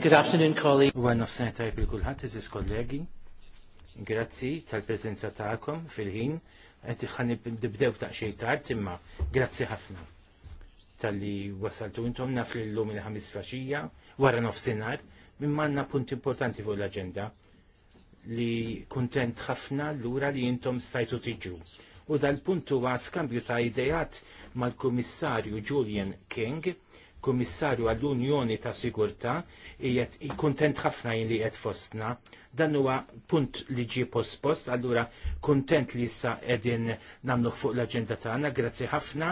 Good afternoon, colleague. One of Senator Kulħat, is kollegi. Grazzi tal-prezenza ta'kom fil-ħin. Għet iħan nibdew ta' xej tard imma grazzi ħafna tal-li wasaltu intom naf li l-lum il-ħamis faxija wara nofsinar minn għandna punt importanti fuq l-agenda li kuntent ħafna l-ura li intom stajtu tiġu u dal puntu huwa skambju ta' idejat mal-Kummissarju Julian King kummissarju għall-Unjoni ta' Sigurtà qiegħed kuntent ħafna jien li qed fostna. Dan huwa punt li ġie post allura kuntent li issa qegħdin namlu fuq l-aġenda tagħna. Grazzi ħafna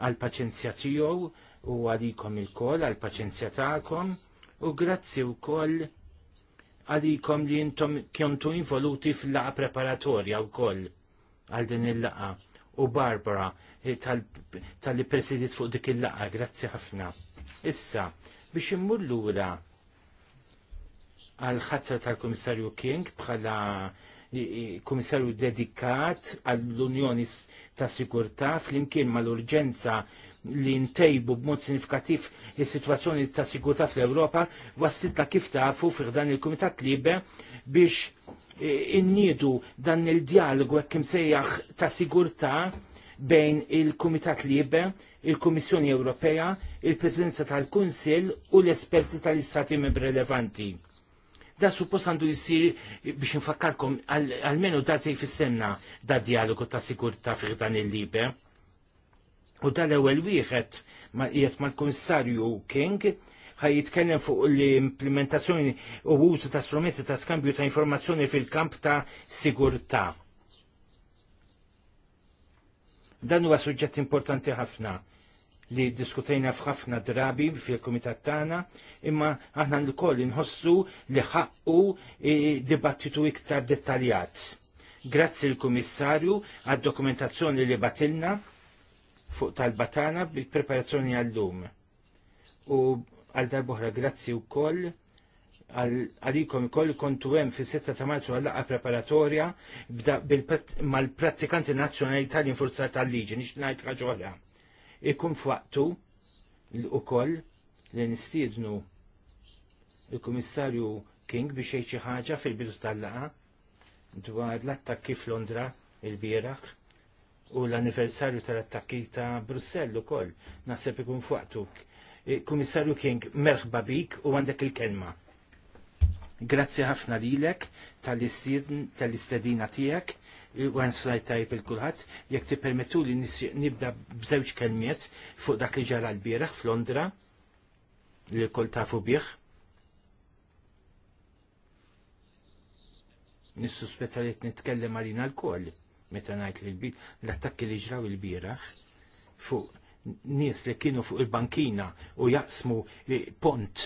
għall paċenzja tiegħu u għalikom il-koll għall paċenzja tagħkom u grazzi wkoll għalikom li jintom kjontu involuti fil-laqa preparatorja wkoll għal din il-laqa u Barbara eh, tal-li presidit fuq dik il-laqa, grazzi ħafna. Issa, biex immur lura għal ħatra tal-Komissarju King bħala komissarju dedikat għall-Unjoni ta' Sigurtà flimkien mal-urġenza li ntejbu b'mod sinifikattiv is-sitwazzjoni ta' sigurtà fl-Ewropa wassitna kif tafu fih dan il-Kumitat Libe biex E, innidu dan il-dialogu hekk imsejjaħ ta' sigurtà bejn il-Kumitat Libe, il-Kummissjoni Ewropea, il-Presidenza tal-Kunsill u l-esperti tal-Istati membri relevanti. Da suppost għandu jisir biex nfakkarkom għalmenu dati fissemna da dialogu ta' sigurtà fiħ dan il-Libe. U dal-ewwel wieħed ma qiegħed mal-Kummissarju King ħaj jitkellem fuq l-implementazzjoni u użu ta' strumenti ta' skambju ta' informazzjoni fil-kamp ta' sigurtà. Dan huwa suġġett importanti ħafna li diskutejna f'ħafna drabi fil-komitat tagħna, imma aħna l-koll inħossu li ħaqqu e, dibattitu iktar dettaljat. Grazzi l-Kummissarju għad dokumentazzjoni li batilna fuq tal-batana bil-preparazzjoni għall-lum. U għal darbohra grazzi u koll għalikom koll kontu hemm fi 6 ta' Marzu għal laqa preparatorja mal-prattikanti nazjonali tal forza tal-liġi nix najt ħaġa Ikum Ikun f'waqtu koll li nistiednu il-Kummissarju King biex jgħid xi ħaġa fil-bidu tal-laqa dwar l-attakki f'Londra il-bieraħ u l-anniversarju tal-attakki ta' Brussell ukoll. Naħseb ikun f'waqtu Eh, Kummissarju King, merħba bik u għandek il-kelma. Grazzi ħafna lilek tal-istedina tiegħek eh, u għan slajt tajb il-kulħadd, jekk tippermettu li nibda bżewġ kelmiet fuq dak li ġara l-bieraħ f'Londra li l-kol tafu bih. nissuspetta li t-nitkellem għalina l-koll, meta najt li l-attakki li ġraw l-birax fuq nies li kienu fuq il-bankina u jaqsmu pont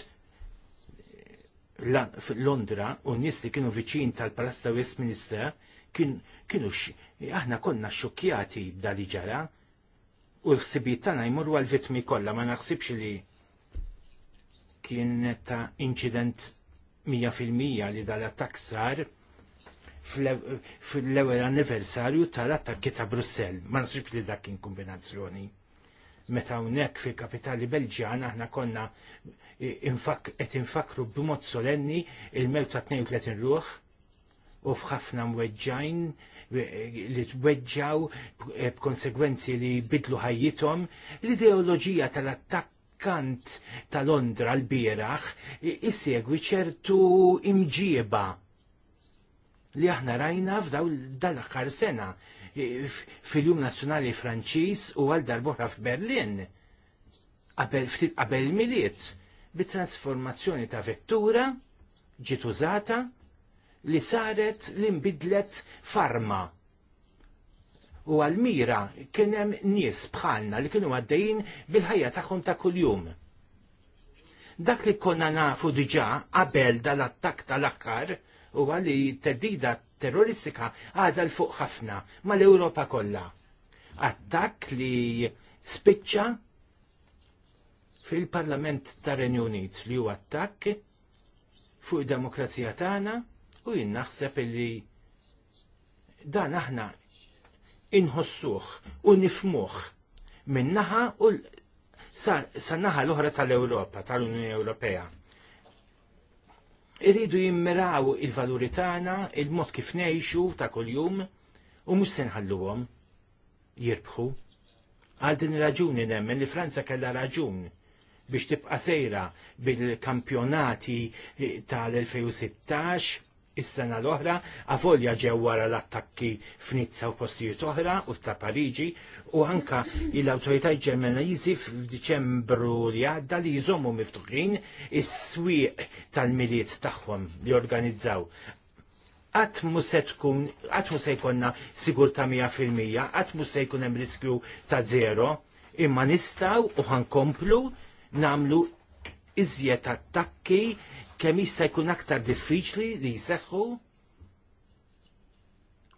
fil-Londra u nies li kienu viċin tal-Palazz ta' Westminster kienu aħna konna xokjati b'da li ġara u l-ħsibiet tagħna jmorru għal-vitmi kollha ma naħsibx li kien ta' inċident 100% li dal-attak sar fl-ewwel anniversarju tal-attakki ta' Brussell. Ma nasibx li dak kien kombinazzjoni meta hawnhekk fil-kapitali Belġjan aħna konna qed infakru b'mod solenni il-mewt ta' 32 ruħ u f'ħafna mweġġajn li tweġġaw eh, b'konsegwenzi li bidlu ħajjithom l-ideoloġija tal-attakkant ta' Londra l-bieraħ isegwi ċertu imġieba li aħna rajna f'daw dal-aħħar sena fil-Jum Nazzjonali Franċiż u għal darbuħra f'Berlin ftit qabel miliet bit-trasformazzjoni ta' vettura ġiet użata li saret li nbidlet farma. U għal-mira kien hemm nies bħalna li kienu għaddejjin bil-ħajja tagħhom ta' kuljum. Dak li konna nafu diġà qabel dal-attakk tal-aħħar u għalli teddida terroristika għadha l-fuq ħafna mal-Ewropa kollha. Attak li spiċċa fil-Parlament tar renju Unit li huwa attakk fuq id-demokrazija tagħna u jien naħseb li dan aħna inħossuh u nifmuh min-naħa u sa, sa naħa l-oħra tal-Ewropa, tal-Unjoni Ewropea. Irridu jimmiraw il-valuri tagħna, il-mod kif ngħixu ta' kuljum u mhux se nħalluhom jirbħu. Għal din raġuni nemmen li Franza kellha raġun biex tibqa' sejra bil-kampjonati tal-2016 is-sena l-oħra, avolja ġew wara l-attakki f'Nizza u postijiet oħra u ta' Pariġi u anka l-awtoritajiet ġermaniżi f'Diċembru li għadda li jżommu miftuħin is-swieq tal-miliet tagħhom li organizzaw. Qatt mu se tkun, qatt jkollna 100%, qatt mu se jkun hemm riskju ta' zero, imma nistgħu u ħankomplu nagħmlu iżjed attakki kemm jista' jkun aktar diffiċli li jseħħu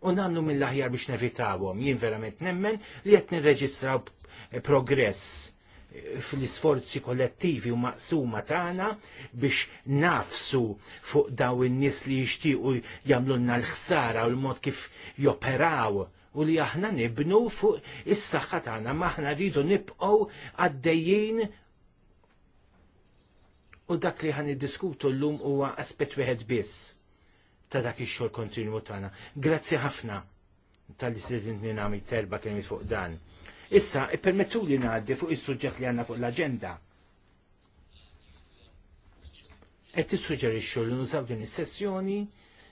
u nagħmlu mill-aħjar biex nevitawhom. Jien verament nemmen li qed nirreġistraw eh, progress eh, fl-isforzi kollettivi u maqsuma tagħna biex nafsu fuq daw in-nies li jixtiequ lna l-ħsara u l-mod kif joperaw u li aħna nibnu fuq is-saħħa tagħna ma aħna rridu nibqgħu għaddejjin u dak li ħan diskutu l-lum huwa aspett wieħed biss ta' dak ix-xogħol kontinwu tagħna. Grazzi ħafna tal-istudentni nagħmel terba kien fuq dan. Issa, ippermettu li ngħaddi fuq is-suġġett li għandna fuq l-aġenda. Qed tissuġġerixxu li nużaw din is-sessjoni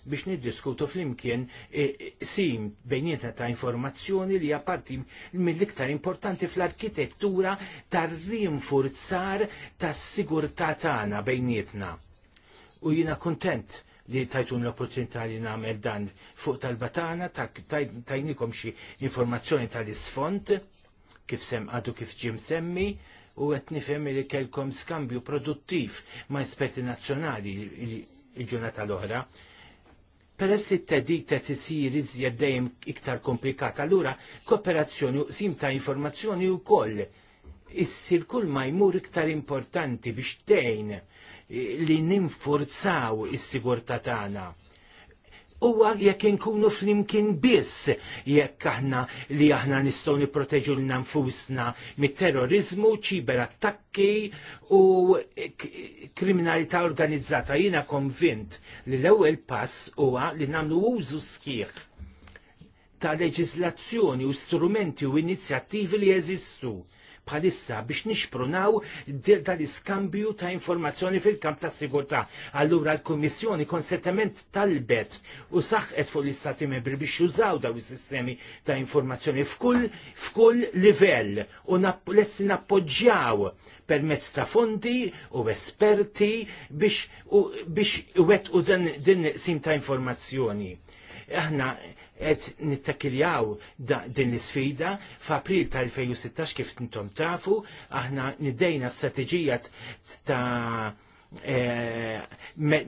biex niddiskutu flimkien e, e, sim bejnietna ta' informazzjoni li għaparti mill-iktar importanti fl-arkitettura tar-rinforzar tas-sigurtà tagħna bejnietna. U jiena kuntent li tajtun l-opportunità li nagħmel dan fuq tal-batana, tajnikom xi informazzjoni tal-isfont, kif sem għadu kif ġim semmi, u għet nifhem li kelkom skambju produttiv ma' esperti nazzjonali il-ġurnata l-oħra Peress li t-tedita t-sir iżjed dejjem iktar komplikata, allura kooperazzjoni u sim ta' informazzjoni u koll issir kull ma jmur iktar importanti biex tejn li ninforzaw is-sigurtà tagħna huwa jekk inkunu flimkien biss jekk aħna li aħna nistgħu nipproteġu lil nfusna mit-terrorizmu, ċiber attakki u kriminalità organizzata. Jiena konvint li l-ewwel pass huwa li nagħmlu użu sħiħ ta' leġislazzjoni u strumenti u inizjattivi li jeżistu bħalissa biex nixprunaw tal-iskambju ta' informazzjoni fil-kamp ta' sigurtà. Allura l-Kummissjoni konsetament talbet u saħqet fuq l-Istati membri biex jużaw daw is-sistemi ta' informazzjoni f'kull f'kull livell u lessi nappoġġjaw permezz ta' fondi u esperti biex u wet u din sim ta' informazzjoni. Aħna qed nittakiljaw din l-isfida f'April tal-2016 kif ntom tafu aħna niddejna strateġija ta' e,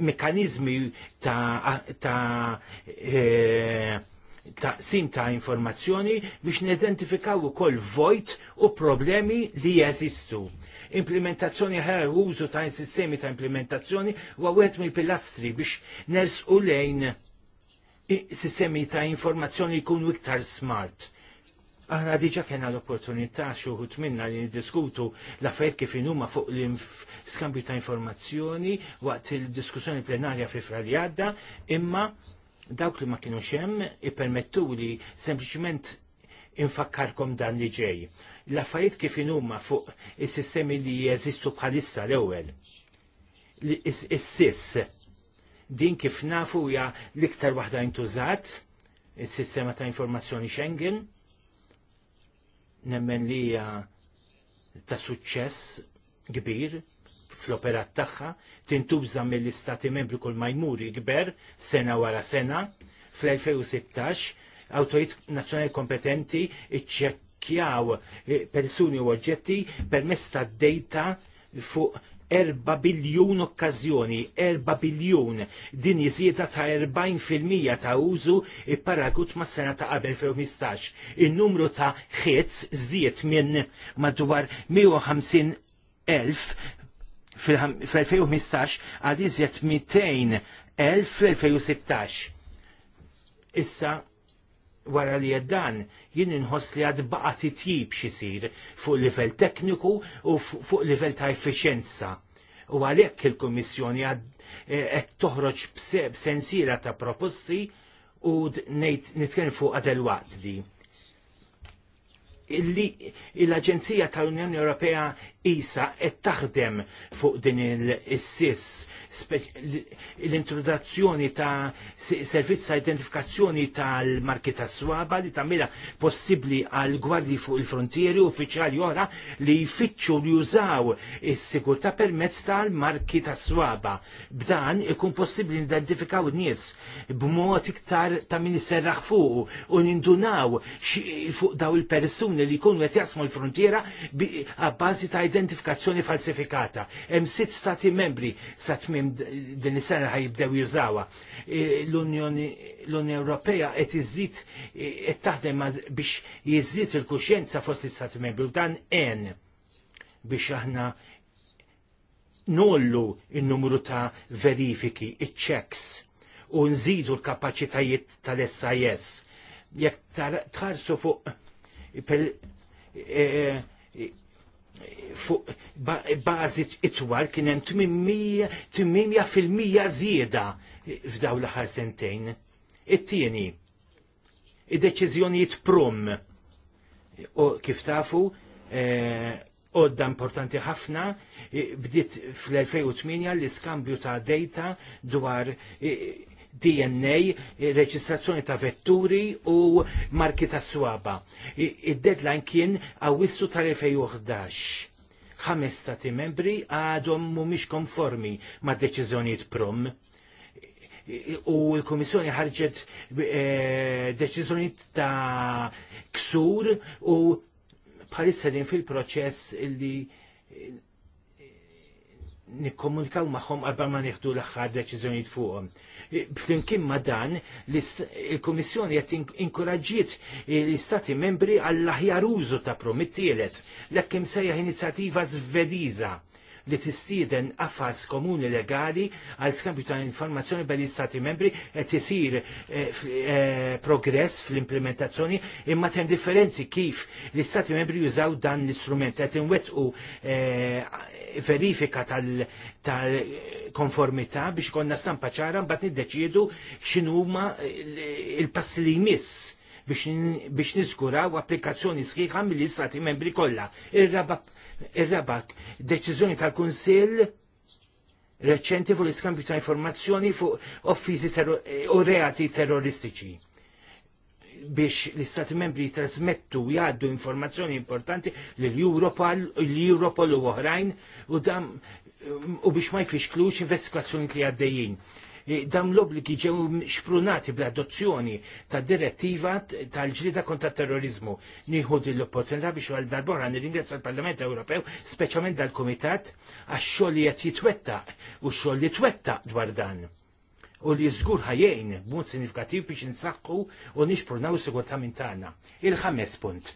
mekanizmi ta' e, taqsim ta' informazzjoni biex nidentifikaw ukoll vojt u problemi li jeżistu. Implementazzjoni ħar użu ta' sistemi ta' implementazzjoni huwa wieħed mill-pilastri biex nersqu lejn sistemi ta' informazzjoni jkunu iktar smart. Aħna diġa kena l-opportunità xuħut minna li diskutu l-affarijiet kif inuma fuq l-skambju ta' informazzjoni waqt il-diskussjoni plenarja fi frali għadda, imma dawk li ma kienu xem ipermettu li sempliciment infakkarkom dan li ġej. L-affarijiet kif huma fuq is-sistemi li jeżistu bħalissa l-ewwel. Is-sis din kif nafu hija l-iktar waħda intużat is-sistema ta' informazzjoni Schengen nemmen li hija ta' suċċess kbir fl-operat tagħha tintuża mill-istati membri kull ma jmur jikber sena wara sena fl-2016 awtorit nazzjonali kompetenti iċċekkjaw eh, persuni u oġġetti permezz ta' data fuq 4 biljun okkażjoni, erba' biljun din jiżieda ta' 40% ta' użu paragut ma' sena ta' qabel 2015. In-numru ta' ħietz żdiet minn madwar 150 elf fil-2015 għal iżjed 200 fil-2016. Issa wara li dan jien inħoss li għad baqa titjib xisir fuq livell tekniku u fuq livell ta' efficienza. U għalhekk il-Kummissjoni e, qed toħroġ b'sensiela ta' proposti u nitken fuq il waqt di. L-Aġenzija tal-Unjoni Ewropea isa qed taħdem fuq din il-sis l-introduzzjoni ta' servizz ta' identifikazzjoni tal-marki ta' swaba li tagħmilha possibbli għal gwardji fuq il-frontieri uffiċjali oħra li jfittxu li jużaw is-sigurtà permezz tal-marki ta' swaba. B'dan ikun possibbli nidentifikaw nies b'mod iktar ta' min iserraħ fuq u nindunaw fuq daw il-persuni li jkunu qed jasmu l-frontiera għabbażi ta' identifikazzjoni falsifikata. Hemm sitt stati membri sa tmiem din is-sena ħajbdew jużawha. E, L-Unjoni Ewropea qed iżid e, qed taħdem biex jiżid il-kuxjenza fost l-istati membri u dan en biex aħna nollu il-numru ta' verifiki, il-checks, u nżidu l-kapacitajiet tal-SIS. Jek tħarsu fuq e, fuq bażi itwal kien hemm 800 fil-mija żieda f'daw l-aħħar sentejn. It-tieni, id-deċiżjonijiet prum u kif tafu eh, għodda importanti ħafna eh, bdiet fl-2008 l-iskambju ta' data dwar eh, DNA, reġistrazzjoni ta' vetturi u marki ta' swaba. Id-deadline kien għawissu tal-2011. Ħames stati membri għadhom mhumiex konformi ma' deċiżjonijiet prom u l-Komissjoni ħarġet eh, deċiżjoni ta' ksur u bħalissa din fil-proċess li nikkomunikaw magħhom qabel ma neħdu l-aħħar deċiżjonijiet fuqhom flimkien ma dan il-Kummissjoni qed inkoraġġiet l-Istati membri għall aħjar użu ta' promittielet l-ekkim sejjaħ inizjattiva żvediża li tistieden affas komuni legali għal skambju ta' informazzjoni bejn istati membri qed isir eh, eh, progress fl-implementazzjoni imma ten differenzi kif l-Istati membri jużaw dan l-istrument qed inwettqu eh, verifika tal-konformità biex konna stampa ċara mbagħad niddeċiedu x'inhuma il-passi li jmiss biex niskuraw applikazzjoni sħiħa mill-istati membri kollha. Ir-rabak deċiżjoni tal-Kunsill reċenti fuq l-iskambju ta' informazzjoni fuq offizi u reati terroristiċi biex l-Istati membri trasmettu jgħaddu informazzjoni importanti l-Europol u oħrajn u biex ma kluċ investigazzjoni li għaddejjin. E, dam l-obbligi ġew xprunati bl-adozzjoni ta' direttiva tal-ġlida kontra terrorizmu. Nieħu din l-opportunità biex għal darbora nirringrazzja l-Parlament Ewropew, speċjalment dal-Kumitat, għax-xogħol li qed jitwettaq u x-xogħol li twettaq dwar dan u li żgur ħajjejn b'mod sinifikattiv biex nsaqqu u nixprunaw sigurtà minn tagħna. Il-ħames punt.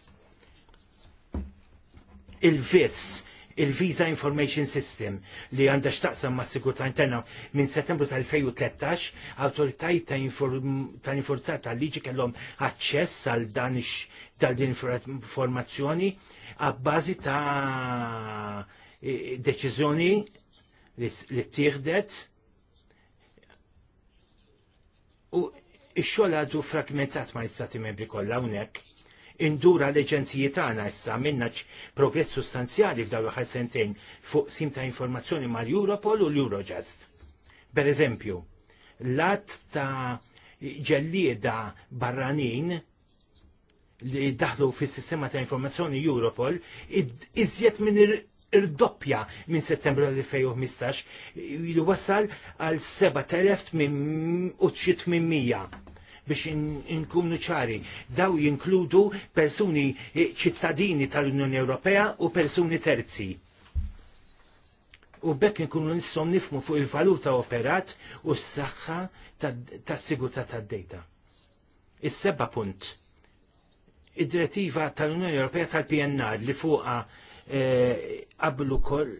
Il-viss il-Visa Information System li għandha xtaqsam ma' sigurtà interna minn settembru tal-2013 autoritajiet ta' infurzar ta' liġi kellhom aċċess għal dan din informazzjoni għabbażi ta' deċiżjoni li tieħdet u x-xogħol għadu fragmentat ma' l-istati membri kollha hawnhekk indura l-eġenziji tagħna issa minna progress sustanzjali f'dawn l-aħħar sentejn fuq sim ta' informazzjoni mal-Europol u l-Eurojust. Per eżempju, l-att ta' ġellieda barranin li daħlu fis sistema ta' informazzjoni Europol iżjed minn irdoppja minn settembru 2015 li wasal għal 7800 biex inkunu ċari. Daw jinkludu persuni eh, ċittadini tal-Unjoni Ewropea u persuni terzi. U bekk inkunu nissom nifmu fuq il-valuta operat u s-saxħa tas-sigurtà tad dejta Is-seba punt. Id-direttiva tal-Unjoni Ewropea tal-PNR li fuqa eh, qablu koll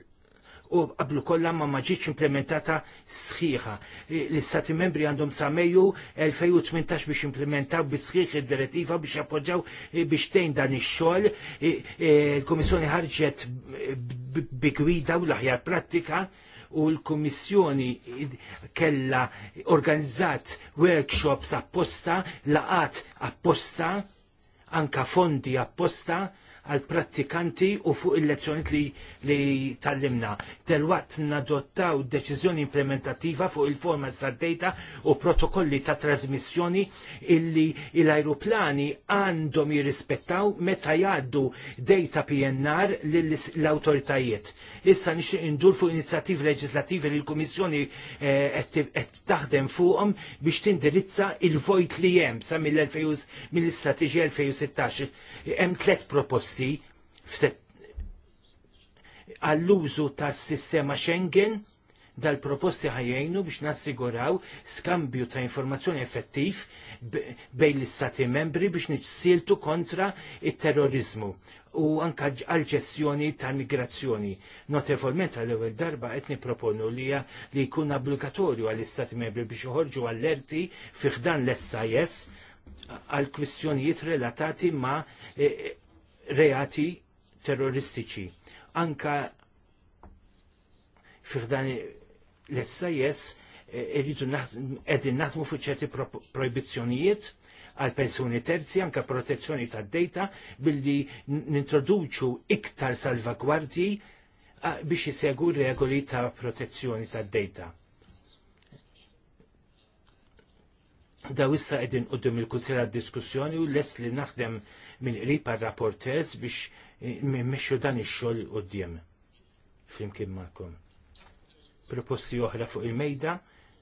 u qablu kollha ma ma ġietx implementata sħiħa. L-istati membri għandhom sa Mejju 2018 biex implementaw bi sħiħ id-direttiva biex appoġġaw biex tejn dan ix-xogħol. Il-Kummissjoni ħarġet bi gwida u l-aħjar prattika u l kummissjoni kella organizzat workshops apposta, laqat apposta, anka fondi apposta għal prattikanti u fuq il-lezzjoniet li, li tallimna. Delwaqt nadottaw deċiżjoni implementativa fuq il-forma tad-data u protokolli ta' trasmissjoni illi l-ajruplani għandhom jirrispettaw meta jgħaddu data PNR l-autoritajiet. Issa nixi indur fuq inizjattivi leġislativi li l-Kummissjoni eh, qed taħdem fuqhom biex tindirizza il-vojt li hemm sa mill-istrateġija 2016. Hemm tliet proposti proposti għall-użu tas-sistema Schengen dal-proposti ħajjajnu biex nassiguraw skambju ta' informazzjoni effettiv bejn l-istati membri biex niċsiltu kontra il-terrorizmu u anka għal-ġestjoni tal-migrazzjoni. Notevolment għal ewwel darba qed proponu li li jkun obbligatorju għall-istati membri biex joħorġu allerti fiħdan l-SIS għal kwistjonijiet relatati ma' e- e- reati terroristiċi. Anka fiħdani l essa eh, jess edin naħdmu fuq ċerti proibizzjonijiet għal persuni terzi anka protezzjoni ta' data billi nintroduċu iktar salvagwardji biex jisegur regoli ta' protezzjoni ta' data. Daw issa edin qudiem il-kusira diskussjoni u les li naħdem mill-qrib għal-rapporters biex mmexxu dan ix-xogħol quddiem flimkien magħkom. Proposti oħra fuq il-mejda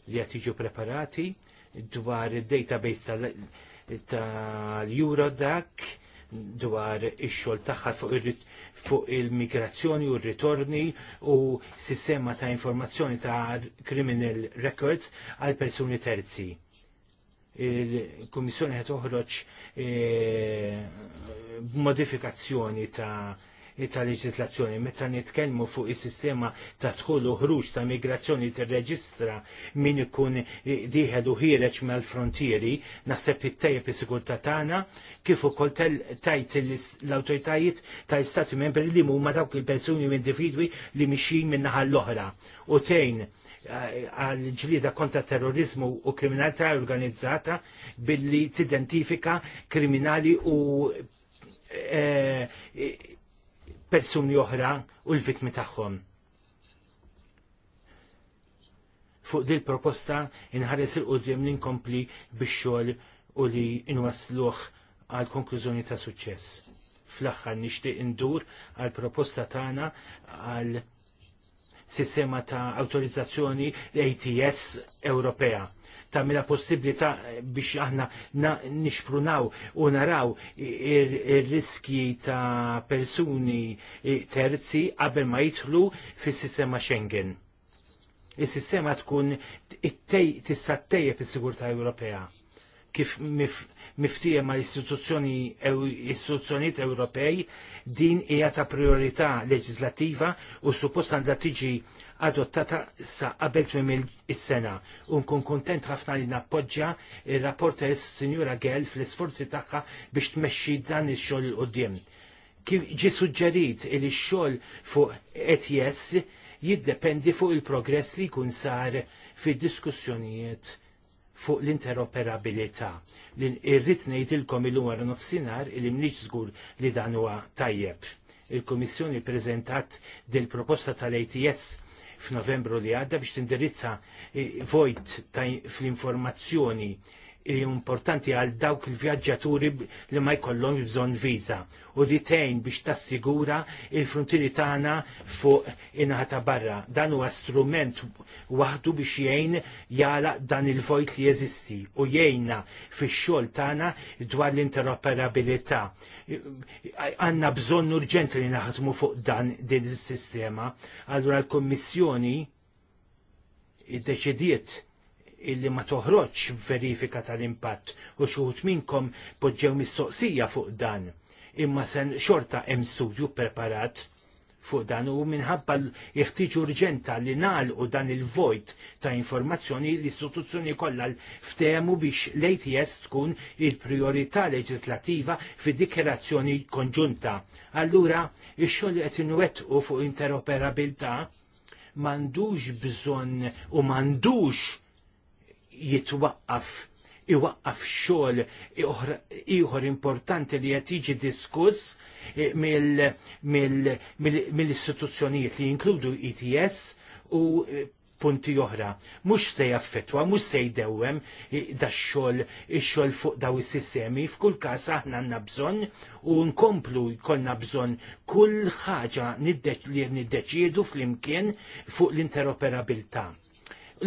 li qed jiġu preparati dwar id-database tal-Eurodac dwar ix-xogħol tagħha fuq il-migrazzjoni u r-ritorni u sistema ta' informazzjoni ta' criminal records għal persuni terzi il-Kummissjoni qed toħroġ e, modifikazzjoni ta' ta' leġislazzjoni. Meta nitkellmu fuq is-sistema ta' dħul u ħruġ ta' migrazzjoni tirreġistra min ikun dieħed u ħireġ mal-frontieri, naħseb it-tejjeb is-sigurtà tagħna kif ukoll tajt l-awtoritajiet ta' istati membri li huma dawk il-persuni u individwi li mixin min-naħa l-oħra. U tejn għal ġlida kontra terrorizmu u kriminalità organizzata billi tidentifika kriminali u e, e persuni oħra u l-vitmi tagħhom. Fuq dil proposta inħares il-qudiem l-inkompli biex xogħol u li inwasluħ għal konklużjoni ta' suċċess. Fl-aħħar nixtieq indur għal proposta tagħna għal sistema ta' autorizzazzjoni l-ATS Ewropea. Tamila possibilità biex aħna nixprunaw u naraw ir-riski ta' persuni eh, terzi qabel ma jitlu fis-sistema Schengen. Is-sistema tkun tista' tejje is-sigurtà Ewropea kif mif, miftija ma l-istituzzjoni istituzzjonijiet Ewropej din hija ta' priorità leġislattiva u suppost għandha tiġi adottata sa qabel tmiem is-sena. U nkun kuntent ħafna li nappoġġja il-rapport ta' Sinjura Gell fl-isforzi tagħha biex tmexxi dan ix-xogħol il qudiem. Kif ġi suġġerit li x-xogħol fuq ETS jiddependi fuq il-progress li jkun sar fid-diskussjonijiet fuq l-interoperabilità. Irrit ngħidilkom il għara nofsinhar il mniex żgur li dan huwa tajjeb. Il-Kummissjoni preżentat dil proposta tal-ATS f'Novembru li għadda biex tindirizza vojt fl-informazzjoni importanti għal dawk il-vjaġġaturi li ma jkollhom bżonn viża u di tgħin biex tassigura il-frontieri tagħna fuq in-naħa ta' barra. Dan huwa strument waħdu biex jgħin jala dan il-vojt li jeżisti u jgħinna fix-xogħol tagħna dwar l-interoperabilità. Għandna bżonn urġenti li naħdmu fuq dan din is-sistema. Allura l-Kummissjoni ddeċidiet illi ma toħroġ verifika tal-impatt u xuħut minnkom podġew mistoqsija fuq dan imma sen xorta hemm studju preparat fuq dan u minħabba l-ħtiġ urġenta li u dan il-vojt ta' informazzjoni l-istituzzjoni kollha ftehmu biex l-ATS tkun il-priorità leġislativa fid dikjerazzjoni konġunta. Allura, ix-xogħol qed u fuq interoperabilità m'għandux bżonn u m'għandux jitwaqqaf iwaqqaf xogħol ieħor importanti li qed jiġi diskuss eh, mill-istituzzjonijiet li jinkludu ETS u eh, punti oħra. Mhux se jaffetwa, mhux se jdewwem eh, da xogħol ix-xogħol fuq daw is-sistemi, f'kull każ aħna għandna bżonn u nkomplu jkollna bżonn kull ħaġa li niddeċiedu flimkien fuq l-interoperabilità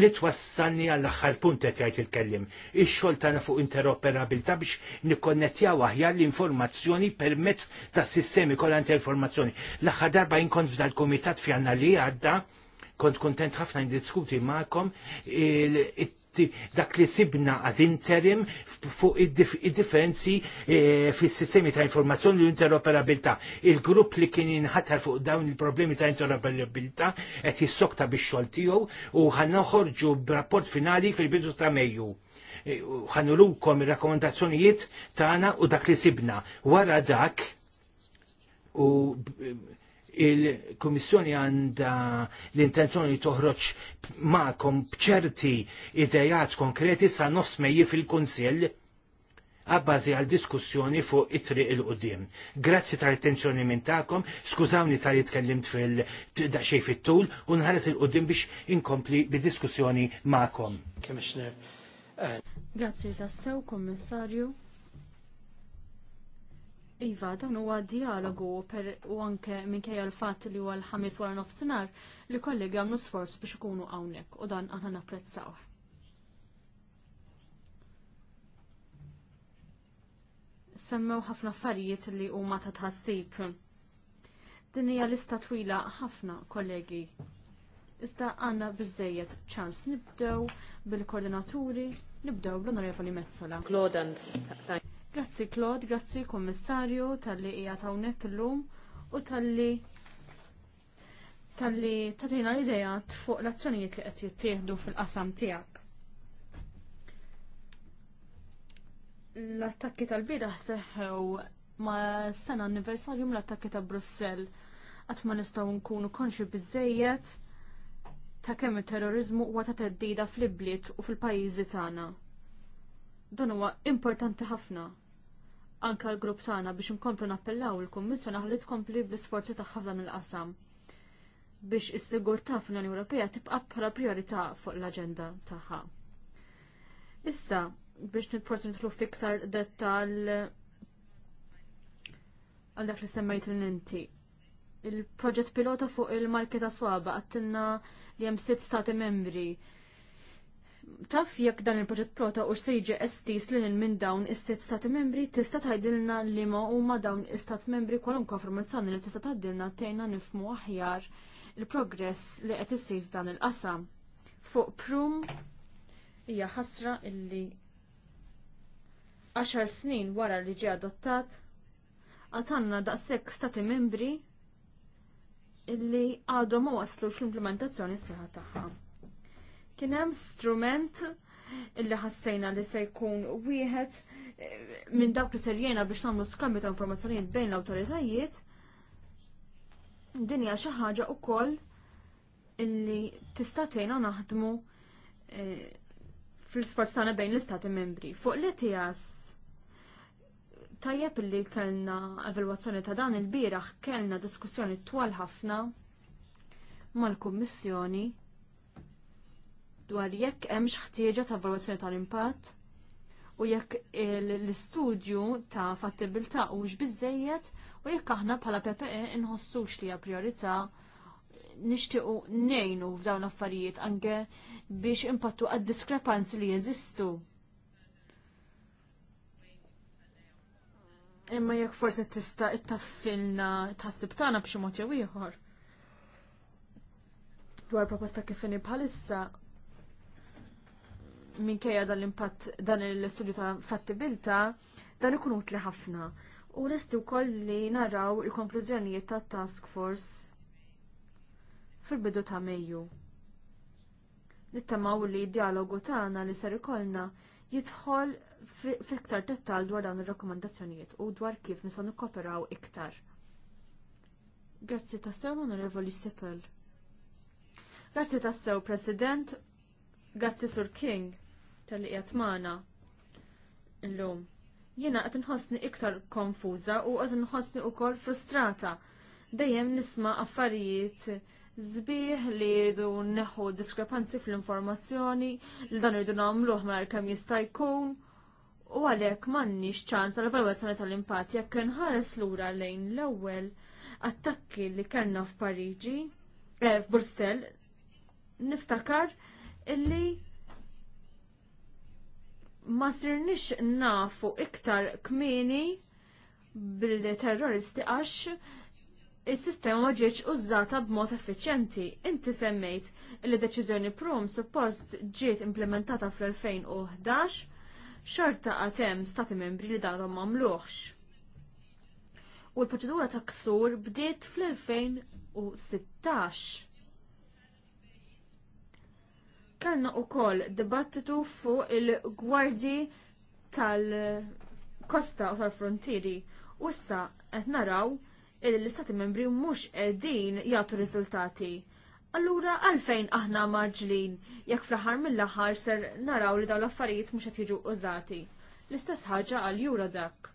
li twassanni għall aħħar punt qed jgħid il-kellim. Ix-xogħol tagħna fuq interoperabilità biex nikkonnettjaw aħjar l-informazzjoni permezz tas sistemi kollha informazzjoni. L-aħħar darba jinkont f'dal kumitat għandna li għadda kont kontent ħafna ndiskuti magħkom dak li sibna ad interim fuq id-differenzi eh, fis sistemi ta' informazzjoni u interoperabilità. Il-grupp li kien inħatar fuq dawn il-problemi ta' interoperabilità qed jissokta bix-xogħol tiegħu u ħanoħorġu b'rapport finali fil-bidu ta' Mejju e, ħanulukom il-rakkomandazzjonijiet tagħna u dak li sibna. Wara dak u il-Komissjoni għanda l-intenzjoni toħroġ ma'kom bċerti idejat konkreti sa' nofs fil-Kunsill għabbażi għal diskussjoni fuq it-triq il-qoddim. Grazzi tal-attenzjoni minn ta'kom, skużawni tal tkellimt fil-daċxej fit-tul, u nħares il-qoddim biex inkompli bid-diskussjoni ma'kom. Uh, Grazzi tassew, kommissarju. Iva, dan huwa dialogu per u anke minkejja l-fatt li huwa l-ħamis wara nofsinhar li kollegi għamlu sforz biex ikunu hawnhekk u dan aħna napprezzaw. semmew ħafna affarijiet li huma ta' tħassib. Din hija lista twila ħafna kollegi. Iżda għandna biżejjed ċans nibdew bil-koordinaturi, nibdew bl-Onorevoli Mezzola. Klodan. Grazzi Claude, grazzi Kommissarju tal-li hija hawnhekk illum u tal-li tal-li tatina l-idejat fuq l-azzjonijiet li qed jittieħdu fil-qasam tiegħek. l-attakki tal-biraħ seħħew ma sena anniversarju l attakki ta' Brussell. Qatt ma nistgħu nkunu konxi bizzejiet ta' kemm it-terrorizmu huwa ta' teddida fl-ibliet u fil-pajjiżi tagħna. Dan huwa importanti ħafna anka l-grupp tagħna biex inkomplu nappellaw il-Kummissjoni ħalli tkompli bl-isforzi tagħha f'dan il-qasam biex is-sigurtà fl-Unjoni Ewropea tibqa' bħala priorità fuq l-aġenda tagħha. Issa biex nitforsi nidħlu fiktar dettal għal dak li semmejt l-inti. Il-proġett pilota fuq il-marketa swaba għattilna li hemm sitt stati membri Taf jekk dan il-proġett prota u se jiġi estis lil minn dawn is-sitt stati membri tista' tgħidilna li ma huma dawn istat membri kwalunkwe formazzjoni li tista' tgħaddilna tgħinna nifmu aħjar il-progress li qed isir f'dan il-qasam. Fuq prum hija ħasra illi 10 snin wara li ġie adottat għatanna daqshekk stati membri illi għadhom ma waslux l-implementazzjoni sħiħa tagħha. Kien hemm strument illi ħassejna li se jkun wieħed eh, minn dawk li serjena biex nagħmlu skambju ta' informazzjonijiet bejn l-awtoritajiet. Dinja xi ħaġa wkoll illi tista' tgħinna naħdmu eh, fl-isforz tagħna bejn l-istati membri. Fuq li tiegħas tajjeb illi kellna evalwazzjoni ta' dan il-bieraħ kellna diskussjoni twal ħafna mal-Kummissjoni dwar jekk hemmx ħtieġa ta' valutazzjoni tal-impatt u jekk l-istudju ta' fattibilità hux biżejjed u jekk aħna bħala PPE inħossux li hija priorità nixtiequ nejnu f'dawn l-affarijiet anke biex impattu għad-diskrepanzi li jeżistu. Imma jekk forsi tista' ittaffilna tħassib tagħna b'xi mod jew ieħor. Dwar proposta kif bħalissa minkejja dan l-impatt dan l-istudju ta' fattibilta dan ikun utli ħafna. U lesti wkoll li naraw il-konklużjonijiet ta' task force fil-bidu ta' Mejju. Nittamaw li dialogu tagħna li ser ikollna jidħol fiktar dettal dwar dawn ir-rakkomandazzjonijiet u dwar kif nisa' nikkoperaw iktar. Grazzi tassew, onorevoli Sipel. Grazzi tassew, President. Grazzi Sur King tal-li qiegħed magħna illum. Jiena qed inħossni iktar konfuża u qed inħossni wkoll frustrata. Dejjem nisma' affarijiet zbieħ li jridu neħu diskrepanzi fl-informazzjoni li dan jridu nagħmluh mingħajr kemm jista' jkun u għalhekk m'għandniex ċans għal evalwazzjoni tal-impatt jekk ħares lura lejn l-ewwel attakki li kellna f'Pariġi eh, niftakar illi ma sirnix nafu iktar kmieni bil terroristi għax il-sistema ma ġietx użata b'mod effiċjenti. Inti semmejt li deċiżjoni prom suppost ġiet implementata fl-2011 xorta għatem stati membri li datom mamluħx. U l-proċedura ta' ksur bdiet fl-2016 kellna wkoll dibattitu fuq il-gwardji tal-kosta u tal-frontieri. U issa qed naraw l-istati membri mhux qegħdin jagħtu riżultati. Allura għalfejn aħna maġlin jekk fl-aħħar mill-aħħar ser naraw li dawn l-affarijiet mhux qed jiġu użati. L-istess ħaġa għal jura dak.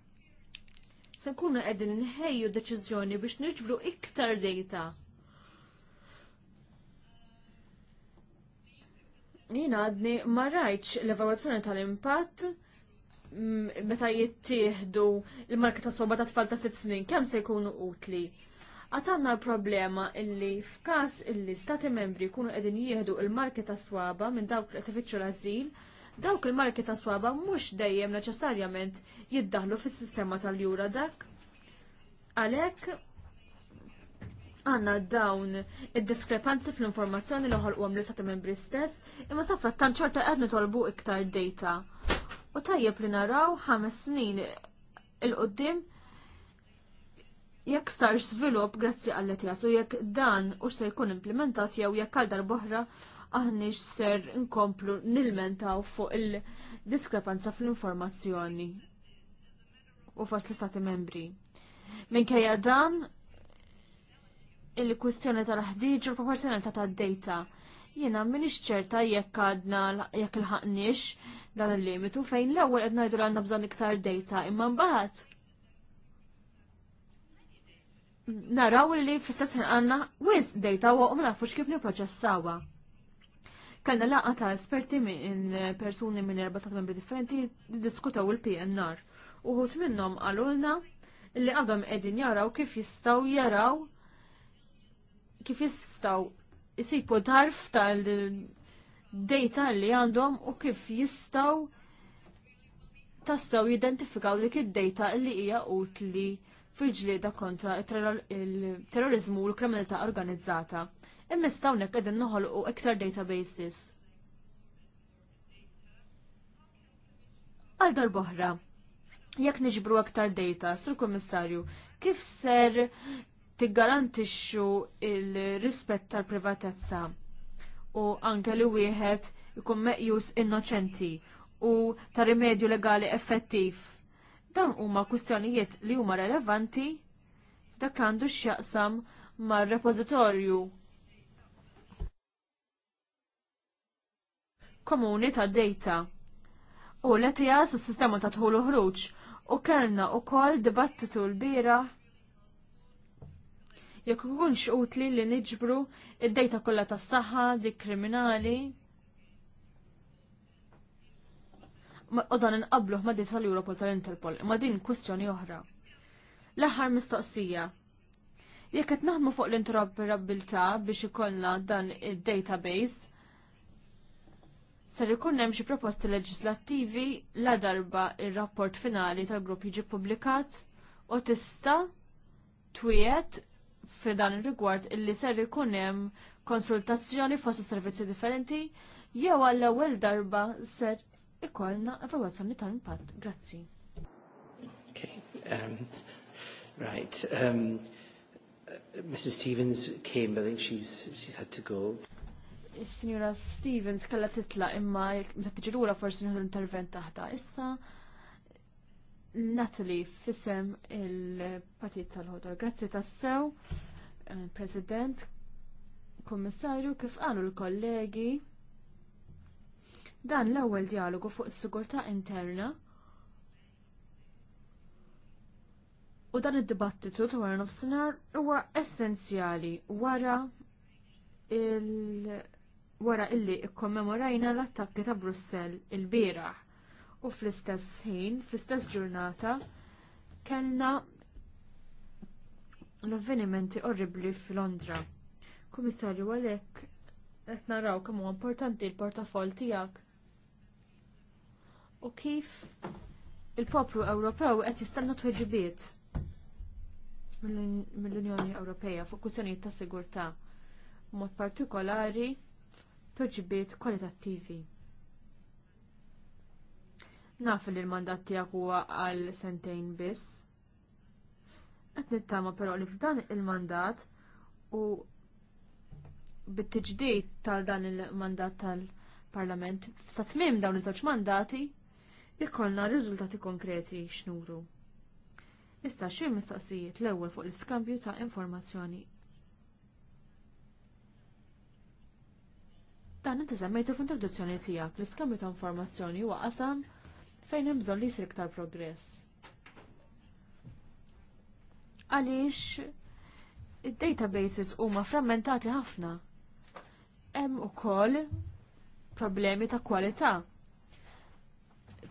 Se nkunu qegħdin nħejju deċiżjoni biex niġbru iktar data Jina għadni ma rajtx l-evaluazzjoni tal-impatt mm, meta jittieħdu il-marka ta' soba ta' tfal ta' sitt snin, kemm se jkunu utli? Għatanna l-problema illi f'każ illi stati membri jkunu qegħdin jieħdu l marka ta' swaba minn dawk li tifittxu l-azil, dawk il marka ta' swaba mhux dejjem neċessarjament jiddaħlu fis-sistema tal-jura dak. Għalhekk għanna dawn id-diskrepanzi fl-informazzjoni li ħolqu u l-istati membri stess, imma safra tan ċorta għedni tolbu iktar data. U tajjeb li naraw ħames snin il-qoddim jekk sar svilup grazzi għall u jekk dan u ser jkun implementat jew jekk għal boħra aħniex ser nkomplu nil-mentaw fuq il-diskrepanza fl-informazzjoni u fost l-istati membri. Minkejja dan, il-kwistjoni tal-ħdiġ u l-proporzjonalità tad-data. Jiena m'iniex ċerta jekk għadna jekk il-ħaqniex dan il-limitu fejn l-ewwel qed ngħidu għandna bżonn iktar data imma mbagħad naraw li fl-istess għandna wis data u ma nafux kif nipproċessawha. Kellna laqgħa ta' esperti minn persuni minn erba' ta' membri differenti diskutaw il-PNR. Uħut minnhom għalulna li għadhom qegħdin jaraw kif jistgħu jaraw kif jistaw jisipu tarf tal-data li għandhom u kif jistaw tassaw jidentifikaw dik id-data li hija utli fil-ġlieda kontra il-terrorizmu u l-kriminalità organizzata. Imma edin qegħdin u iktar databases. Għal darboħra, jekk niġbru aktar data, sur kummissarju, kif ser tiggarantixxu il-rispett tal-privatezza u anke li wieħed ikun meqjus innoċenti u ta' rimedju legali effettiv. Dan huma kwistjonijiet li huma relevanti dak għandu x'jaqsam mar-repożitorju komuni ta' data u l-ETIAS s-sistema ta' tħul ħruġ u kellna u kol dibattitu l-bira jekk ikunx utli li niġbru id-dejta kollha tas-saħħa, dik kriminali. U dan inqabluh ma' din tal europol tal-Interpol, ma' din kwistjoni oħra. L-aħħar mistoqsija. Jekk qed naħdmu fuq l-interoperabilità biex ikollna dan id-database, ser ikun hemm xi proposti leġislattivi la darba ir-rapport finali tal-grupp jiġi ppubblikat u tista' twiet f'dan ir-rigward illi ser ikun hemm konsultazzjoni fost servizzi differenti jew għall-ewwel darba ser ikollna evalwazzjoni tal-impatt. Grazzi. Okay. Um, right. Um, Mrs. Stevens came, but I think she's, she's had to go. Is-Sinjura Stevens kalla titla imma meta tiġi lura forsi nieħdu l-intervent taħta. Issa Natalie fissem il-Partit tal-Ħodor. Grazzi tassew. Eh, President, Kommissarju, kif qalu l-kollegi, dan l-ewwel dialogu fuq is-sigurtà interna u dan id-dibattitu dwar nofsinhar huwa essenzjali wara il wara illi kommemorajna l-attakki ta' Brussell il-bieraħ u fl-istess ħin, fl-istess ġurnata kellna l-avvenimenti orribli f'Londra. Kummissarju għalhekk qed naraw kemm huwa importanti l-portafol tiegħek. U kif il-poplu Ewropew qed jistenna tweġibiet mill-Unjoni Ewropea fuq kwistjonijiet ta' sigurtà mod partikolari toġibiet kwalitattivi. Naf li l-mandat tiegħek huwa għal sentejn biss. Qed nittama però li f'dan il-mandat u bit-tiġdid tal dan il-mandat tal-Parlament sa tmiem dawn iż-żewġ mandati jkollna riżultati konkreti x'nuru. Issa xi mistoqsijiet l-ewwel fuq l-iskambju ta' informazzjoni. Dan inti semmejtu f'introduzzjoni tiegħek l-iskambju ta' informazzjoni huwa qasam fejn hemm bżonn li jsir iktar progress għaliex id-databases huma frammentati ħafna. Hemm ukoll problemi ta' kwalità,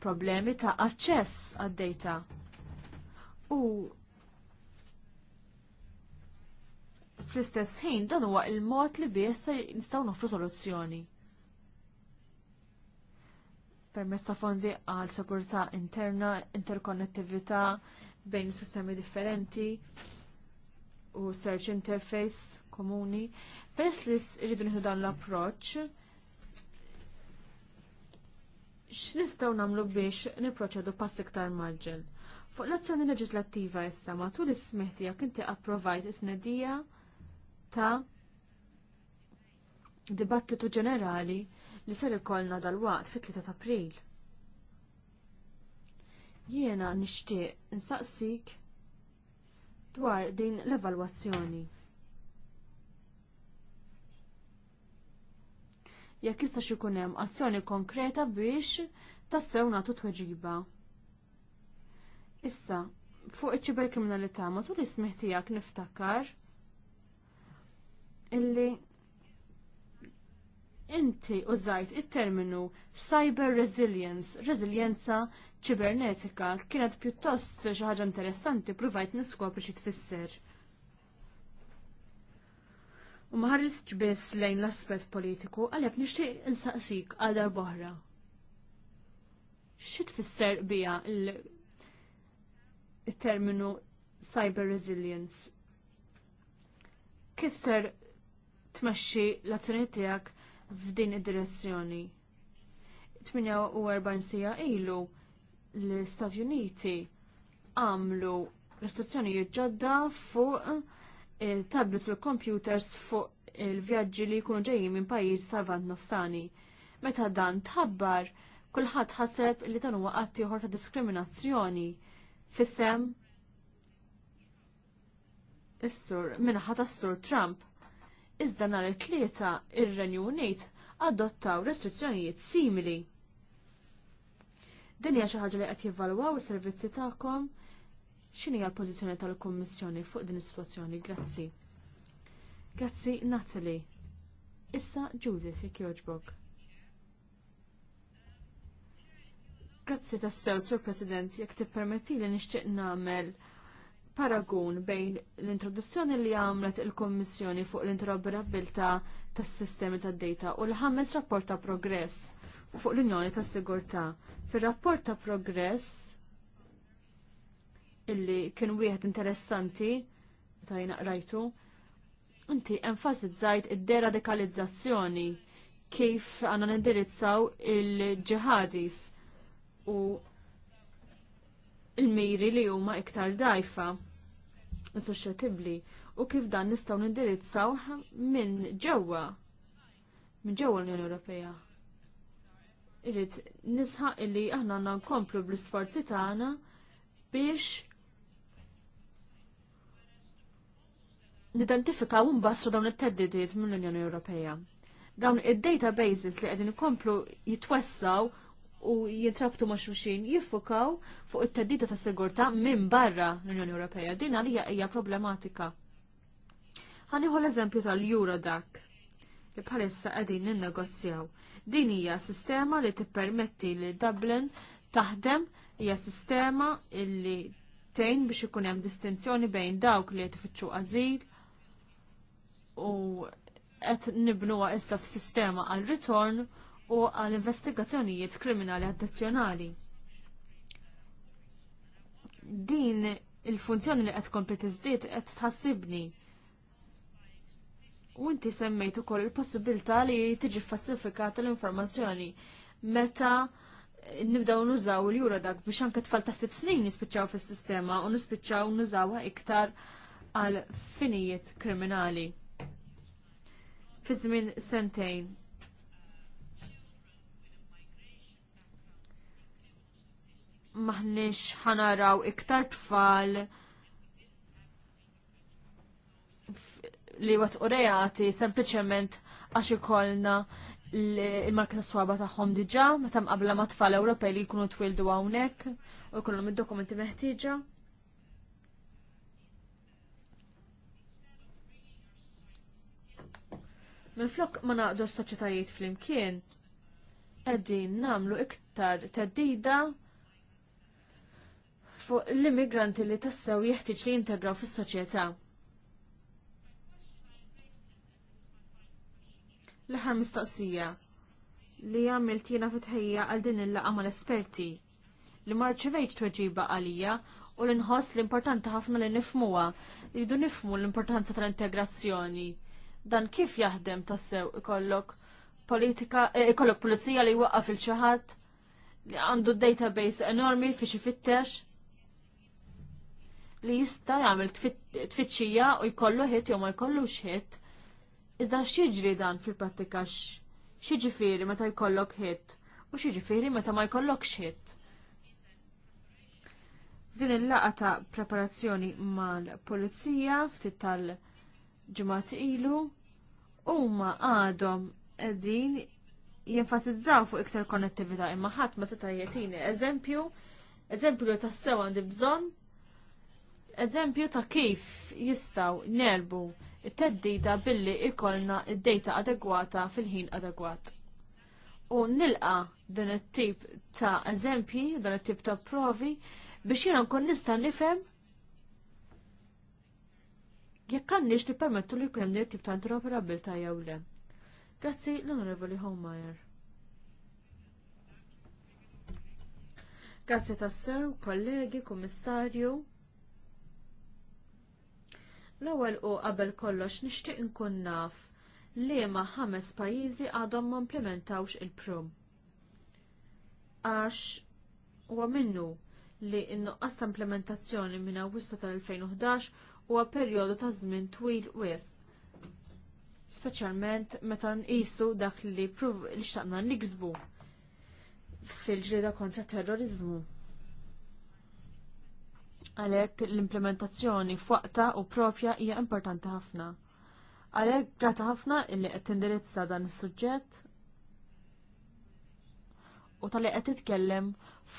problemi ta' aċċess għad-data. U fl-istess ħin dan huwa il-mod li biss nistgħu nofru soluzzjoni. Permessa ta' fondi għal sigurtà interna, interkonnettività bejn sistemi differenti u search interface komuni. Peress li rridu nieħdu dan l-approċċ, x'nistgħu nagħmlu biex nipproċedu pass iktar marġel. Fuq l-azzjoni leġislattiva issa matul is-smih tiegħek inti approvajt is-snedija ta' dibattitu ġenerali li ser ikollna dal-waqt fit-3 ta' April. Jiena nixtieq nsaqsik dwar din l-evalwazzjoni. Jekk xi jkun hemm azzjoni konkreta biex tassew nagħtu tweġiba. Issa, fuq iċ-ċiberkriminalità matul ismiħ tiegħek niftakar illi Inti użajt it-terminu cyber resilience, resilienza ċibernetika, kienet pjuttost xi ħaġa interessanti provajt niskopri xi tfisser. U ma ħarriġ biss lejn l-aspett politiku għalhekk nixtieq insaqsik għal darb'oħra. Xi tfisser biha il-terminu cyber resilience? Kif ser tmexxi l-azzjoni tiegħek f'din id-direzzjoni. 48 sija ilu l-Istati Uniti għamlu restrizzjonijiet ġodda fuq eh, tablets u computers fuq il-vjaġġi li jkunu ġejjin minn pajjiż tal-Vant Nofsani. Meta dan tħabbar, kulħadd ħaseb li dan huwa qatt ieħor ta' diskriminazzjoni fis-sem is-sur sur Trump iżda nhar it-tlieta ir-Renju Unit adottaw restrizzjonijiet simili. Din hija xi ħaġa li qed jivvalwaw is-servizzi tagħkom x'inhi hija l-pożizzjoni tal-Kummissjoni fuq din is-sitwazzjoni. Grazzi. Grazzi Natalie. Issa Judith jekk Grazzi tassew, Sur President, jekk tippermetti li nixtieq nagħmel paragun bejn l-introduzzjoni li għamlet il-Kommissjoni fuq l-interoperabilità tas-sistemi tad-data u l-ħames rapport ta' progress fuq l-Unjoni tas-Sigurtà. Fir-rapport ta' progress illi kien wieħed interessanti ta' rajtu, inti enfasizzajt id-deradikalizzazzjoni kif għandna nindirizzaw il-ġihadis u il-miri li huma iktar dajfa suscettibbli u kif dan nistgħu nindirizzaw minn ġewwa minn ġewwa l-Unjoni Ewropea. Irrid nisħaq illi aħna għandna nkomplu bl-isforzi tagħna biex nidentifikaw imbastru dawn it-teddidiet mill-Unjoni Ewropea. Dawn id-databases li qegħdin ikomplu jitwessaw u jintrabtu ma' xuxin jiffokaw fuq it-teddita ta' sigurta minn barra l-Unjoni Ewropea. Din għalija hija problematika. Ħaniħu l-eżempju tal-Euro dak li bħalissa qegħdin ninnegozjaw. Din hija sistema li tippermetti li Dublin taħdem hija sistema illi tgħin biex ikun hemm distinzjoni bejn dawk li qed ifittxu għażil u qed nibnuha issa f'sistema għal ritorn u għal investigazzjonijiet kriminali addizzjonali. Din il-funzjoni li qed kompli tiżdied qed tħassibni. U inti semmejt ukoll il-possibilità li tiġi falsifikata l-informazzjoni meta nibdaw nużaw l-jura dak biex anke tfal ta' sitt snin nispiċċaw fis-sistema u nispiċċaw nużawha iktar għal finijiet kriminali. Fi żmien sentejn maħniex ħanaraw iktar tfal li wat urejati sempliciment għax ikollna il-marka swaba tagħhom diġà meta qabla ma' tfal Ewropej li jkunu twildu hawnhekk u jkollhom id-dokumenti meħtieġa. Minflok ma naqdu s-soċjetajiet flimkien, qegħdin nagħmlu iktar teddida fuq l-immigranti li tassew jeħtieġ li jintegraw fis-soċjetà. L-aħħar mistoqsija li għamilt jiena fitħejja għal din il-laqa mal-esperti li marċivejt tweġiba għalija u li nħoss l-importanti ħafna li li jdu nifmu l-importanza tal-integrazzjoni. Dan kif jaħdem tassew ikollok politika, eh, ikollok pulizija li waqqa fil-ċaħat li għandu database enormi fi xi fittex li jista' jagħmel tfittxija u jkollu hit jew ma jkollux hit. Iżda x'jiġri dan fil-prattika x'jiġifieri meta jkollok hit u x'jiġifieri meta ma jkollokx xħit. Din il-laqa ta' preparazzjoni mal-Pulizija ftit tal-ġimgħat ilu huma għadhom qegħdin jenfasizzaw fuq iktar konnettività imma ħadd ma seta' jagħtini eżempju eżempju li tassew għandi bżonn eżempju ta' kif jistaw nerbu it-teddida billi ikolna id dejta adegwata fil-ħin adegwat. U nilqa din it-tip ta' eżempji, din it-tip ta' provi biex jiena nkun nista' nifhem jekk għandix li permettu li jkun hemm din it-tip ta' interoperabilità jew le. Grazzi l-Onorevoli Homeyer. Grazzi tassew, kollegi, kummissarju. L-ewwel u qabel kollox nixtieq inkun naf li ma ħames pajjiżi għadhom ma implementawx il-prum. Għax huwa minnu li n-nuqqas ta' implementazzjoni minn Awwissa tal-2011 huwa perjodu ta' żmien twil wies. Speċjalment meta nqisu dak li pruv li xtaqna niksbu fil-ġrieda kontra terrorizmu. Għalhekk l-implementazzjoni f'waqta u propja hija importanti ħafna. Għalhekk grata ħafna illi qed tindirizza dan is-suġġett u tal qed titkellem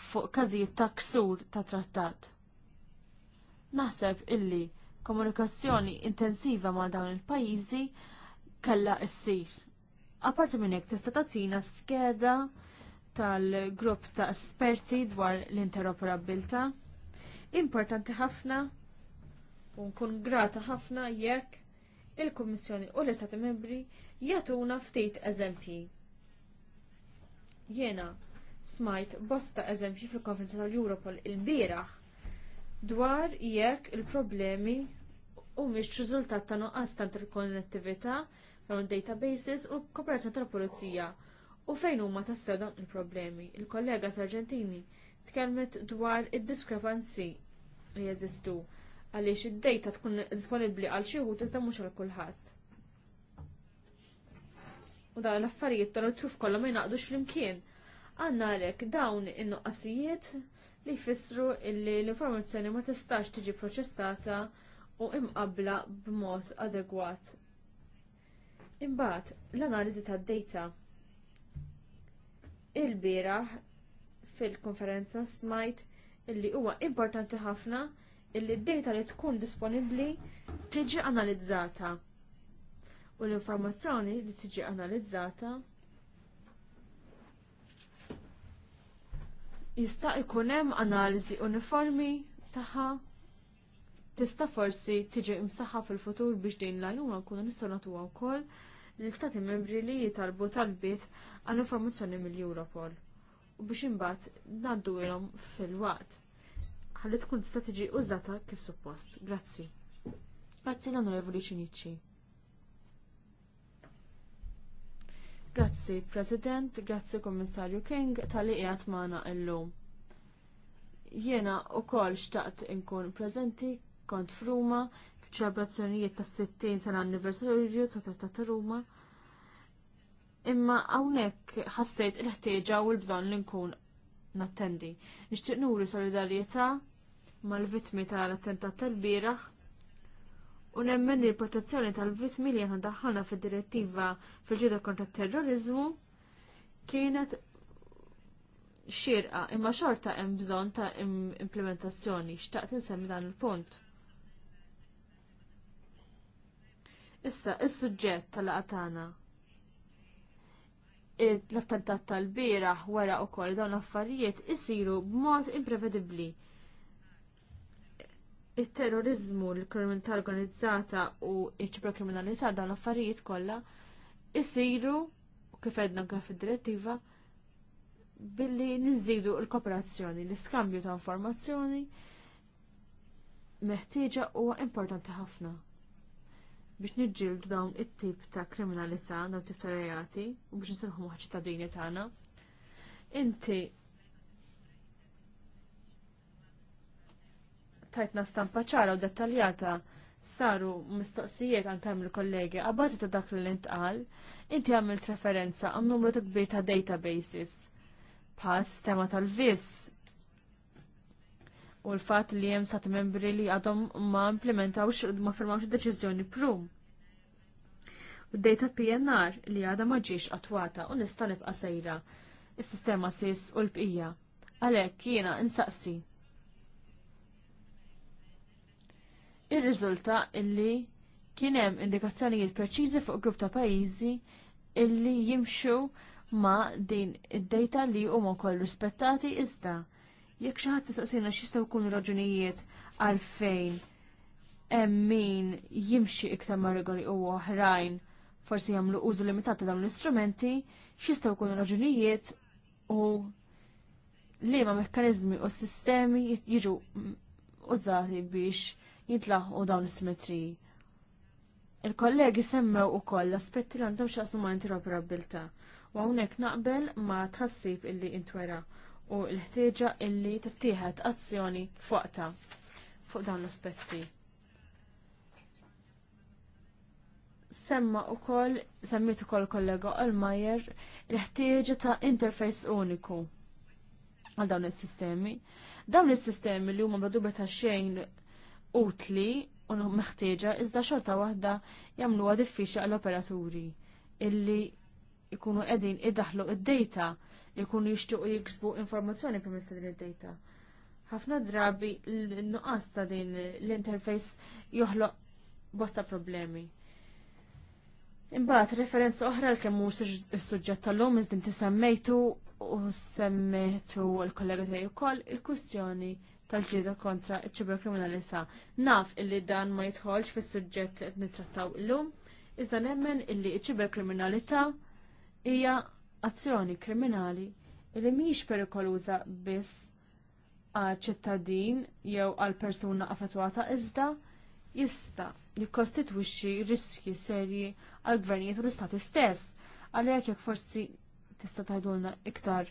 fuq każijiet ta' ksur ta' trattat. Naħseb illi komunikazzjoni intensiva ma' dawn il-pajjiżi kellha issir. Apparti minn hekk tista' tagħtina skeda tal-grupp ta' esperti dwar l-interoperabilità importanti ħafna u nkun grata ħafna jekk il-Kummissjoni u l-Istati Membri jagħtuna ftit eżempji. Jiena smajt bosta eżempji fil-Konferenza tal-Europol il-bieraħ dwar jekk il-problemi u miex riżultat ta' nuqqas tant il-konnettività dawn databases u kooperazzjoni tal-Pulizija u fejn huma tassew dawn il-problemi. Il-kollega Sargentini tkellmet dwar id-diskrepanzi li jeżistu għaliex id-dejta tkun disponibbli għal xi wħud iżda mhux għal kulħadd. U dan l-affarijiet dan it-truf kollha ma jnaqdux flimkien. Għanna għalhekk dawn in-nuqqasijiet li jfissru li l-informazzjoni ma tistax tiġi proċessata u imqabbla b'mod adegwat. Imbagħad l-analiżi tad dejta il-bieraħ fil-konferenza smajt illi huwa importanti ħafna illi d-data li tkun disponibbli tiġi analizzata. U l-informazzjoni li tiġi analizzata jista' jkun hemm analiżi uniformi tagħha tista' forsi tiġi imsaħħa fil-futur biex din l-għajnuna nkunu nistgħu nagħtuha wkoll l-istati membri li jitalbu talbiet għal informazzjoni mill-Europol u biex imbagħad ngħaddu ilhom fil-waqt ħalli tkun tista' tiġi użata kif suppost. Grazzi. Grazzi l-Onorevoli Ċinici. Grazzi President, grazzi Kommissarju King tal-li qiegħed magħna llum. Jiena wkoll xtaqt inkun preżenti kont fruma ċelebrazzjonijiet tas 60 sena anniversarju ta' Trattat Ruma. Imma hawnhekk ħassejt il-ħtieġa u l-bżonn li nkun nattendi. Nixtieq nuri solidarjetà mal-vittmi tal-attentat tal-bieraħ u nemmen li l-protezzjoni tal-vittmi li aħna daħħalna fid-direttiva fil-ġida kontra t terrorizmu kienet xirqa imma xorta hemm bżonn ta' implementazzjoni xtaqt insemmi dan il-punt. Issa, is-suġġett tal-qatana. L-attentat tal bieraħ wara wkoll dawn l-affarijiet isiru b'mod imprevedibbli. Il-terrorizmu, l-kriminalità organizzata u ċiberkriminalità dawn l-affarijiet kollha isiru kif għedna kif id-direttiva billi niżidu l-kooperazzjoni, l-iskambju ta' informazzjoni meħtieġa huwa importanti ħafna biex niġġieldu dawn it-tip ta' kriminalità, dawn tip ta' reati u biex nserħu maħ ċittadini tagħna. Inti tajtna stampa ċara u dettaljata saru mistoqsijiet anke mill kollegi għabbażi ta' dak li ntqal, inti għamilt referenza għam numru ta' kbir ta' databases bħal sistema tal-vis u l-fat li jem sat membri li għadhom ma implementawx u ma firmawx deċizjoni prum. U d-data PNR li għadha ma ġiex attwata u nista' nibqa' sejra is-sistema sis u l-bqija. Għalhekk jiena insaqsi. Ir-riżulta illi kien hemm indikazzjonijiet preċiżi fuq grupp ta' pajjiżi illi jimxu ma' din id-data li huma wkoll rispettati iżda Jekk xi ħadd tistaqsilna x'jistgħu jkunu raġunijiet għalfejn hemm min jimxi iktar ma' regoli u oħrajn forsi jagħmlu użu limitat ta' dawn l-istrumenti, x'jistgħu jkunu raġunijiet u liema mekkaniżmi u sistemi jiġu użati biex jintlaħqu dawn is simetri Il-kollegi semmew ukoll l-aspetti li għandhom x'asnu ma' interoperabilta' u hawnhekk naqbel ma' tħassib illi intwera u l-ħtieġa illi tittieħed azzjoni fuqta fuq dawn l-aspetti. Semma u koll, semmit u koll kollega Olmajer, l-ħtieġa ta' interface uniku għal dawn il-sistemi. Dawn il-sistemi li huma bla ta' xejn utli u meħtieġa iżda xorta waħda jagħmluha diffiċli għall-operaturi illi ikunu qegħdin iddaħlu id-data ikunu jixtiequ jiksbu informazzjoni permezz ta' id-data. Ħafna drabi l-nuqqas ta' din l-interface joħloq bosta problemi. Imbagħad referenza oħra l kemm mhux is-suġġett tal-lum iżdin tisemmejtu u semmejtu l-kollega tiegħi wkoll il-kwistjoni tal-ġieda kontra ċ-ċiberkriminalità. Naf illi dan ma jidħolx fis-suġġett qed nittrattaw illum, iżda nemmen illi ċ-ċiberkriminalità hija azzjoni kriminali li mhix perikoluża biss għal ċittadin jew għal persuna affettwata iżda jista' jikkostitwixxi riskji serji għal gvernijiet u l-istati stess. Għalhekk jekk forsi tista' tgħidulna iktar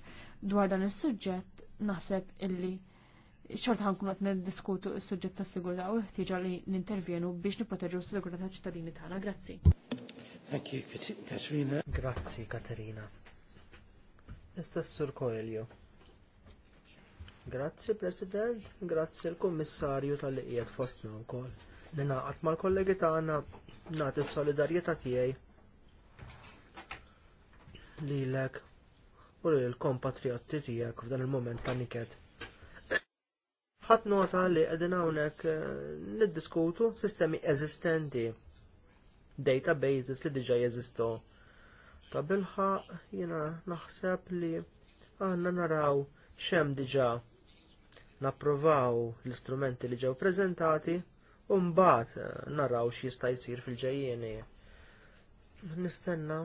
dwar dan is-suġġett naħseb illi xorta ħankun qed niddiskutu s-suġġett tas-sigurtà u ħtieġa li nintervjenu biex nipproteġu s-sigurtà tal-ċittadini tagħna. Grazzi. Thank you, Katerina. Grazzi, Katerina. Issa s-sur Koelio. Grazzi, President. Grazzi l-Kommissarju tal-liqiet fostna u kol. Nenaqat mela, mal-kollegi tagħna nagħti s-solidarjetà tiegħi lilek u l kompatriotti tiegħek f'dan il-moment ta' niket. Ħadd nota li qegħdin hawnhekk eh, niddiskutu sistemi eżistenti databases li diġa jeżistu. Ta' bilħaq jiena naħseb li aħna naraw xem diġa napprovaw l-istrumenti li ġew ppreżentati u mbagħad eh, naraw x'jista' jsir fil-ġejjieni. Nistenna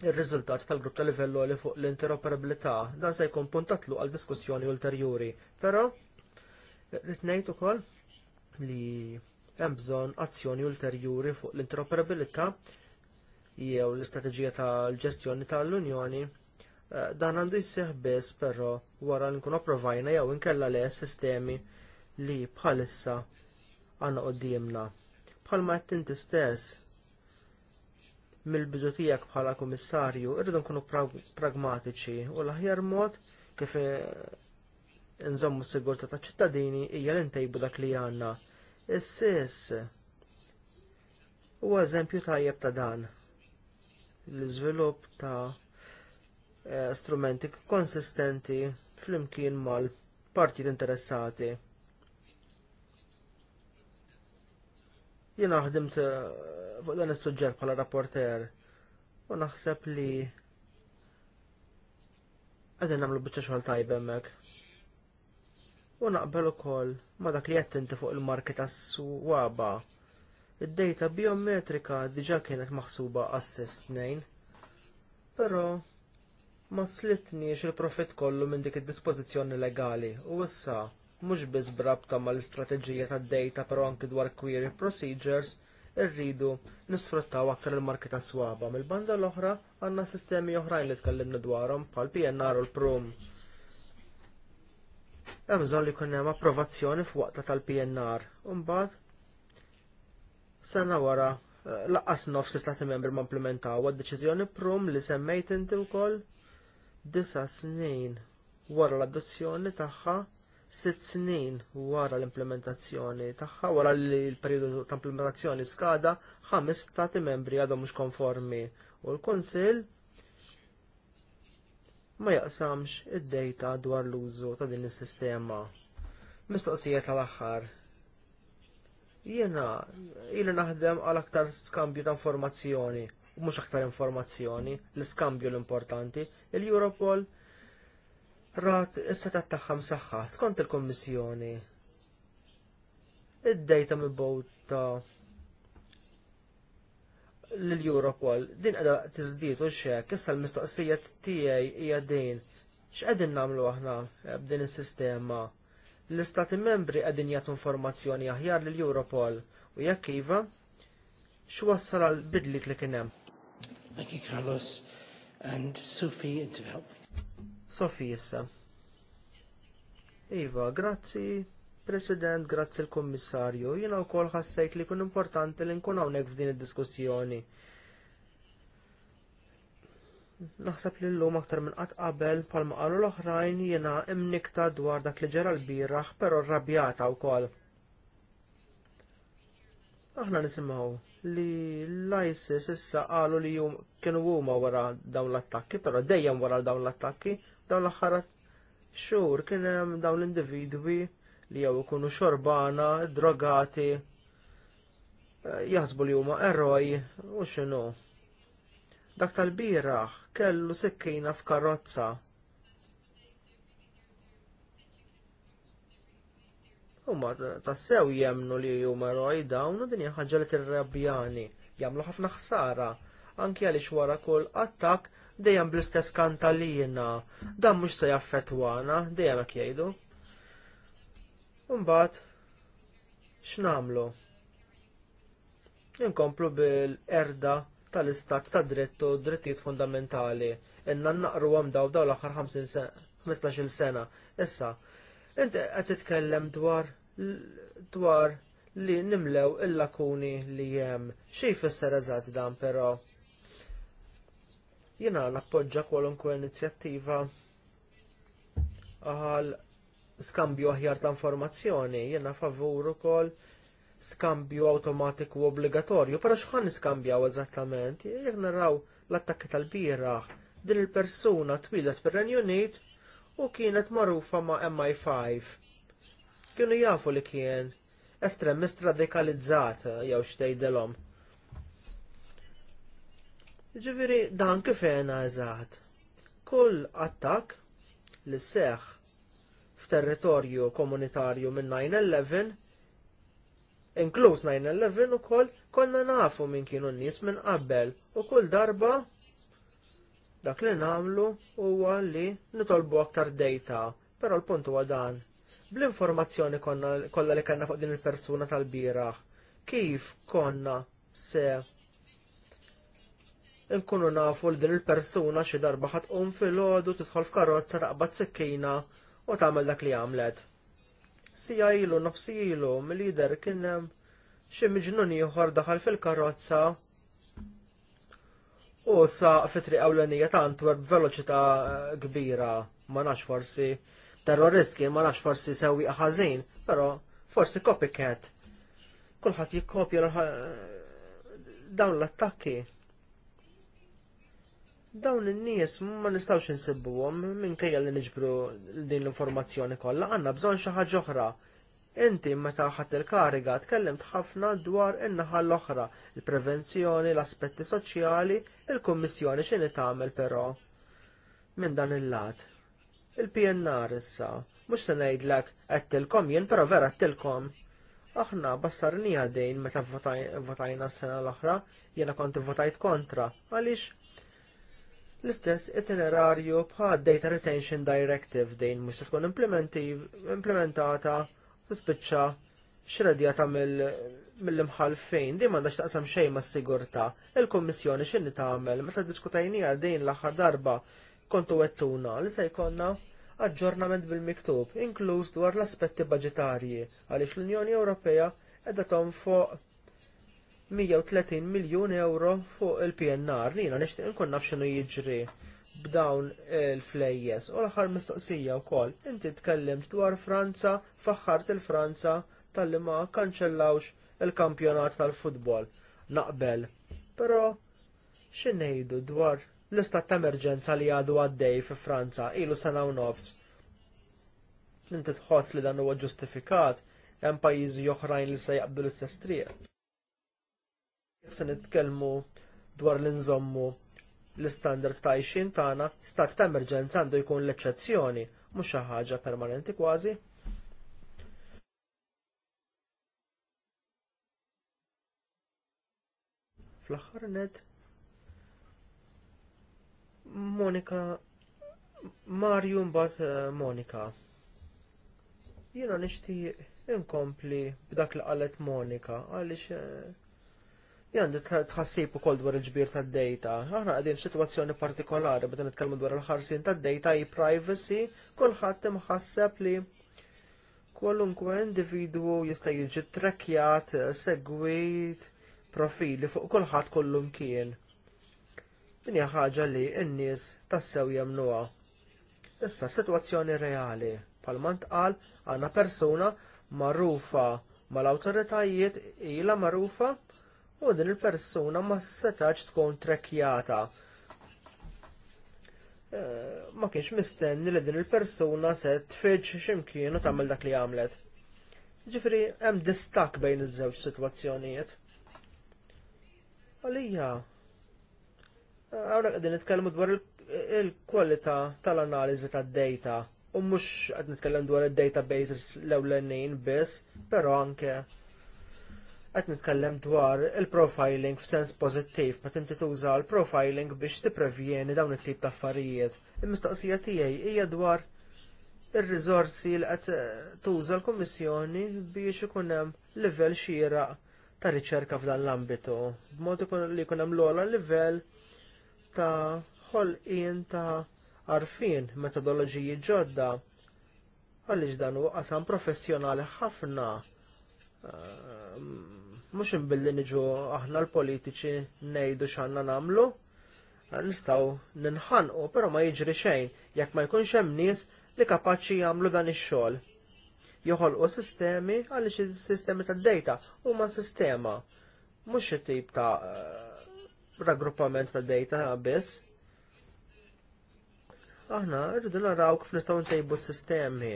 Ir-riżultat tal-grupp tal livellu li fuq l-interoperabilità dan se jkun punt puntatlu għal diskussjoni ulterjuri. Però, rrit ngħid ukoll li hemm bżonn azzjoni ulterjuri fuq l-interoperabilità jew l-istrateġija tal-ġestjoni tal-Unjoni eh, dan għandu jisseħ biss però wara li nkunu approvajna jew inkella le sistemi li bħalissa għandna quddiemna. Bħalma qed inti stess mill-bidu tiegħek bħala kummissarju irridu nkunu pragmatiċi u l-aħjar mod kif eh, nżommu s-sigurtà taċ ċittadini hija l-intejbu dak li għandna Is-sis huwa eżempju tajjeb ta' dan l-iżvilupp ta' eh, strumenti konsistenti flimkien mal-partit interessati. Jiena ħdimt eh, fuq dan is-suġġett bħala rapporter u naħseb li qegħdin nagħmlu biċċa xogħol tajb hemmhekk u naqbel ukoll ma dak li qed fuq il-marki tas-swaba. Id-dejta biometrika diġà kienet maħsuba għas tnejn, però ma slitniex il-profit kollu minn dik id-dispożizzjoni legali u issa mhux biss brabta mal-istrateġija tad-dejta però anki dwar query procedures irridu nisfruttaw aktar il-marki ta' swaba. Mill-banda l-oħra għandna sistemi oħrajn li tkellimna dwarhom bħal PNR u l-Prum hemm bżonn li jkun hemm approvazzjoni f'waqta tal-PNR. Imbagħad sena wara eh, laqqas nofs l-istati membri ma implementaw għad-deċiżjoni prum li semmejt inti wkoll disa snin wara l-adozzjoni tagħha sitt snin wara l-implementazzjoni tagħha wara li l-perjodu ta' implementazzjoni skada ħames stati membri għadhom mhux konformi u l-Kunsill ma jaqsamx id dejta dwar l-użu ta' din is-sistema. Mistoqsija tal-aħħar. Jiena ili naħdem għal aktar skambju ta' informazzjoni, u mhux aktar informazzjoni, l-iskambju l-importanti, il-Europol rat is-setat tagħhom saħħa skont il-Kommissjoni. Id-dejta mibgħuta l-Europol. Din għada tizdietu xek, issa l-mistoqsija tiegħi hija din. X'qegħdin nagħmlu aħna b'din is-sistema? L-istati membri qegħdin jagħtu informazzjoni aħjar lill europol u jekk iva, x'wassal għal bidlit li kien hemm. Thank you, Carlos. And Sophie, to help. Sophie issa. Iva, grazzi. President, grazzi l-Kommissarju, jina u kol ħassajt li kun importanti li nkun hawnhekk f'din id-diskussjoni. Naħseb li llum aktar minn qatt qabel palma qalu l-oħrajn jiena imnikta dwar dak li ġara l-bieraħ però rrabjata wkoll. Aħna nisimgħu li l-ISIS issa qalu li jum kienu huma wara dawn l-attakki, però dejjem wara dawn l-attakki, dawn l-aħħar xhur kien hemm dawn l-individwi li jew ikunu xorbana, drogati, eh, jazbu li huma eroj u x'inhu. Dak tal bira kellu sikkina f'karozza. Huma tassew jemnu li huma eroj dawn u din ħaġa li tirrabjani jagħmlu ħafna ħsara anki għaliex wara kull attak dejjem bl-istess kantalina Dan mhux se jaffettwana, dejjem hekk jgħidu. Mbagħad x'namlu? Inkomplu bil-erda tal-istat tad dritt u drittijiet fundamentali. Inna naqru għam daw daw l-aħħar 15 sena. Issa, inti qed titkellem dwar dwar li nimlew il-lakuni li jem. Xej fisser eżat dan però? Jena nappoġġa kwalunkwe inizjattiva għal skambju aħjar ta' informazzjoni, jiena favur ukoll skambju awtomatiku obbligatorju, però x'ħan niskambjaw eżattament, jekk naraw l-attakki tal-bieraħ din il-persuna twilet fir-Renju Unit u kienet magħrufa ma' MI5. Kienu jafu li kien estremist radikalizzat jew xtejdelhom. Jiġifieri, dan kif għena eżatt. Kull attakk li seħħ f'territorju komunitarju minn 9-11, inkluż 9-11 ukoll konna nafu minn kienu n-nies minn qabel u kull darba dak li nagħmlu huwa li nitolbu aktar data, però l-punt huwa dan. Bl-informazzjoni kollha li kellna fuq din il-persuna tal bira kif konna se nkunu nafu li din il-persuna xi darba um fil-ħodu tidħol f'karozza taqbad sikkina u tagħmel dak li għamlet. Sija ilu nofsi ilu mill-lider kien hemm xi miġnun ieħor daħal fil-karozza u sa fitri ewlenija ta' Antwerp veloċità eh, kbira ma nafx forsi terroristi, ma nafx forsi sewi ħażin, però forsi copycat. Kulħadd jikkopja eh, dawn l-attakki dawn in-nies ma nistgħux insibbuhom minkejja li niġbru din l-informazzjoni kollha għandna bżonn xi ħaġa oħra. Inti meta ħadd il-kariga tkellimt ħafna dwar in-naħa l-oħra, il-prevenzjoni, l-aspetti soċjali, il-kummissjoni x'inhi tagħmel però. Minn dan il-lat. Il-PNR issa, mhux se ngħidlek tilkom jien però vera tilkom. Aħna bassarnija dejn meta votajna s-sena l-oħra, jiena konti votajt kontra, għaliex L-istess itinerarju bħad Data Retention Directive dejn mhux se tkun implementata tispiċċa ta' mill-imħalfejn, di mandax taqsam xejn ma' sigurta. il kummissjoni xinni tagħmel meta diskutajnija din l-aħħar darba kontu wettuna li se jkollna aġġornament bil-miktub, inkluż dwar l-aspetti budgetarji għaliex l-Unjoni Ewropea qiegħda fuq 130 miljun euro fuq il-PNR. Nina nixtieq inkun naf x'inhu jiġri b'dawn il-flejjes. U l-aħħar mistoqsija wkoll. Inti tkellimt dwar Franza, faħħart il-Franza talli ma kanċellawx il-kampjonat tal-futbol. Naqbel. Però ngħidu dwar l-istat ta' emerġenza li għadu għaddej fi Franza ilu sena u nofs. Inti tħoss li dan huwa ġustifikat hemm pajjiżi oħrajn li se jaqbdu l-istess triq. Se nitkellmu dwar l-inżommu l-standard ta' ixin tagħna, stat ta' emerġenza għandu jkun l-eċċezzjoni, mhux xi ħaġa permanenti kważi. fl-aħħar net Monika Marju mbagħad eh, Monika. Jiena nixtieq inkompli b'dak li qalet Monika għaliex eh, Jan, tħassib ukoll dwar il-ġbir tad-data. Aħna qegħdin situazzjoni partikolari meta nitkellmu dwar il-ħarsien tad-data i privacy, kulħadd imħasseb li kwalunkwe individwu jista' jiġi trekkjat, segwit, profili fuq kulħadd kollum kien. Din hija ħaġa li n-nies tassew jemnuha. Issa sitwazzjoni reali. Palmant qal għandna persuna magħrufa mal-awtoritajiet ilha magħrufa u din il-persuna ma setax tkun trekkjata. Eh, ma kienx mistenni li din il-persuna se tfiġ ximkien u tagħmel dak li għamlet. Ġifri, hemm distak bejn iż-żewġ sitwazzjonijiet. Għalija, għawna qegħdin nitkellmu dwar il-kwalità tal-analiżi tad-data u mhux qed nitkellem dwar id-databases l-ewlenin biss, però anke qed nitkellem dwar il-profiling f'sens pożittiv meta inti tuża l-profiling biex tipprevjeni dawn it-tip ta' affarijiet. Il-mistoqsija tiegħi hija dwar ir-riżorsi li qed eh, tuża l-Kummissjoni biex ikun hemm livell xieraq ta' riċerka f'dan l-ambitu, b'mod li jkun hemm l-ogħla livell ta' ħolqien ta' għarfien metodoloġiji ġodda għaliex dan huwa qasam professjonali ħafna eh, Mhux imbilli niġu aħna l-politiċi ngħidu xanna nagħmlu, nistgħu ninħanqu, però ma jiġri xejn jekk ma jkunx hemm nies li kapaċi jagħmlu dan ix-xogħol. Joħolqu sistemi għaliex is-sistemi tad-dejta huma sistema mhux it tip ta' eh, raggruppament tad-dejta biss. Aħna rridu naraw kif nistgħu ntejbu s-sistemi.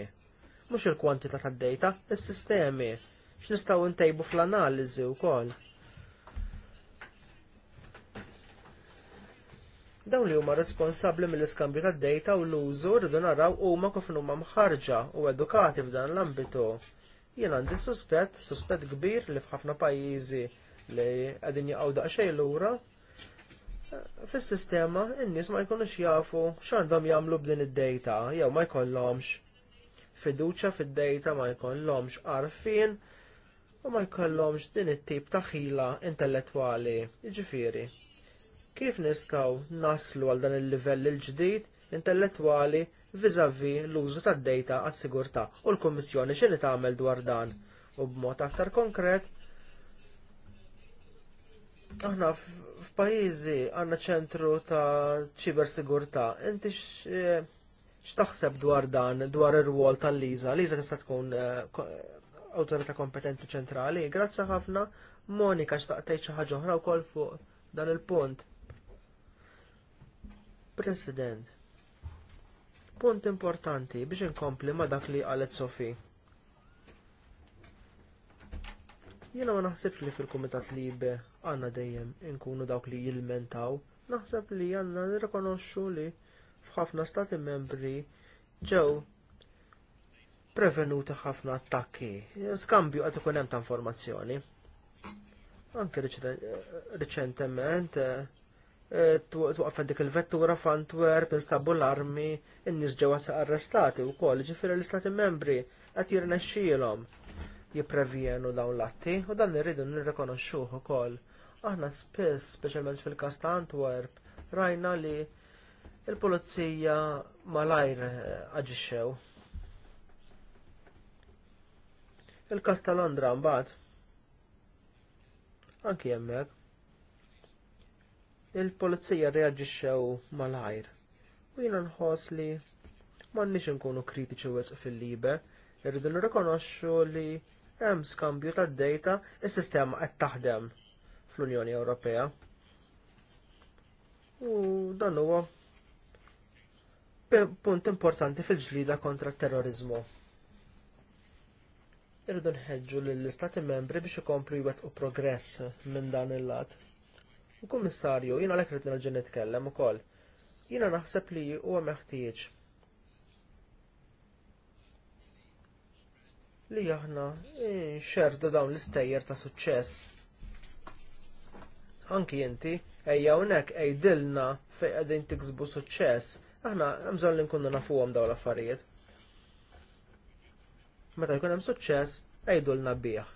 Mhux il-kwantità tad-dejta, is-sistemi. il kwantità tad dejta is sistemi il sistemi x'nistgħu ntejbu fl-analiżi wkoll. Dawn li huma responsabbli mill-iskambju tad-dejta u l-użu rridu naraw huma kif huma mħarġa u edukati f'dan l-ambitu. Jien għandi suspett, suspett kbir li f'ħafna pajjiżi li qegħdin jaqgħu daqsxejn lura, fis-sistema n-nies ma jkunux jafu x'għandhom jagħmlu b'din id-dejta jew ma jkollhomx fiduċja fid-dejta ma jkollhomx għarfien u ma jkollhomx din it-tip ta' ħila intellettwali. Jiġifieri, kif nistgħu naslu għal dan il-livell il-ġdid intellettwali viżavi l-użu tad-dejta għas-sigurtà u l-Kummissjoni x'inhi tagħmel dwar dan u b'mod aktar konkret aħna f'pajjiżi għandna ċentru ta' ċibersigurtà. Inti eh, x'taħseb dwar dan, dwar ir wol tal-Liża? Liża tista' tkun eh, Awtorità Kompetenti Ċentrali. Grazzi ħafna, Monika xtaqtejt xi ħaġa oħra wkoll fuq dan il-punt. President, punt importanti biex inkompli ma dak li qalet Sofi. Jiena ma naħsibx li fil-Kumitat Libe għandna dejjem inkunu dawk li jilmentaw naħseb li għandna nirrikonoxxu li f'ħafna stati membri ġew prevenuti ħafna attakki. Skambju għat ikun hemm ta' informazzjoni. Anke riċentement eh, eh, twaqfen dik il-vettura f'Antwerp instabu l-armi in-nies ġewwa arrestati wkoll ġifieri l-istati membri qed jirnexxielhom jipprevjenu dawn l-atti u dan irridu nirrikonoxxuh ukoll. Aħna spiss, speċjalment fil-każ ta' Antwerp, rajna li il-pulizija malajr eh, aġixxew il kastalandra ta' mbagħad. Anki hemmhekk. Il-pulizija reaġixxew mal-ħajr. U jiena nħoss li m'għandniex inkunu kritiċi wisq fil-libe, irridu nirrikonoxxu li hemm skambju tad-dejta is-sistema qed taħdem fl-Unjoni Ewropea. U dan huwa punt importanti fil-ġlida kontra t terrorizmu irridu nħeġġu lill istati membri biex ikomplu jwettqu progress minn dan il-lat. Il-Kummissarju, jiena għalhekk rrid nerġa' nitkellem ukoll. Jiena naħseb li huwa meħtieġ li aħna nxerdu dawn l-istejjer ta' suċċess. Anki inti, ejja hawnhekk ejdilna fejn qegħdin tiksbu suċċess, aħna hemm bżonn li nkunu nafuhom dawn l-affarijiet. Meta jkun hemm suċċess, għajdulna bih.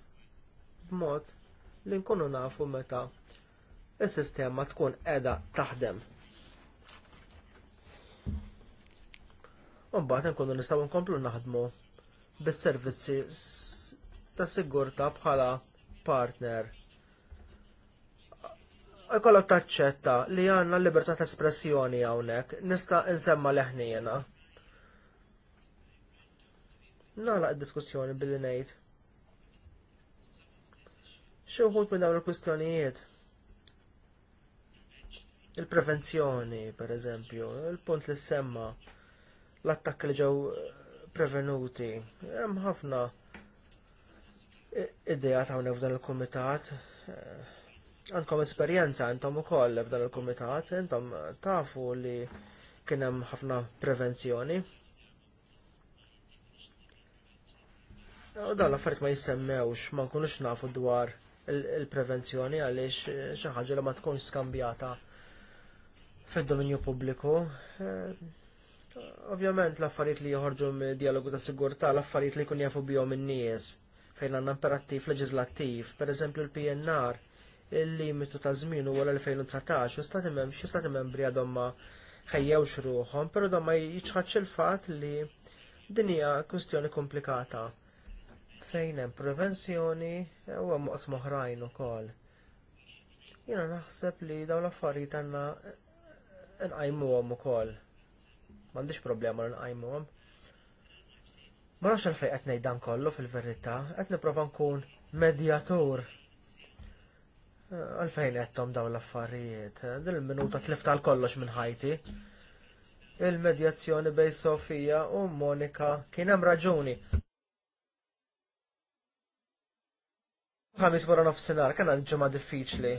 B'mod li nkunu nafu meta is sistema tkun qiegħda taħdem. mbagħad nkunu nistgħu nkomplu naħdmu bis-servizzi tas sigurtà bħala partner. Ikollok taċċetta li għandna libertà ta' espressjoni hawnhekk, nista' insemma leħnijena. Nagħlaq id-diskussjoni billi ngħid. Xi wħud minn dawn il-kwistjonijiet. Il-prevenzjoni, pereżempju, il-punt li semma l-attakki li ġew prevenuti. Hemm ħafna idea ta' f'dan il-kumitat. Għandkom esperjenza intom ukoll f'dan il-kumitat, intom tafu li kien hemm ħafna prevenzjoni. U Dan l-affarijiet ma jissemmewx, ma nkunux nafu dwar il-prevenzjoni għaliex eh, xi ħaġa li ma tkunx skambjata fid-dominju pubbliku. Eh, ovvjament l-affarijiet li joħorġu mid-dialogu ta' sigurtà, l-affarijiet li jkun jafu bihom in-nies fejn għandna imperattiv leġislattiv, pereżempju l-PNR, il-limitu ta' żmien huwa l-2019 u stati membri xi stati membri għadhom ma ħejjewx ruħhom, però ma jiċħadx il-fatt li din hija kwistjoni komplikata fejn hemm prevenzjoni u hemm oqs moħrajn ukoll. Jiena naħseb li dawn l-affarijiet għandna nqajmuhom ukoll. M'għandix problema li nqajmuhom. Ma nafx għalfejn qed ngħid dan kollu fil-verità, qed nipprova nkun medjatur. Għalfejn qedhom dawn l-affarijiet, din il-minuta tlift għal kollox minn ħajti. Il-medjazzjoni bejn Sofija u Monika kien hemm raġuni. ħamis wara nofsinhar kellha ġimgħa diffiċli.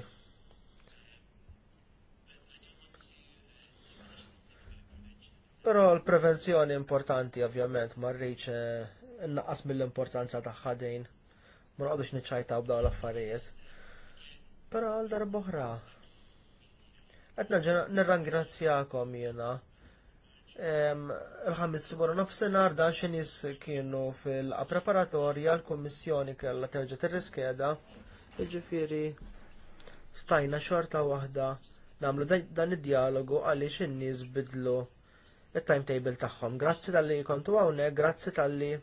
Però l-prevenzjoni importanti ovvjament ma rridx innaqqas eh, mill-importanza ta' dejn. Ma noqgħodux niċċajtaw b'daw l-affarijiet. Però għal darba oħra. Qed nirrangrazzjakom jiena Il-ħamis wara nofsinhar dan xi nies kienu fil-preparatorja l-Kummissjoni kellha terġa' tirriskeda. Jiġifieri stajna xorta waħda nagħmlu dan id-dialogu għaliex in-nies bidlu it-timetable tagħhom. Grazzi tal-li kontu hawnhekk, grazzi tal-li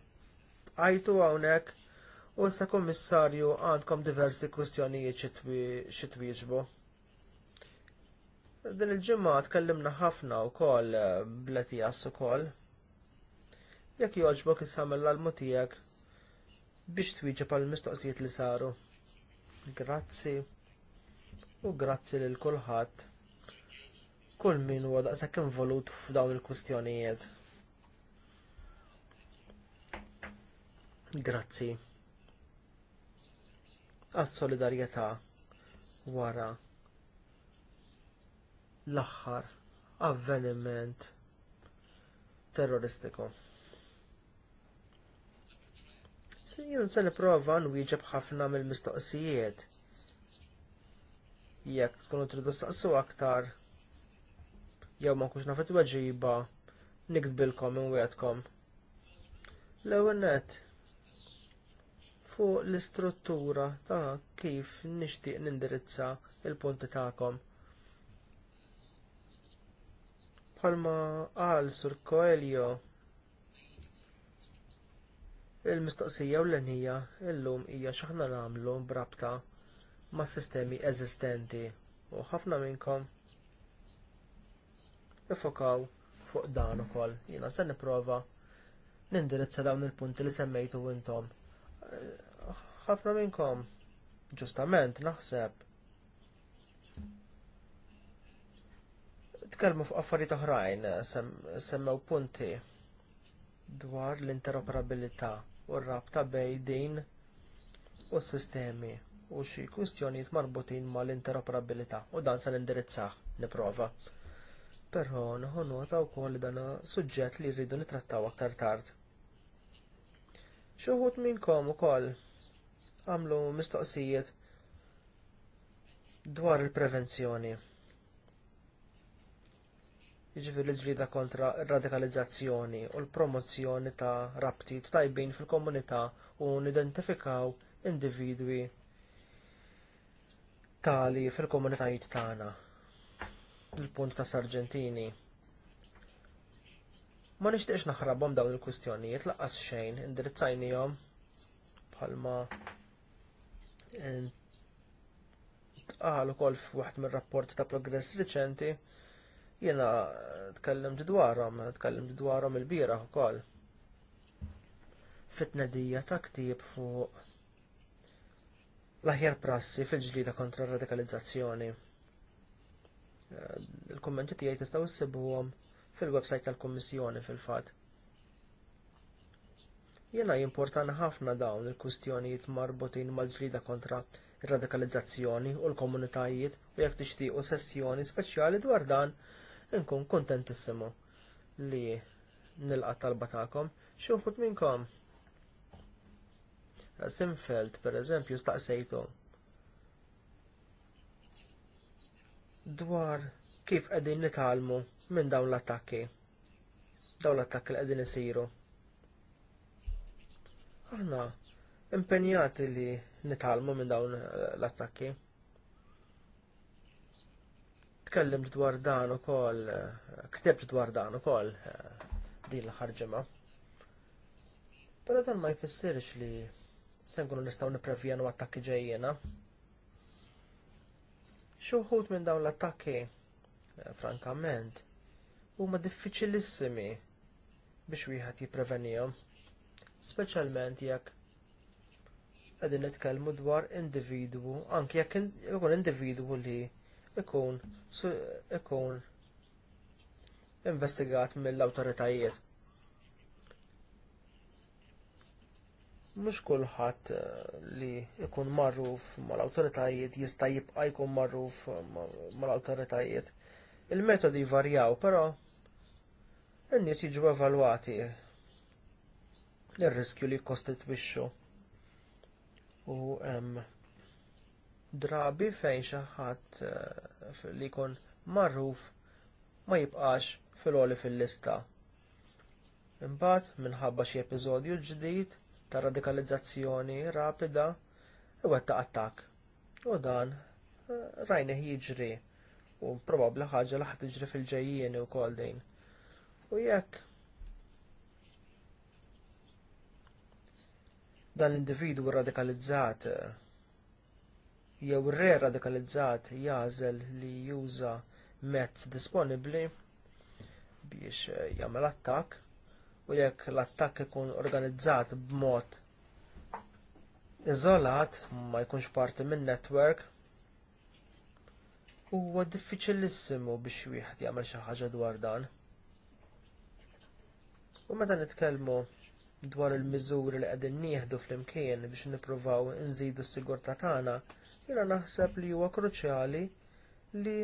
għajtu hawnhekk u issa kummissarju għandkom diversi kwistjonijiet xi twieġbu. Din il-ġimgħa tkellimna ħafna eh, bleti jassu ukoll. Jek jogħġbok jissamil l almutijak tiegħek biex twieġeb pal mistoqsijiet li saru. Grazzi u grazzi lil kulħadd. Kull min huwa daqshekk involut f'dawn il-kwistjonijiet. Grazzi. Għas-solidarjetà wara l-aħħar avveniment terroristiku. jien se niprofa nwieġeb ħafna mill-mistoqsijiet. Jekk tkunu tridu staqsu aktar, jew ma kux nafet weġiba, nikdbilkom inwietkom. L-ewwel nett fuq l-istruttura ta' kif nixtieq nindirizza il-punti tagħkom. Palma għal sur Coelho il-mistoqsija u l-enija illum hija xaħna nagħmlu brabta mas sistemi eżistenti u ħafna minnkom ifokaw fuq dan ukoll. Jiena se nipprova nindirizza dawn il-punti li semmejtu intom. Ħafna minnkom ġustament naħseb Tkellmu fuq affarijiet oħrajn, semmew punti dwar l-interoperabilità u r-rabta bejn din u s-sistemi u xi kwistjonijiet marbutin mal interoperabilità u dan se nindirizzah nipprova. Però nħu nota wkoll dan suġġett li rridu nitrattaw aktar tard. Xi wħud minnkom ukoll għamlu mistoqsijiet dwar il-prevenzjoni jiġifieri l-ġlida kontra r radikalizzazzjoni u l-promozzjoni ta' rabti tajbin fil-komunità u nidentifikaw individwi tali fil-komunitajiet tagħna. Il-punt ta' Sargentini. Ma nixtieqx naħrabhom dawn il-kwistjonijiet laqqas xejn indirizzajnihom bħalma tqal ukoll f'waħed mir-rapporti ta' progress riċenti Jena tkellem dwarhom, tkellem dwarhom il-bieraħ ukoll. Fit-tnedija ta' ktieb fuq l-aħjar prassi fil-ġlida kontra r radikalizzazzjoni. Il-kommenti tiegħi tistgħu ssibuhom fil-website tal-Kummissjoni fil-fatt. Jiena jimportan ħafna dawn il-kustjonijiet marbutin mal-ġlida kontra r radikalizzazzjoni u l-komunitajiet u jekk tixtiequ sessjoni speċjali dwar dan Nkun kontentissimu li nilqa talba tagħkom xi wħud minnkom. Simfeld, pereżempju, staqsejtu dwar kif qegħdin nitalmu minn dawn l-attakki. Dawn l-attakki li qegħdin isiru. Aħna impenjati li nitalmu minn dawn l-attakki tkellim dwar dan ukoll, kteb dwar dan ukoll din l-aħħar ġimgħa. Però dan ma jfissirx li se nkunu nistgħu nipprevjenu attakki ġejjena. Xi wħud minn dawn l-attakki, eh, frankament, huma diffiċilissimi biex wieħed jipprevenihom, speċjalment jekk qegħdin nitkellmu dwar individwu, anke jekk ikun individwu li ikun ikun investigat mill-awtoritajiet. Mhux kulħadd eh, li ikun marruf mal-awtoritajiet jista' jibqa' jkun marruf mal-awtoritajiet. Il-metodi jvarjaw, però n-nies jiġu evalwati l riskju li jkostitwixxu u hemm drabi fejn xi ħadd eh, li jkun magħruf ma jibqax fil-għoli fil-lista. Imbagħad minħabba xi episodju ġdid ta' radikalizzazzjoni rapida iwettaq attakk. U dan eh, rajna jiġri u probabbli ħaġa li ħtiġri fil-ġejjieni wkoll din. U jekk dan l-individwu radikalizzat eh, jew re radikalizzat jażel li juża mezz disponibbli biex eh, jagħmel attakk u jekk l-attakk ikun organizzat b'mod iżolat ma jkunx parti minn netwerk huwa diffiċilissimu biex wieħed jagħmel xi ħaġa dwar dan. U meta nitkellmu dwar il-miżuri li qegħdin nieħdu flimkien biex nippruvaw inżidu s-sigurtà tagħna, Jiena naħseb li huwa kruċjali li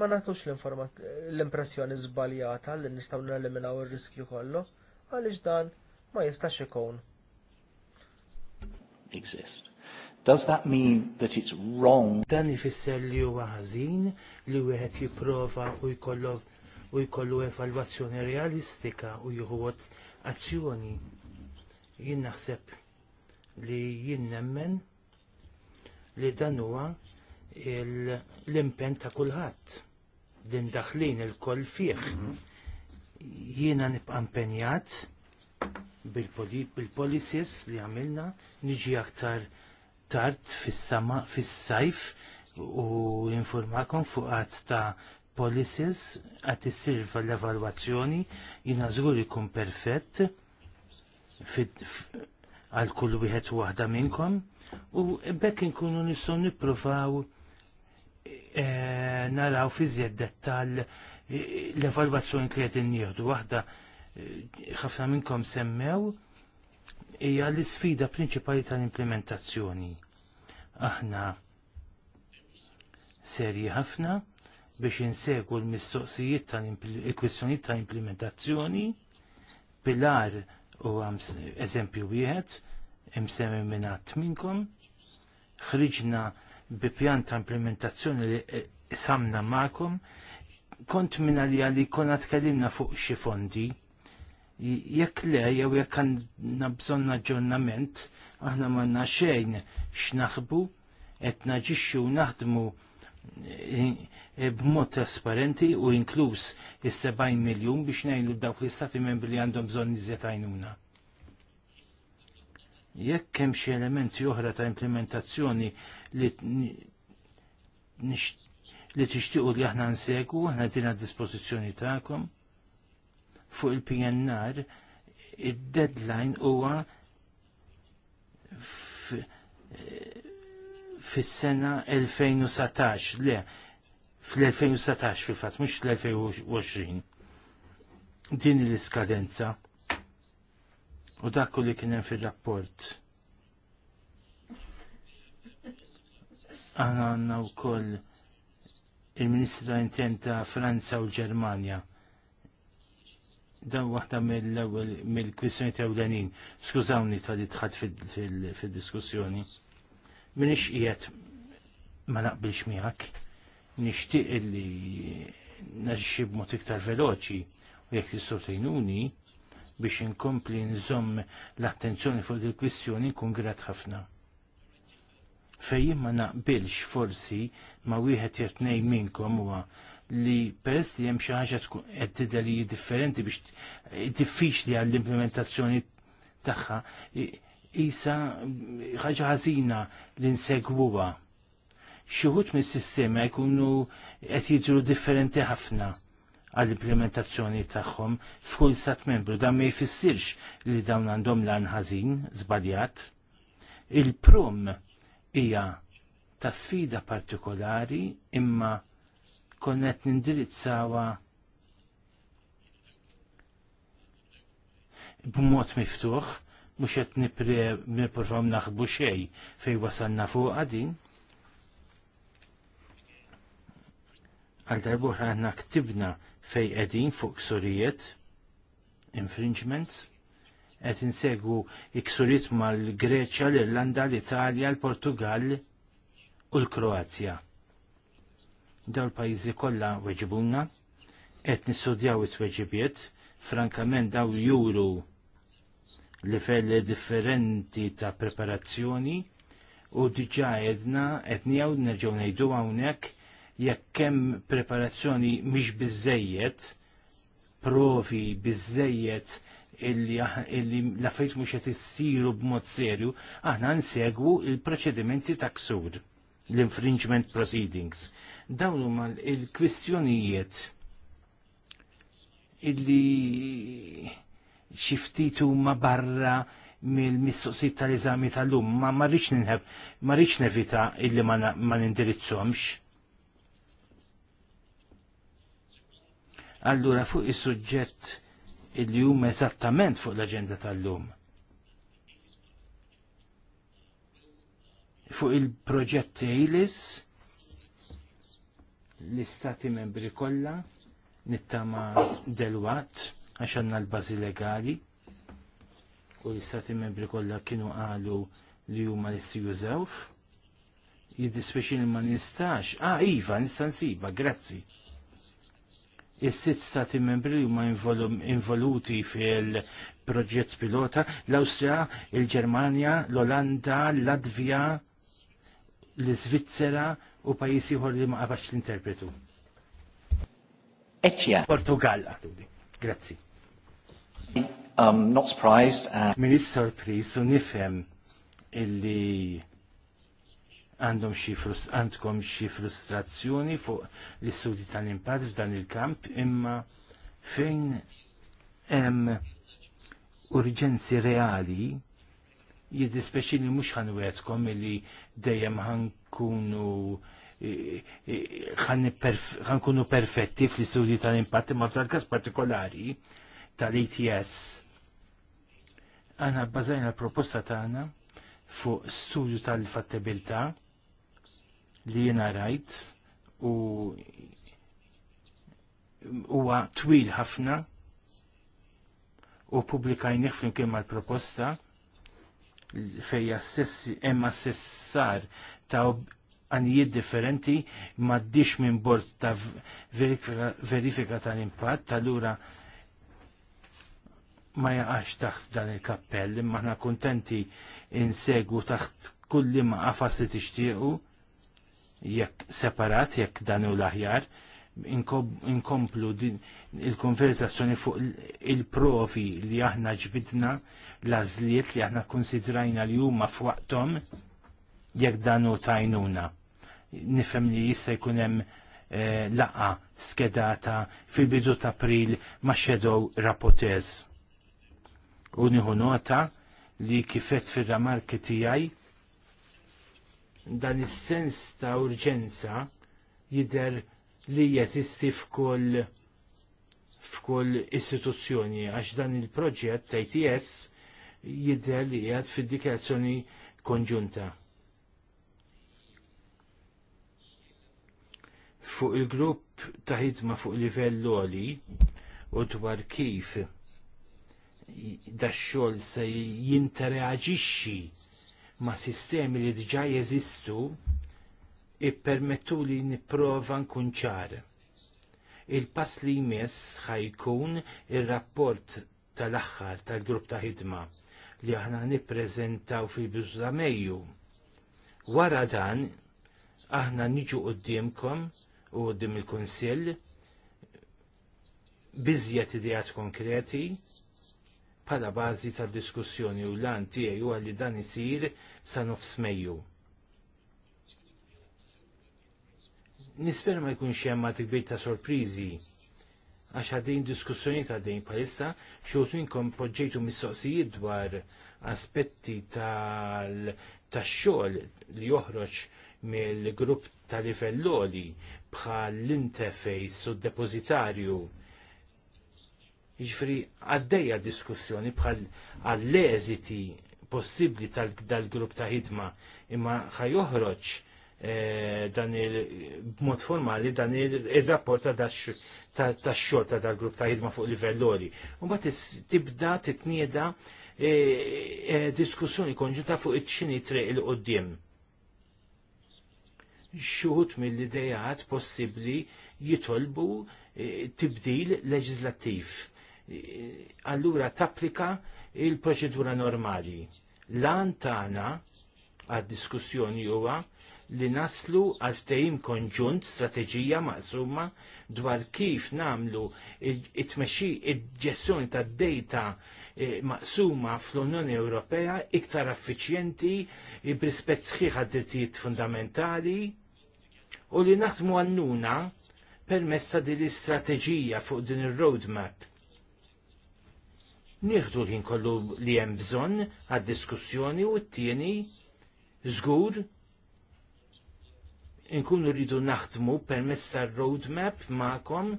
ma nagħtux l-impressjoni żbaljata li nistgħu neliminaw ir-riskju kollu għaliex dan ma jistax ikun. Exist. Does that mean that it's wrong? Dan ifisser li huwa ħażin li wieħed jipprova u jkollu u jkollu evalwazzjoni realistika u jħod azzjoni. Jien naħseb li jien nemmen li dan huwa l-impen ta' kulħadd li ndaħlin il-koll fih. Jiena nibqa' impenjat bil-policies li għamilna niġi aktar tard fis-sama fis-sajf u informakom fuq qatt ta' policies għat issirva l-evalwazzjoni jiena żgur ikun perfett għal kull wieħed waħda minnkom u bekk inkunu nistgħu nippruvaw eh, naraw fi dettal eh, l-evalwazzjoni li qed innieħdu waħda eh, ħafna minnkom semmew hija l-isfida prinċipali tal-implementazzjoni. Aħna serji ħafna biex insegu l-mistoqsijiet tal-kwistjonijiet tal-implementazzjoni, pilar u għam eżempju wieħed imsemmi minn għat minnkom ħriġna bi pjan ta' implementazzjoni li eh, samna ma'kom kont minna li għalli konna tkellimna fuq xi fondi jekk le jew jekk għandna bżon aġġornament aħna m'għandna xejn x'naħbu qed naġixxu naħdmu b'mod trasparenti u inkluż is-70 miljun biex ngħinu dawk l-istati membri li għandhom bżonn iżjed għajnuna. Jekk hemm xi elementi oħra ta' implementazzjoni li li tixtiequ li aħna nsegu, aħna dina dispożizzjoni tagħkom fuq il-PNR, id-deadline huwa fis-sena 2017, le, fl-2017 fil-fat, mux fl-2020. Din l-iskadenza. U dakku li kien hemm fir rapport Għana għanna u koll il-Ministru Intent Intern ta' Franza u Ġermanja. Dan waħda mill-kwissjoni mill ta' ewlenin. Skużawni tal-li tħad fil-diskussjoni. Fil Minix qiegħed ma naqbilx miegħek, nixtieq li naġixxi b'mod iktar veloċi u jekk tistgħu tgħinuni biex inkompli nżomm l-attenzjoni fuq il-kwistjoni nkun grat ħafna fejn ma naqbilx forsi ma wieħed jett nej minnkom huwa li peress li hemm xi ħaġa tkun qed tidher differenti biex diffiċli għall-implementazzjoni tagħha isa ħaġa ħażina li nsegwuha. Xi wħud mis-sistema jkunu qed jidru differenti ħafna għall-implementazzjoni tagħhom f'kull stat membru dan ma jfissirx li dawn għandhom lan ħażin żbaljat. Il-prom hija ta' sfida partikolari imma konnet nindirizzawa b'mod miftuħ mux jett niprofam naħbu xej fej wasanna fuq għadin. Għal darbuħra għanna ktibna fej għedin fuq ksurijiet, infringements, għet insegu iksuriet mal-Greċa, l-Irlanda, l-Italja, l-Portugal u l-Kroazja. Daw l-pajizi kolla weġibuna, għet nissudjaw it-weġibiet, frankament daw juru livelli differenti ta' preparazzjoni u diġa edna etnijaw nerġaw nejdu għawnek jekk hemm preparazzjoni mhix biżejjed, provi biżejjed illi, ah, illi l-affajt mhux qed issiru b'mod serju, aħna nsegwu il-proċedimenti ta' ksur, l-infringement proceedings. Dawn huma l-kwistjonijiet illi xi ftit huma barra mill-mistoqsijiet tal-eżami tal-lum, ma marriċ ninħeb, marriċ nevita illi ma nindirizzhomx. Allura fuq is-suġġett illi huma eżattament fuq l-aġenda tal-lum. Fuq il-proġett Eilis, l-istati membri kollha nittama delwat għax għandna l-bażi legali u l-istati membri kollha kienu qalu li huma nistgħu jużawh. Jiddispeċi li ma nistax. Ah, iva, nista' nsiba, grazzi. Is-sitt stati membri li huma involuti fil-proġett pilota l-Awstrija, il-Ġermanja, l-Olanda, l-Latvja, l svizzera u pajjiżi ieħor li ma qabax l-interpretu. Etja. Portugal, Grazie. Um, not surprised. And... u nifhem illi għandhom xi għandkom xi frustrazzjoni fuq l-istudji tal-impatt f'dan il-kamp imma fejn hemm urġenzi reali jiddispeċi li mhux ħanwetkom illi dejjem ħankunu ħankunu perfetti fl-istudji tal-impatt imma f'dal każ partikolari tal-ETS. Għana bbażajna l-proposta tagħna fuq studju tal-fattibilità li jiena rajt u huwa twil ħafna u publikajnih flimkien mal-proposta fej hemm assessar ta' għanijiet differenti maddix minn bord ta' verifika tal-impatt, tal-ura ma jaqax taħt dan il-kappell, imma aħna kuntenti insegu taħt kulli ma qafas li tixtiequ jekk separat, jekk dan u l-aħjar, inkomplu din il-konverzazzjoni fuq il-profi li aħna ġbidna lażliet li aħna konsidrajna li huma f'waqthom jekk dan u tajnuna. Nifhem li jista' jkun hemm eh, laqa skedata fil-bidu ta' april ma' Shadow Rapotez u nieħu nota li kifet fir-ramarki tiegħi dan is-sens ta' urġenza jidher li jeżisti f'kull f'kull istituzzjoni għax dan il-proġett ta' ITS jidher li qiegħed fid dikazzjoni konġunta. Fuq il-grupp ta' ħidma fuq livell loli u dwar kif daċxol se jinteraġixxi ma' sistemi li diġa jeżistu ippermettu li niprofa nkun ċar. Il-pass li jmiss ħajkun il-rapport tal-axħar tal-grupp ta' ħidma li aħna nippreżentaw fil bizza meju. Mejju. Wara dan, aħna niġu qoddimkom u qoddim il-Kunsill biżjed idejat konkreti pala bażi tal-diskussjoni u l-għan tiegħi huwa li dan isir sa nofs Mejju. Nispera ma jkunx hemm ma tikbir ta' sorpriżi għax għaddejn diskussjoni ta' dejn palissa xogħol minkom poġġejtu mistoqsijiet dwar aspetti tal-xogħol li joħroġ mill-grupp tal ifelloli bħal l-interface u depozitarju Ġifri għaddeja diskussjoni bħal għall-eżiti possibli tal-grupp ta' ħidma imma joħroġ eh, dan il-mod formali dan il-rapport ta' xorta ta' dal-grupp ta' ħidma fuq livellori. U bat tibda titnieda eh, eh, diskussjoni konġuta fuq iċ-ċini triq il-qoddim. Xuħut mill-idejat possibli jitolbu tibdil leġislattiv allura tapplika il-proċedura normali. Lan tagħna għad-diskussjoni huwa li naslu għal tejm konġunt strateġija maqsuma dwar kif namlu it-tmexxi id-ġestjoni tad-data eh, maqsuma fl-Unjoni Ewropea iktar affiċjenti b'rispett sħiħ għad-drittijiet fundamentali u li naħdmu għannuna permezz ta' din l-istrateġija fuq din ir-roadmap nieħdu l-ħin kollu li hemm bżonn għad-diskussjoni u t-tieni żgur inkunu rridu naħdmu permezz tar-roadmap magħkom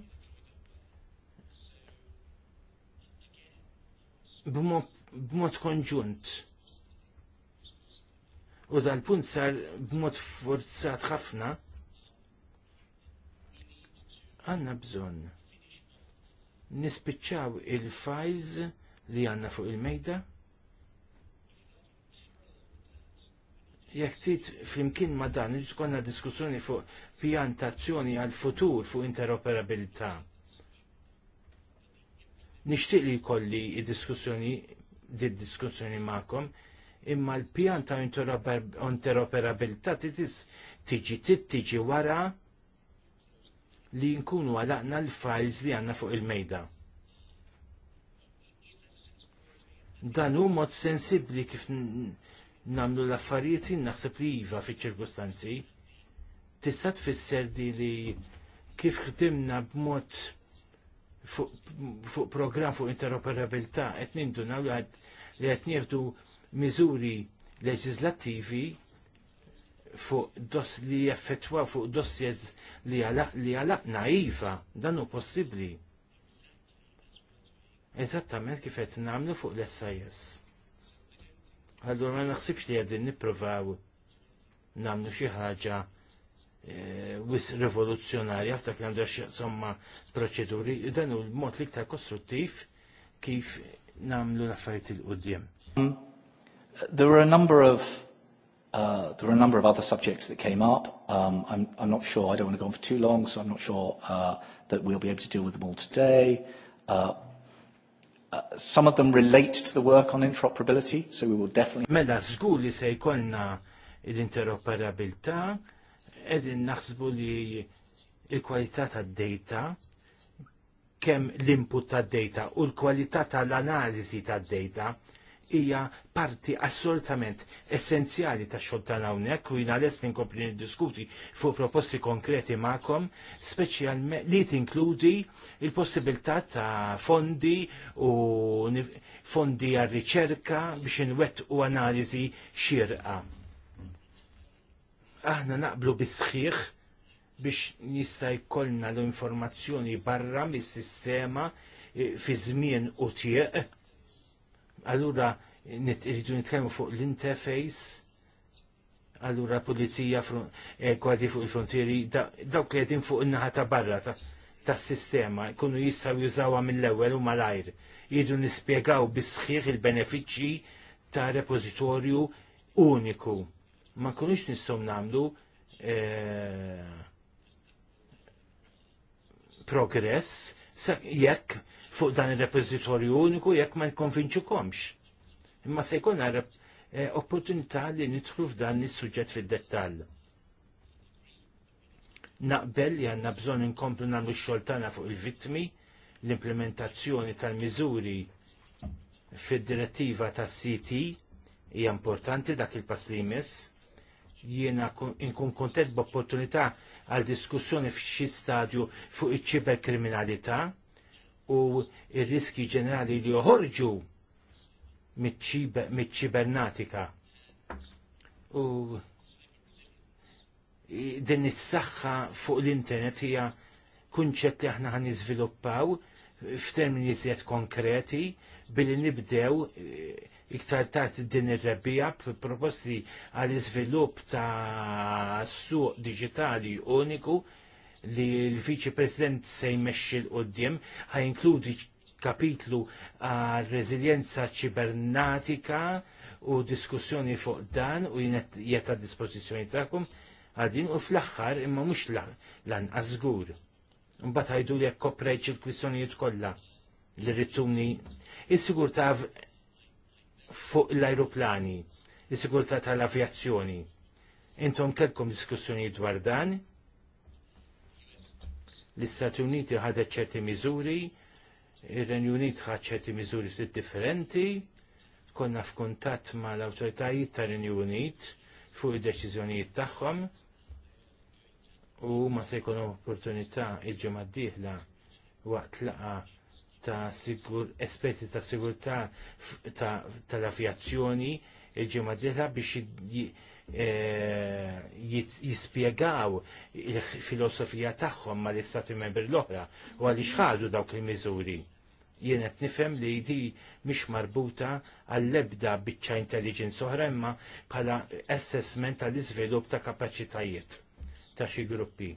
b'mod konġunt. U dal-punt sar b'mod forzat ħafna għanna bżonn nispiċċaw il-fajz li għanna fuq il-mejda. Jekk trid flimkien ma dan li konna diskussjoni fuq pjantazzjoni għal futur fuq interoperabilità. Nixtieq li jkolli id-diskussjoni di diskussjoni magħkom imma l-pjan ta' interoperabilità tiġi tiġi wara li nkunu għalaqna l-files li għanna fuq il-mejda. Dan hu mod sensibbli kif namlu l-affarijiet naħseb li iva fiċ-ċirkustanzi. Tista' tfisser di li kif ħdimna b'mod fuq programm fuq interoperabilità qed nindunaw li qed nieħdu miżuri leġislattivi fuq dos li jaffettwaw fuq dossiers li għalaqna iva dan hu possibbli eżattament kif qed nagħmlu fuq l-SIS. Allura ma naħsibx li qegħdin nippruvaw nagħmlu xi ħaġa e, wis rivoluzzjonarja f'dak li għandu somma proċeduri, dan hu l-mod l-iktar kostruttiv kif namlu l-affarijiet il-qudiem. There were a number of Uh, there were a number of other subjects that came up. Um, I'm, I'm not sure, I don't want to go on for too long, so I'm not sure uh, that we'll be able to deal with them all today. Uh, Uh, some of them relate to the work on interoperability, so we will definitely... Mela, zgur li se jkollna l-interoperabilità, edin naħsbu li il-kwalità tad data kemm l-input tad data u l-kwalità tal-analiżi tad data hija parti assolutament essenzjali ta' xogħol tal hawnhekk u jiena lest inkompli niddiskuti fuq proposti konkreti magħkom, speċjalment li tinkludi il-possibilità ta' fondi u fondi għar riċerka biex inwettqu analiżi xirqa. Aħna naqblu bisħiħ biex jista' jkollna l-informazzjoni barra mis-sistema eh, fi żmien u tieq Allura irridu nitkellmu fuq l-interface allura pulizija eh, kważi fuq il-frontieri dawk li għedin fuq in-naħa ta' barra tas-sistema jkunu jistgħu jużawha mill-ewwel u ajr Jridu nispjegaw bisħiħ il-benefiċċji ta' repożitorju uniku. Ma nkunux nistgħu nagħmlu eh, progress jekk fuq dan il repository uniku jekk ma nkonvinċu komx. Imma se jkun e, opportunità li nidħlu f'dan is-suġġett fid-dettall. Naqbel li għandna bżonn inkomplu nagħmlu x-xogħol tagħna fuq il-vittmi, l-implementazzjoni tal-miżuri fid-direttiva tas-CT hija importanti dak il-pass li jmiss jiena inkun kontent b'opportunità għal diskussjoni f'xi stadju fuq iċ-ċiber kriminalità u r riski ġenerali li joħorġu mit-ċibernatika. U din is-saħħa fuq l-internet hija kunċett li aħna ħan niżviluppaw f'termini żjed konkreti billi nibdew iktar tard din ir-rebbija proposti għal iżvilupp ta' suq digitali uniku li l-Viċi President se jmexxi l ħaj ħajinkludi kapitlu għal reżiljenza ċibernatika u diskussjoni fuq dan u jiet għad dispożizzjoni tagħkom għadin u fl-axħar imma mux lan għazgur. Mbagħad ħajdu li jekk koprejċ il-kwistjonijiet kollha li rittumni. Is-sigur ta' fuq l-ajruplani, is-sigurtà tal-avjazzjoni. Intom kelkom diskussjoni dwar dan? L-Istati Uniti ħadet ċerti miżuri, ir-Renju Unit ħad ċerti miżuri differenti, konna f'kuntatt ma l-autoritajiet tar-Renju Unit fuq id-deċiżjonijiet tagħhom u ma se jkun opportunità il-ġimgħa d-dieħla waqt laqa' ta' sigur, esperti ta' sigurtà tal-avjazzjoni ta il-ġimgħa d-dieħla biex eh, jispjegaw il-filosofija tagħhom mal-istati membri l-oħra u għaliex ħadu dawk il-miżuri. Jien qed nifhem li di mhix marbuta għall-ebda biċċa intelligence oħra imma bħala assessment tal-iżvilupp ta' kapaċitajiet ta' xi gruppi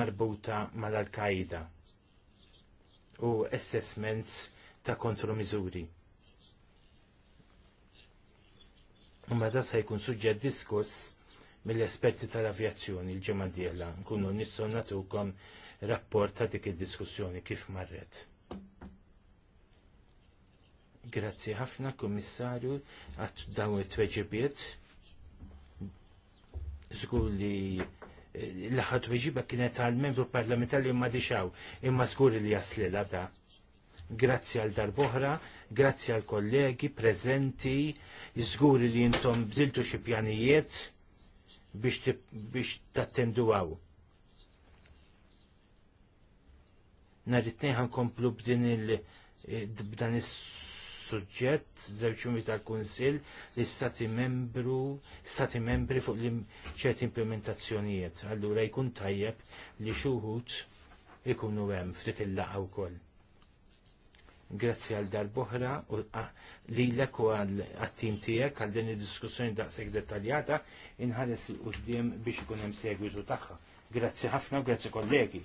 marbuta mal-Al-Qaida u assessments ta' kontromizuri. Imma da se jkun suġġett diskuss mill-esperti tal-avjazzjoni l-ġemma djela Nkunu nistgħu nagħtukom rapport ta' dik id-diskussjoni kif marret. Grazzi ħafna, Kummissarju, għat dawn it-tweġibiet. li l-ħat weġiba kienet għal membru parlamentari imma dixaw, imma skur li jaslila da. Grazzi għal darboħra, grazzi għal kollegi prezenti, żgur li jintom bdiltu xi pjanijiet biex tattendu għaw. Nhar għan komplu b'din il-dan eh, is suġġett żewġ jumi tal-Kunsill li stati membru stati membri fuq li ċert implementazzjonijiet. Allura jkun tajjeb li xuħut ikunu hemm f'dik il-laqgħa wkoll. Grazzi għal darboħra u li l u għal-attim tijek għal din il-diskussjoni daqseg dettaljata inħares l qudiem biex ikun hemm segwitu tagħha. Grazzi ħafna u grazzi kollegi.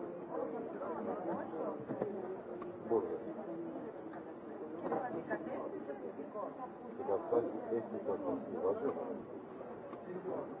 Thank you.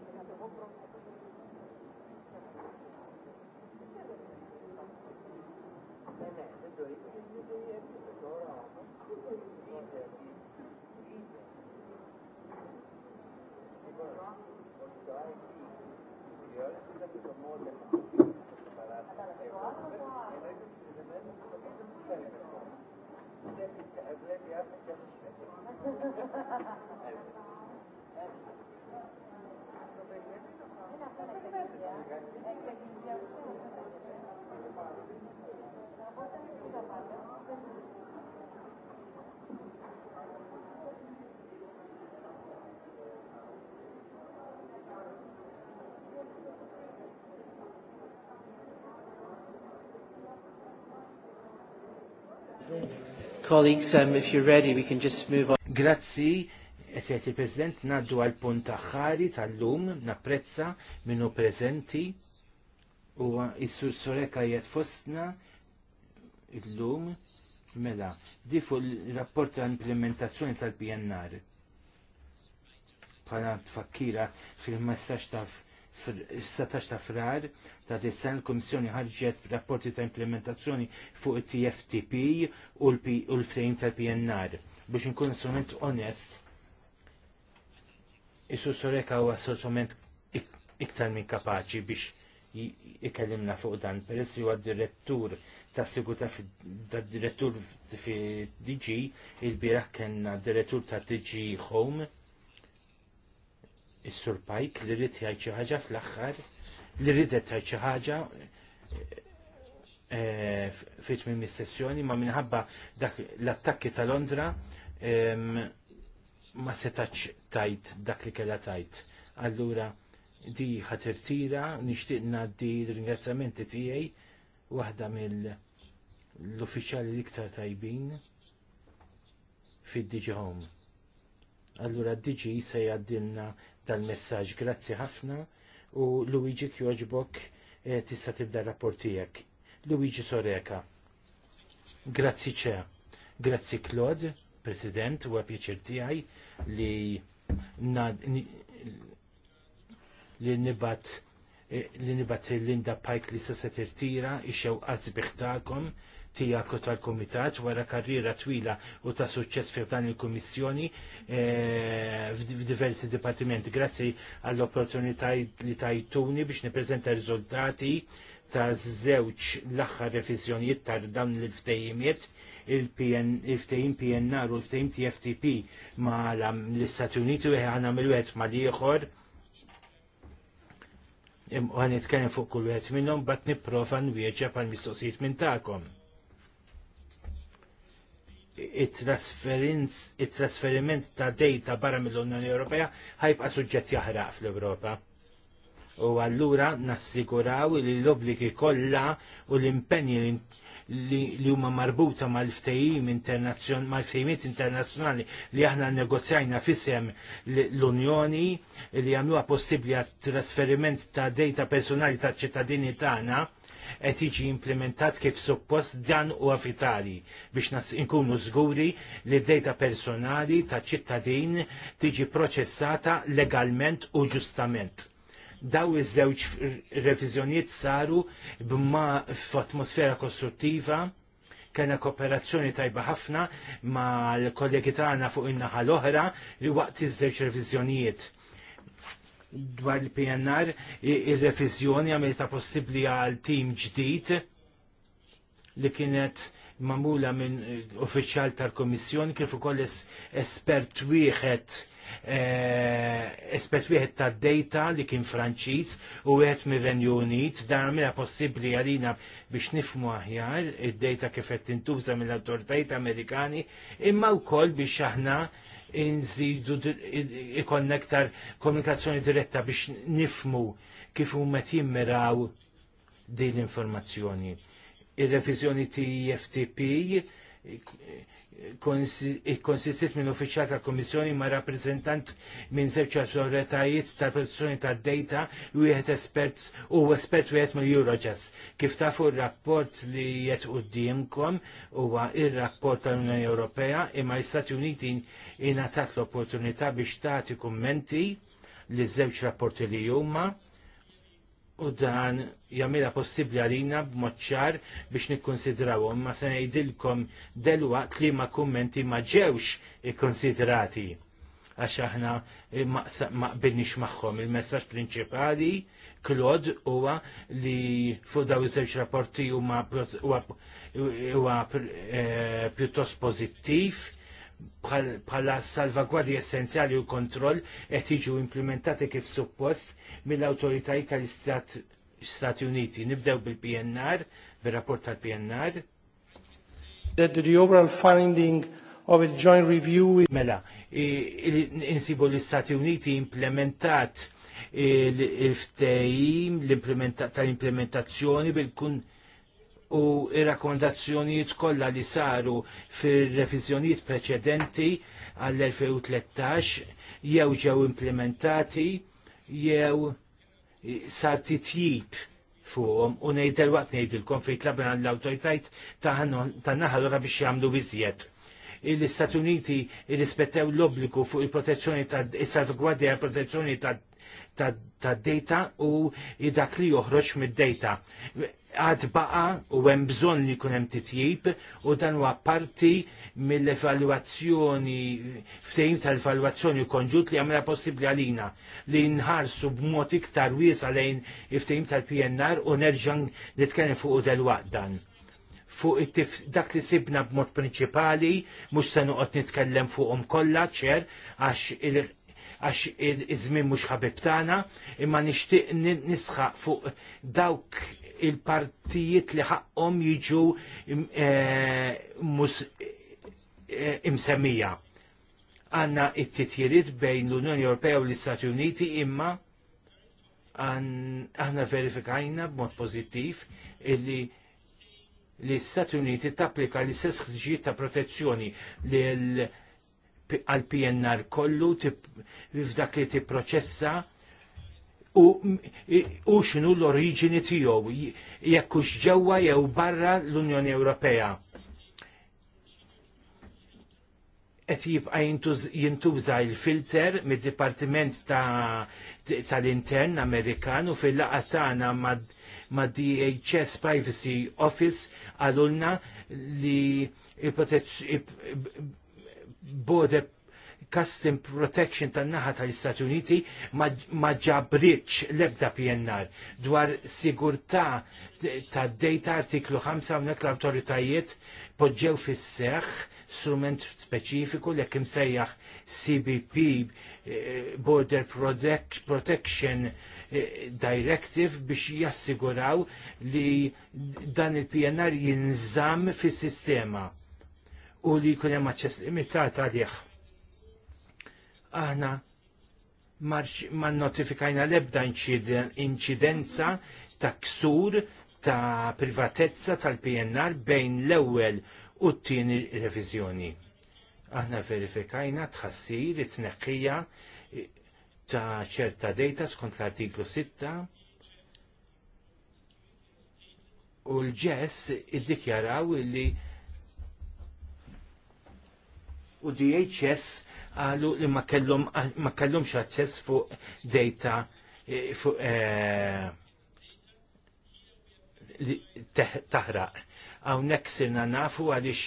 Colleagues, um, if you're ready, we can just move on. Grazzi, etiet il-President, naddu għal punt aħħari tal-lum, napprezza minnu prezenti u jissur soreka jgħet fostna il-lum, mela, Difu l-rapport ta' implementazzjoni tal-PNR. Bħala tfakkira fil-messaċ ta' fil-16 ta' frar ta' dis-sen l-Kummissjoni ħarġet rapporti ta' implementazzjoni fuq it-TFTP u l-frame tal-PNR biex nkun strument onest s Soreka huwa strument iktar minn kapaċi biex ikellimna fuq dan, peress li huwa direttur ta' sigurta direttur fi DG, il-biraħ kena direttur ta' DG Home, is-sur Pajk li rrid jgħid xi ħaġa fl-aħħar li ridet tgħid xi ħaġa eh, fi tmiem is-sessjoni ma minħabba dak l-attakki ta' Londra ma setax tajt dak li kellha tajt. Allura di ħatirtira nixtieq ngħaddi l-ringrazzjamenti tiegħi waħda mill uffiċjali l-iktar tajbin fid-Digi Home Allura d-diġi se jaddilna dal-messagġ. Grazzi ħafna u Luigi Kjoġbok eh, tista' tibda rapportijek. Luigi Soreka. Grazzi ċe. Grazzi Claude, President, u għapjeċir tijaj li li nibat eh, li nibat l-Linda Pike li se tirtira ix-xewqat zbiħtakom tijak u tal-komitat wara karriera twila u ta' suċċess fi dan il-komissjoni eh, f'diversi dipartimenti. Grazzi għall-opportunità li tajtuni biex niprezenta riżultati ta' żewġ l-aħħar revizjoniet ta' dawn l-ftejimiet il-ftejim PNR u l-ftejim TFTP ma' l-Istati Uniti u għana mill-wet ma' liħor għan jitkellem fuq kull wet minnhom bat nipprova nwieġeb għal mistoqsijiet minn tagħkom it-trasferiment ta' data barra mill-Unjoni Ewropea ħajbqa suġġett jaħraq fl-Ewropa. U allura nassiguraw li l-obbligi kollha u l-impenji li huma marbuta mal-ftehim mal-ftehimiet internazzjonali li aħna negozjajna fisem l-Unjoni li għamluha possibbli għat trasferiment ta' data personali ta' ċittadini tagħna qed jiġi implementat kif suppost dan huwa vitali biex inkunu żguri li d-dejta personali ta' ċittadin tiġi proċessata legalment u ġustament. Daw iż-żewġ reviżjonijiet saru b'ma f'atmosfera kostruttiva kena kooperazzjoni tajba ħafna ma l-kollegi tagħna fuq in-naħa l-oħra li waqt iż-żewġ reviżjonijiet dwar il-PNR ir-reviżjoni għamilta possibbli għal tim ġdid li kienet mamula minn eh, uffiċjal tal-Komissjoni kif ukoll espert wieħed eh, espert wieħed ta' data li kien Franċiż u wieħed mir-Renju Unit dan għamilha possibbli għalina biex nifmu aħjar id-data kif qed tintuża mill-awtoritajiet Amerikani imma wkoll biex aħna nżidu ikon aktar komunikazzjoni diretta biex nifmu kif huma jimmiraw din l-informazzjoni. Ir-reviżjoni TFTP e konsistit minn uffiċjal tal kummissjoni ma' rappreżentant minn żewġ autoritajiet tal-protezzjoni tad-data u wieħed espert u espert wieħed mill Eurojust. Kif taf r-rapport li qed qudiemkom huwa r rapport tal-Unjoni Ewropea imma l-Istati Uniti ingħatat l-opportunità biex tagħti kummenti li żewġ rapporti li huma u dan jamila possibli għalina b'moċċar biex nikkonsidrawhom ma se ngħidilkom delwaqt li ma kummenti ma ġewx ikkonsidrati għax aħna maqbilnix maħħom magħhom. Il-messaġġ prinċipali Klod huwa li fuq daw iż-żewġ rapporti huma eh, pjuttost pożittiv bħala salvagwardji essenzjali u kontroll qed jiġu implementati kif suppost mill-awtoritajiet tal-Istat Stati Uniti. Nibdew bil-PNR, bir-rapport tal-PNR. That the overall finding of a joint review Mela, insibu l-Istati Uniti implementat il-ftejim tal-implementazzjoni bil-kun u il rakkomandazzjonijiet kollha li saru fir-reviżjonijiet preċedenti għall-2013 jew ġew implementati jew sar titjib fuqhom u ngħid waqt ngħidilkom konflikt tlabna l-awtoritajt ta' naħalura biex jagħmlu iżjed l-Istati Uniti irrispettaw l-obbligu fuq il-protezzjoni ta' il-salvgwardja protezzjoni ta' tad-data u dak li joħroġ mid-data. Għad baqa u hemm bżonn li jkun hemm titjib u dan huwa parti mill-evalwazzjoni ftejn tal-evalwazzjoni konġut li għamela possibbli għalina li nħarsu b'mod iktar wiesa lejn ftejn tal-PNR u nerġa' nitkellem fuq del-waqt dan fuq it-tif dak li sibna b'mod prinċipali, mhux se noqgħod nitkellem fuqhom kollha ċer għax għax iż-żmien mhux ħabib tagħna, imma nixtieq nisħaq fuq dawk il-partijiet li ħaqhom jiġu e, e, imsemmija. Għanna it-titjiriet bejn l-Unjoni Ewropea u l-Istati Uniti imma aħna verifikajna b'mod pożittiv illi l-Istati Uniti tapplika l-istess ħġijiet ta' protezzjoni li għal PNR kollu f'dak li tipproċessa u, u x'inhu l origini tiegħu jekk hux ġewwa jew barra l-Unjoni Ewropea. Qed jibqa' jintuża l-filter mid-Dipartiment tal-Intern Amerikan u fil-laqgħa tagħna mad ma' DHS Privacy Office għalulna li border custom protection tan-naħa tal-Istati Uniti ma ġabriċ l-ebda PNR dwar sigurtà ta' data artiklu 5 hawnhekk l-awtoritajiet poġġew fis-seħħ strument speċifiku li kim sejjaħ CBP eh, Border Protection eh, Directive biex jassiguraw li dan il-PNR jinżamm fis-sistema u li jkun hemm aċċess limitat għalih. Aħna ma notifikajna l-ebda inċidenza ta' ksur ta' privatezza tal-PNR bejn l-ewwel u t-tieni reviżjoni. Aħna verifikajna tħassir it-tneqqija ta' ċerta data skont l-artiklu 6 u l-ġess iddikjaraw li u DHS għalu li ma kellhomx aċċess fuq data eh, fuq eh, taħraq. Hawnhekk sirna nafu għaliex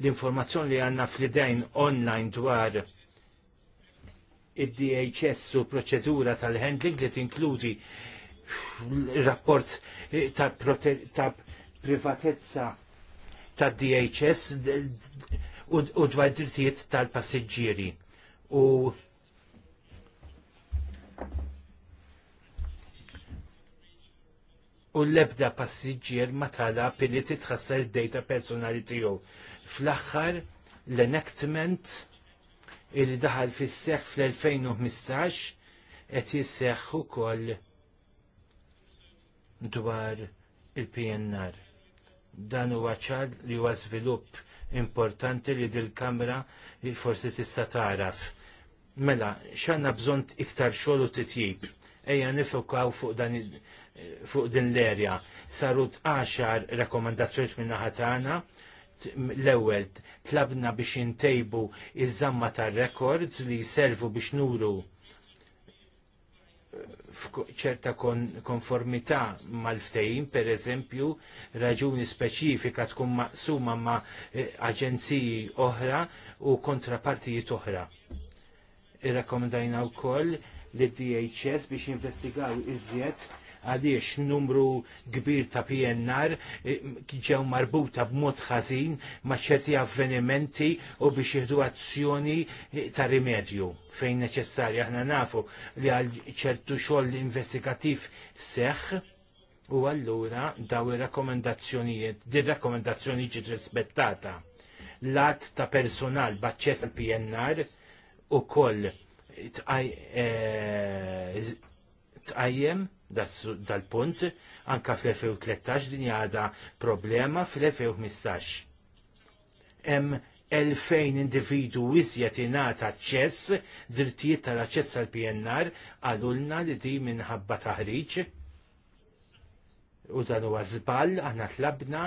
l-informazzjoni li għandna fl-idejn online dwar id-DHS u proċedura tal-handling li tinkludi rapport eh, ta' privatezza ta' DHS u dwar drittijiet tal-passiġġieri. U u l-ebda passiġġier ma talab li titħassar data personali tiegħu. Fl-aħħar l-enactment li daħal fis-seħħ fl-2015 qed jisseħħ ukoll dwar il-PNR. Dan huwa ċar li huwa żvilupp importanti li dil-kamra forsi tista' taraf. Mela, xanna bżont iktar xogħol u titjib. Ejja nifokaw fuq dan fuq din l-erja. Saru 10 rakkomandazzjoni minn ħatana. L-ewwel tlabna biex intejbu iż-żamma tar-records li jservu biex nuru f'ċerta konformità mal-ftejim, per eżempju, raġuni speċifika tkun maqsuma ma' eh, aġenziji oħra u kontrapartijiet oħra. Irrakkomendajna wkoll li DHS biex investigaw iżjed għaliex numru kbir ta' PNR eh, ġew marbuta b'mod ħażin ma' ċerti avvenimenti u biex jieħdu azzjoni eh, ta' rimedju fejn neċessarja aħna nafu li għal ċertu xogħol investigattiv seħħ u allura daw ir-rakkomendazzjonijiet, din rakkomendazzjoni ġiet rispettata. Lat ta' personal b'aċċess PNR u koll eh, tqajjem dal-punt anka fl-2013 din għada problema fl-2015. Hemm 2000 individu iżjed ingħata aċċess, drittijiet tal-aċċess għal PNR għalulna li di minħabba taħriġ. U dan huwa żball aħna tlabna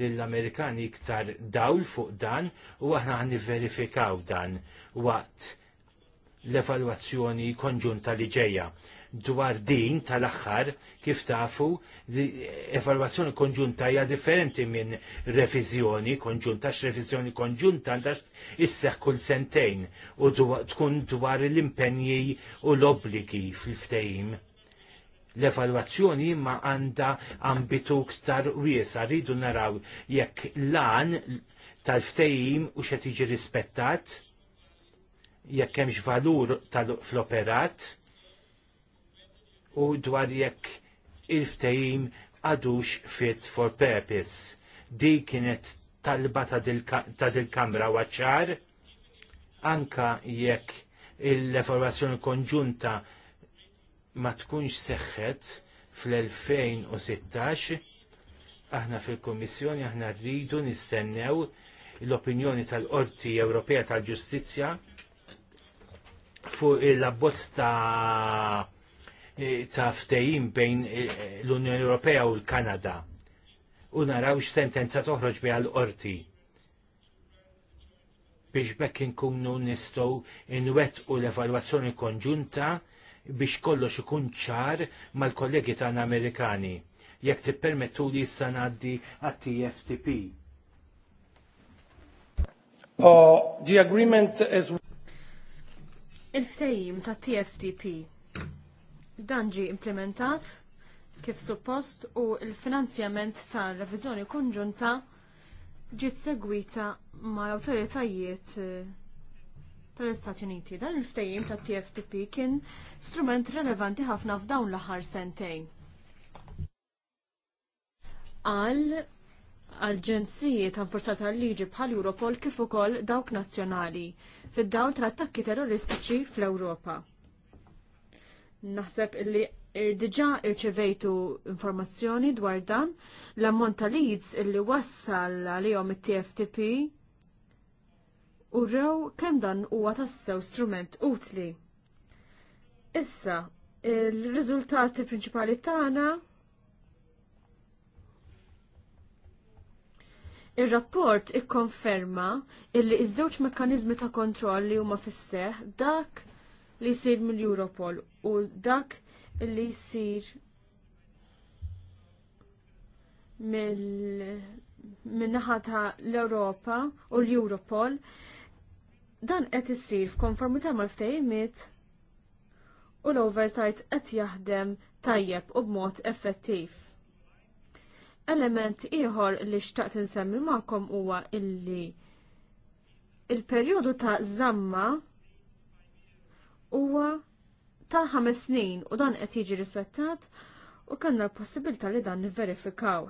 lill-Amerikani iktar dawl fuq dan u aħna għan verifikaw dan waqt l-evalwazzjoni konġunta li ġejja dwar din tal-axħar kif tafu evalwazzjoni konġunta hija differenti minn reviżjoni konġunta x'reviżjoni konġunta għandax isseħ kull sentejn u tkun dwar l-impenji u l-obbligi fil-ftehim. L-evalwazzjoni ma għanda ambitu ktar wiesa rridu naraw jekk lan tal-ftehim u xetiġi rispettat jekk hemmx valur tal-floperat u dwar jekk il-ftehim għadux fit for purpose. Di kienet talba ta' dil-kamra waċċar, anka jekk l-eformazzjoni konġunta ma tkunx seħħet fl-2016, aħna fil-Komissjoni aħna rridu nistennew l-opinjoni tal-Qorti Ewropea tal-Ġustizzja fuq il-abbozz ta' E, ta' ftejim bejn e, l-Unjoni Ewropea u l-Kanada. U naraw sentenza toħroġ bi għal qorti biex bekk inkunu nistgħu inwet u l-evalwazzjoni konġunta biex kollox ikun ċar mal-kollegi tagħna Amerikani. Jekk tippermettu li issa ngħaddi għat-TFTP. Uh, the agreement is... Il-ftejim ta' TFTP Dan ġie implementat kif suppost u l finanzjament tar reviżjoni konġunta ġiet segwita mal awtoritajiet eh, tal-Istati Uniti. Dan il-ftejjim tat TFTP kien strument relevanti ħafna f'dawn l-aħħar sentejn. Għal aġenziji ta' forza tal-liġi bħal Europol kif ukoll dawk nazzjonali fid-dawl tal-attakki terroristiċi fl-Ewropa. Naħseb illi diġa irċevejtu informazzjoni dwar dan l-ammont ta' leads illi wassal għalihom it-TFTP u rew kemm dan huwa tassew strument utli. Issa, il-riżultati prinċipali tagħna Ir-rapport ikkonferma illi iż-żewġ mekkaniżmi ta' kontroll li huma fisseħ dak li jsir mill-Europol u dak li jsir minnaħa naħa ta' l-Europa u l-Europol dan qed issir f'konformità mal-ftehimiet u l-oversight qed jaħdem tajjeb u b'mod effettiv. Element ieħor li xtaqt insemmi magħkom huwa illi il-perjodu ta' zamma huwa ta' ħames snin u dan qed jiġi rispettat u kellna l-possibilità li dan nivverifikaw.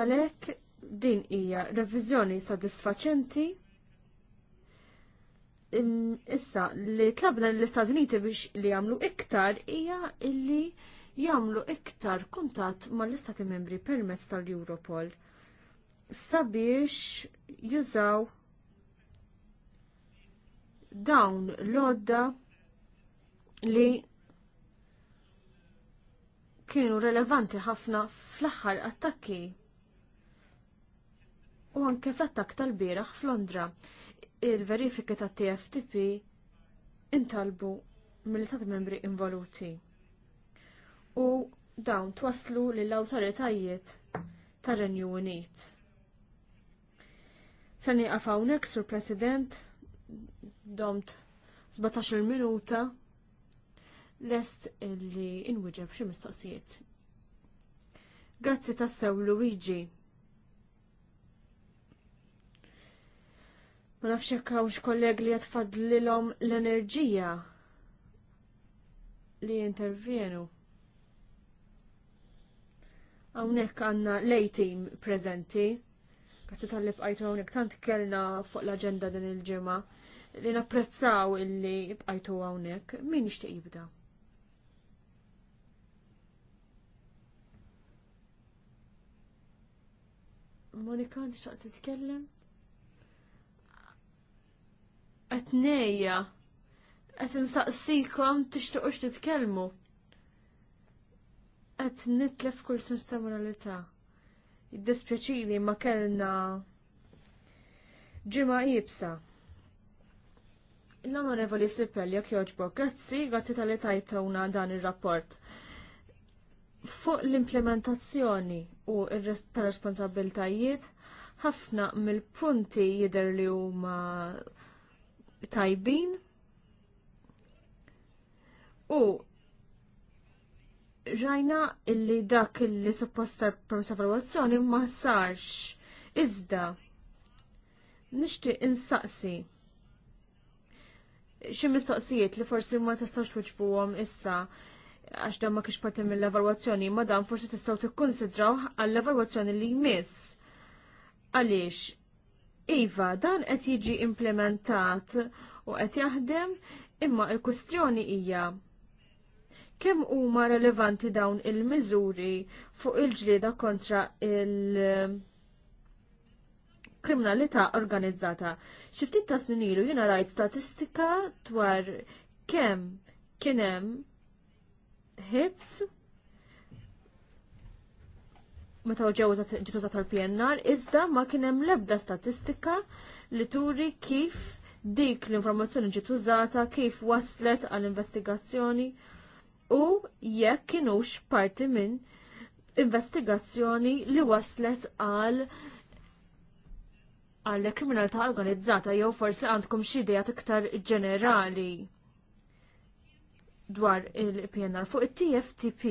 Għalhekk din hija reviżjoni sodisfaċenti issa li tlabna l-Istati Uniti biex li jagħmlu iktar hija illi jagħmlu iktar kuntatt mal-Istati Membri permezz tal-Europol sabiex jużaw dawn l-odda li kienu relevanti ħafna fl-aħħar attakki u anke fl-attak tal-bieraħ f'Londra. Il-verifiki ta' TFTP intalbu mill-istat membri involuti. U dawn twaslu lill awtoritajiet tar-Renju Unit. Sani għafawnek, Sur President, domt 17 minuta lest li inwiġeb xi mistoqsijiet. Grazzi tassew Luigi. Ma nafx jekk kolleg li jatfadlilhom l-enerġija li jintervjenu. Hawnhekk għandna lejtim preżenti. Grazzi tal lib għajtu hawnhekk tant kellna fuq l-aġenda din il-ġimgħa li napprezzaw illi bqajtu hawnhekk. Min ixtieq jibda? Monika, tixtaq titkellem? Għatnejja, għat nsaqsikom tixtuqux titkellmu. Qed nitlef kull sens ta' moralità. Id-dispjaċili ma kellna ġimgħa jibsa. L-Onorevoli Sipelli, jek joġbok, grazzi, grazzi tal-li tajtawna dan il-rapport. Fuq l-implementazzjoni u tal-responsabiltajiet, ħafna mill-punti jider li huma tajbin u rajna illi dak illi supposta promessa valutazzjoni ma sarx iżda nixtieq insaqsi xi mistoqsijiet li forsi ma tistax għom issa għax dan ma kiex parti mill-evalwazzjoni, ma dan forsi tistgħu tikkunsidraw għall-evalwazzjoni li jmiss. Għaliex, iva, dan qed jiġi implementat u qed jaħdem imma l kustjoni hija kemm huma relevanti dawn il-miżuri fuq il-ġlieda kontra il-, -il kriminalità organizzata. Xi ftit ta' snin ilu jiena rajt statistika dwar kemm kien hemm hits meta ġew ġituża tal-PNR, iżda ma kien hemm l-ebda statistika li turi kif dik l-informazzjoni ġiet użata, kif waslet għall-investigazzjoni u jekk kienux parti minn investigazzjoni li waslet għal għall kriminalità organizzata jew forsi għandkom xi idea iktar ġenerali dwar il-PNR. Fuq it-TFTP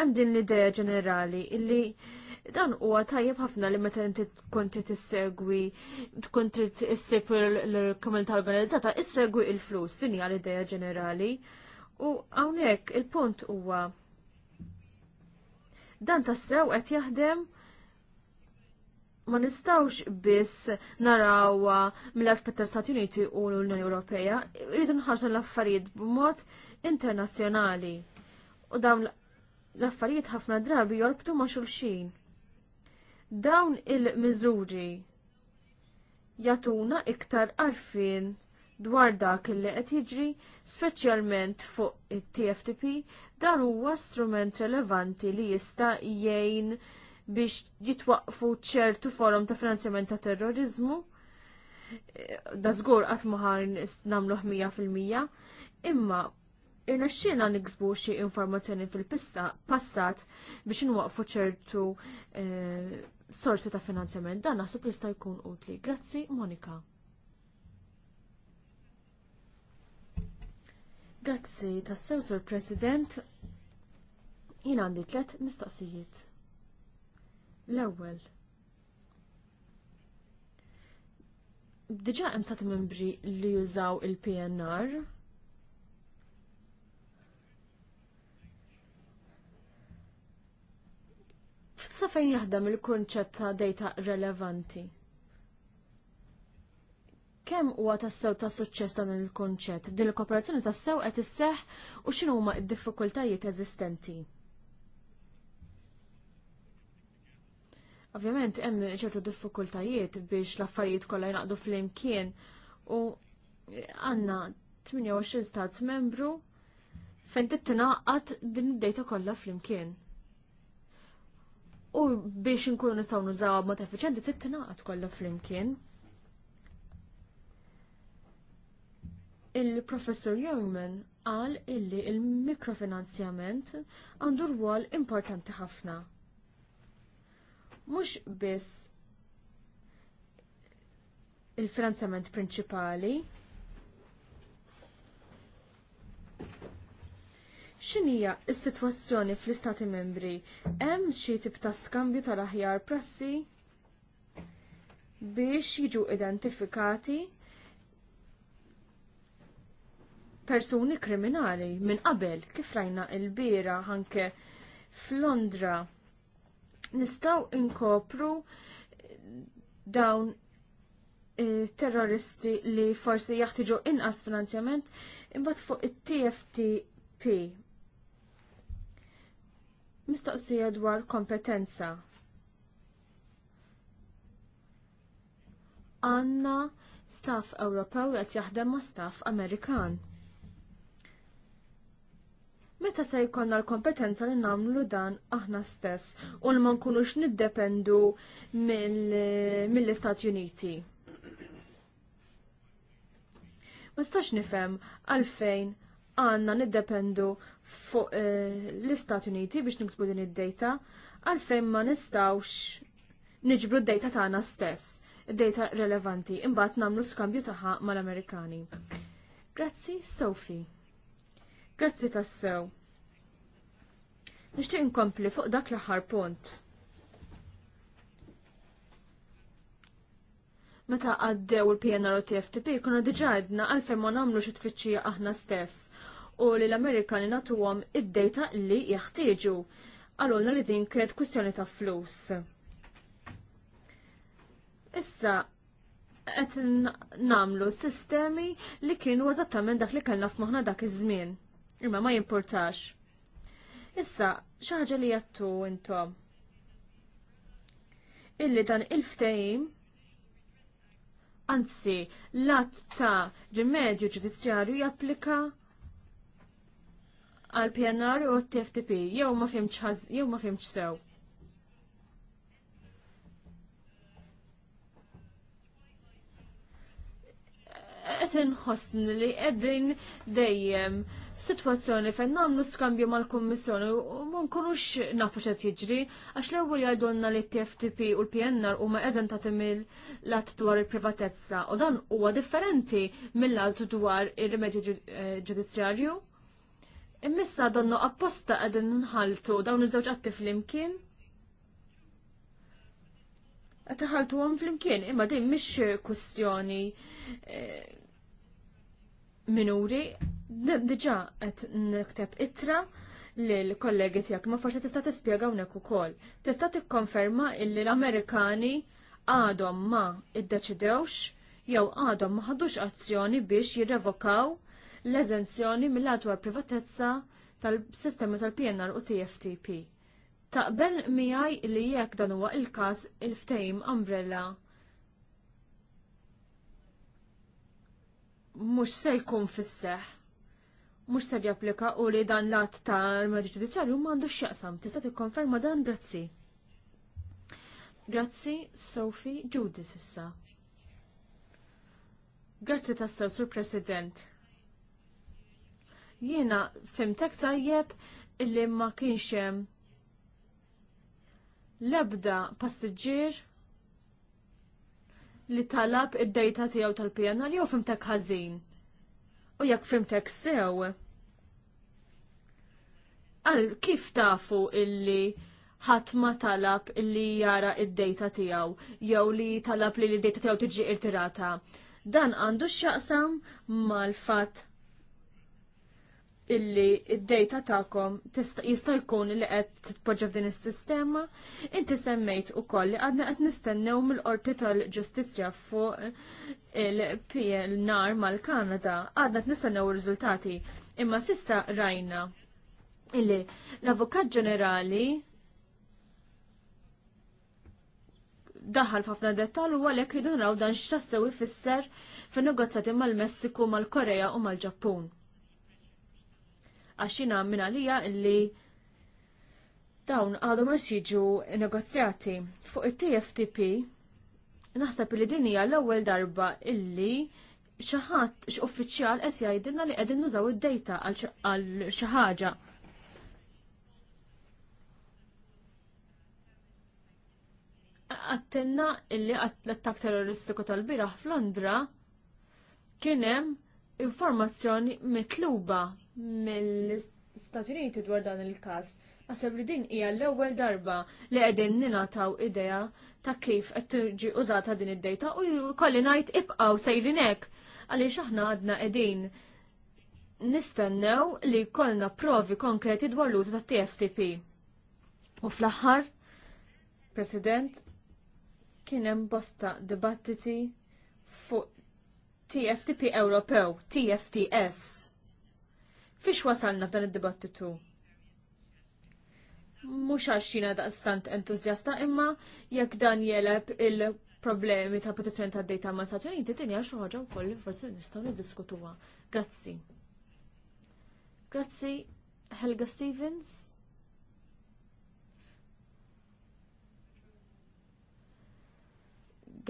hemm din l-idea ġenerali illi dan huwa tajjeb ħafna li meta inti tkun trid tissegwi tkun trid issib l-komunità organizzata issegwi il-flus din hija l-idea ġenerali. U hawnhekk il-punt huwa dan tassew qed jaħdem ma nistawx biss narawha mill-aspett stati Uniti u l-Unjoni Ewropea, rridu nħarsu l-affarijiet b'mod internazzjonali. U dawn l-affarijiet ħafna drabi jorbtu ma' xulxin. Dawn il-miżuri jatuna iktar arfin dwar dak li qed jiġri speċjalment fuq it-TFTP dan huwa strument relevanti li jista' jgħin biex jitwaqfu ċertu forum ta' finanzjament ta' terrorizmu. Da żgur qatt ma ħar 100%. Imma, fil-mija, imma irnexxiena niksbu xi informazzjoni fil-passat biex nwaqfu ċertu eh, sorsi ta' finanzjament. Dan naħseb jista' jkun utli. Grazzi, Monika. Grazzi, tassew sur President. Jien għandi tlet mistoqsijiet. L-ewwel. Diġà hemm sat membri li jużaw il-PNR. Sa fejn jaħdem il-kunċett ta' data relevanti? kemm huwa tassew ta' suċċess dan il kunċett Din il-kooperazzjoni tassew qed isseħħ u x'inhuma d-diffikultajiet eżistenti? Ovvjament hemm ċertu diffikultajiet biex l-affarijiet kollha jnaqdu flimkien u għandna 28 stat membru fejn tittinaqat din id-dejta kollha flimkien. U biex inkunu nistgħu nużawha b'mod effiċjenti tittinaqat kollha flimkien. il-professor Youngman qal illi il-mikrofinanzjament għandu rwol importanti ħafna mhux biss il finanzament prinċipali. X'inhija s-sitwazzjoni fl-Istati Membri? Hemm xi tip ta' skambju tal-aħjar prassi biex jiġu identifikati persuni kriminali minn qabel kif rajna l-bira anke f'Londra nistaw inkopru dawn eh, terroristi li forsi jaħtiġu inqas finanzjament imbagħad fuq it-TFTP. Mistoqsija dwar kompetenza. Għanna staff Ewropew qed jaħdem ma' staff Amerikan. Meta se jkollna l-kompetenza li nagħmlu dan aħna stess u ma nkunux niddependu mill-Istati Uniti. Ma stax nifhem għalfejn għandna niddependu fuq eh, l-Istati Uniti biex niksbu din id-data għalfejn ma nistawx niġbru d-data tagħna stess, id-data relevanti, imbagħad nagħmlu skambju tagħha mal-Amerikani. Grazzi, Sophie. Grazzi tassew. Nixtieq inkompli fuq dak l-aħħar punt. Meta għaddew il-PNR u TFTP kuna diġa għedna għalfejn ma nagħmlu xi tfittxija aħna stess u li l-Amerikani nagħtuhom id-dejta li jeħtieġu. Għalulna li din kienet kwistjoni ta' flus. Issa, qed namlu sistemi li kienu eżattament dak li kellna f'moħħna dak iż-żmien. Imma ma jimportax. Issa, xaħġa li jattu intom. Illi dan il-ftejim, anzi, lat ta' rimedju ġudizzjarju japplika għal PNR u TFTP, jew ma fimx jew ma fimx sew. Qed inħossni li qegħdin dejjem situazzjoni fejn nagħmlu skambju mal-Kummissjoni u ma nkunux nafu x'qed jiġri għax l-ewwel jgħidulna li t-TFTP u l-PNR huma eżentati mill-att dwar il-privatezza u dan huwa differenti mill-att dwar ir-rimedju eh, ġudizzjarju. Immissa donnu apposta qegħdin nħaltu dawn iż-żewġ atti flimkien. Qed iħaltuhom flimkien, imma din mhix kwistjoni eh, minuri diġà qed nikteb li lill-kollegi tiegħek, ma forsi tista' tispjega hawnhekk ukoll. Tista' tikkonferma illi l-Amerikani għadhom ma id-deċidewx jew għadhom ma ħadux azzjoni biex jirrevokaw l-eżenzjoni mill-adwar privatezza tal-sistema tal-PNR u TFTP. Taqbel miħaj li jekk dan huwa il-każ il-ftejm umbrella mhux se jkun fisseħ mhux ser japplika u li dan l-att tal-Medi Ġudizzjarju m'għandux x'jaqsam. Tista' tikkonferma dan grazzi. Grazzi, Sophie Judis issa. Grazzi tassew, Sur President. Jiena fimtek tajjeb illi ma kienx hemm l-ebda passiġġier li talab id-dejta tiegħu tal-PNR jew fimtek ħażin. U jekk fimtek sew, għal kif tafu illi ħadd ma talab illi jara id-dejta tiegħu jew li talab li l-dejta tiegħu tiġi irtirata. Dan għandu x'jaqsam mal-fatt illi id-data tagħkom jista' jkun li qed titpoġġa f'din is-sistema, inti semmejt ukoll li għadna qed nistennew mill-qorti tal-ġustizzja fuq il-PNR mal-Kanada, għadna qed nistennew ir-riżultati. Imma sissa rajna illi l-Avukat Ġenerali daħal f'ħafna dettal u għalhekk jridu naraw dan x'tassew ifisser fin-negozjati mal-Messiku, mal-Korea u mal-Ġappun għaxina minna għalija illi dawn għadhom jiġu negozjati fuq it-TFTP naħseb li din hija l-ewwel darba illi xi ħadd x'uffiċjal qed jgħidilna li qegħdin nużaw id-dejta għal xi ħaġa. Għattenna illi l-attak terroristiku tal-biraħ f'Londra kien hemm informazzjoni mitluba mill-Stati Uniti dwar dan il-każ. Għasab li din hija l-ewwel darba li qegħdin ninataw idea ta' kif qed tiġi użata din id-dejta u kolli ngħid ibqgħu sejrin hekk għaliex aħna għadna qegħdin nistennew li kollna provi konkreti dwar l-użu ta' TFTP. U fl-aħħar, President, kien hemm bosta dibattiti fuq TFTP Ewropew, TFTS. Fiex wasalna f'dan id-dibattitu? Mhux għax jiena daqstant entużjasta imma jekk dan jeleb il-problemi ta' petizjoni ta' data ma' Stati Uniti tinja xi ħaġa wkoll li forsi nistgħu niddiskutuha. Grazzi. Grazzi Helga Stevens.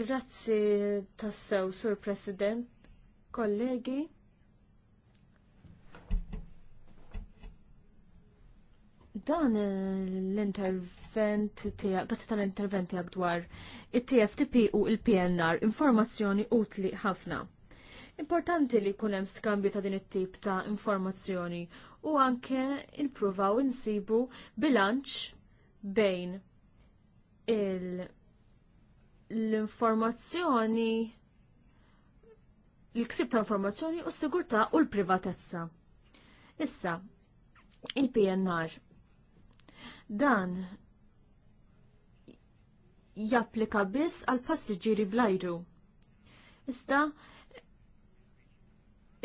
Grazzi tassew, Sur President, kollegi. Dan l-intervent tijak, grazzi tal-intervent tijak dwar il-TFTP u il-PNR, informazzjoni utli ħafna. Importanti li kunem skambju ta' din it-tip ta' informazzjoni u anke impruvaw insibu bilanċ bejn l-informazzjoni l-ksib ta' informazzjoni u s-sigurta u l-privatezza. Issa, il-PNR Dan japplika biss għal passiġġieri blajru. Iżda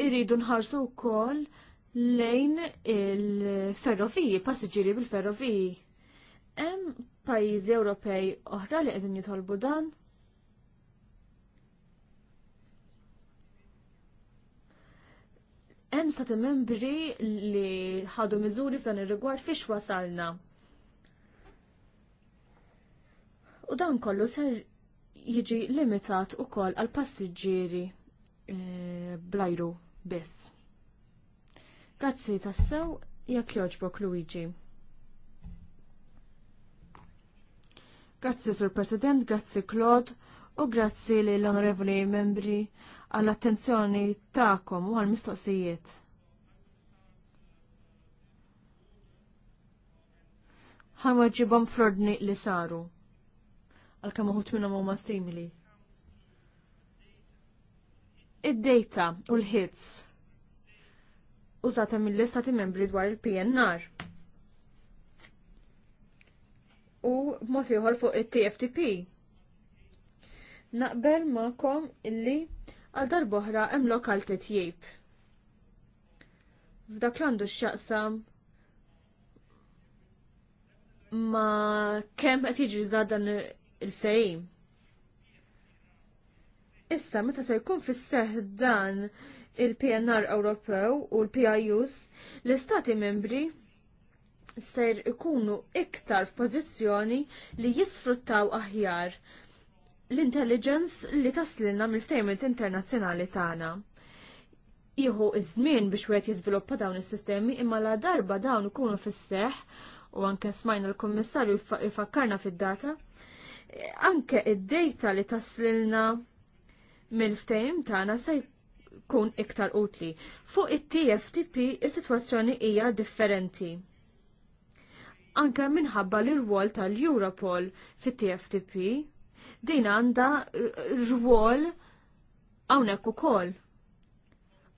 irridu nħarsu wkoll lejn il-ferroviji, passiġġieri bil-ferroviji. Hemm pajjiżi Ewropej oħra li qegħdin jitolbu dan? Hemm stati membri li ħadu miżuri f'dan ir-rigward fiex wasalna. u dan kollu ser jiġi limitat ukoll għal passiġġieri e, blajru biss. Grazzi tassew jekk joġbok Luigi. Grazzi Sur President, grazzi Claude u grazzi lill onorevoli membri għall-attenzjoni tagħkom u għall-mistoqsijiet. ħanwaġibom flordni li saru għal-kem uħut minna huma simili. Id-data u l-hits użata mill-istati membri dwar il-PNR. U mod ieħor fuq it-TFTP. Naqbel ma'kom illi għal darboħra hemm lokal titjib. F'dak l-għandu x-xaqsam ma kemm qed jiġi dan il-fejm. Issa, meta se jkun fis-seħ dan il-PNR Ewropew u l-PIUs, l-istati membri ser ikunu iktar f'pożizzjoni li jisfruttaw aħjar l-intelligence li taslilna mill-ftejment internazzjonali tagħna. Jieħu iż-żmien biex wieħed jiżviluppa dawn is-sistemi imma la darba dawn ikunu fis-seħ u anke smajna l-Kummissarju jfakkarna fid-data, anke id-data li taslilna mill ftehim tagħna se jkun iktar utli. Fuq it-TFTP is-sitwazzjoni hija differenti. Anke minħabba l-rwol tal-Europol fit-TFTP din għandha rwol hawnhekk ukoll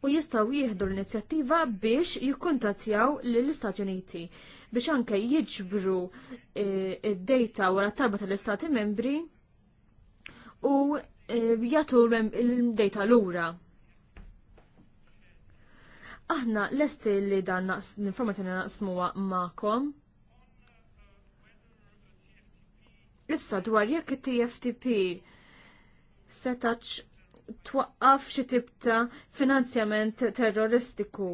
u jistgħu jieħdu l-inizjattiva biex jikkuntattjaw lill-Istati Uniti biex anke jiġbru e, id-data wara talba tal-Istati membri u e, jagħtu il-data lura. Aħna lesti li dan l-informazzjoni naqsmuha ma'kom. Issa dwar jekk it-TFTP setax twaqqaf xi tibta finanzjament terroristiku.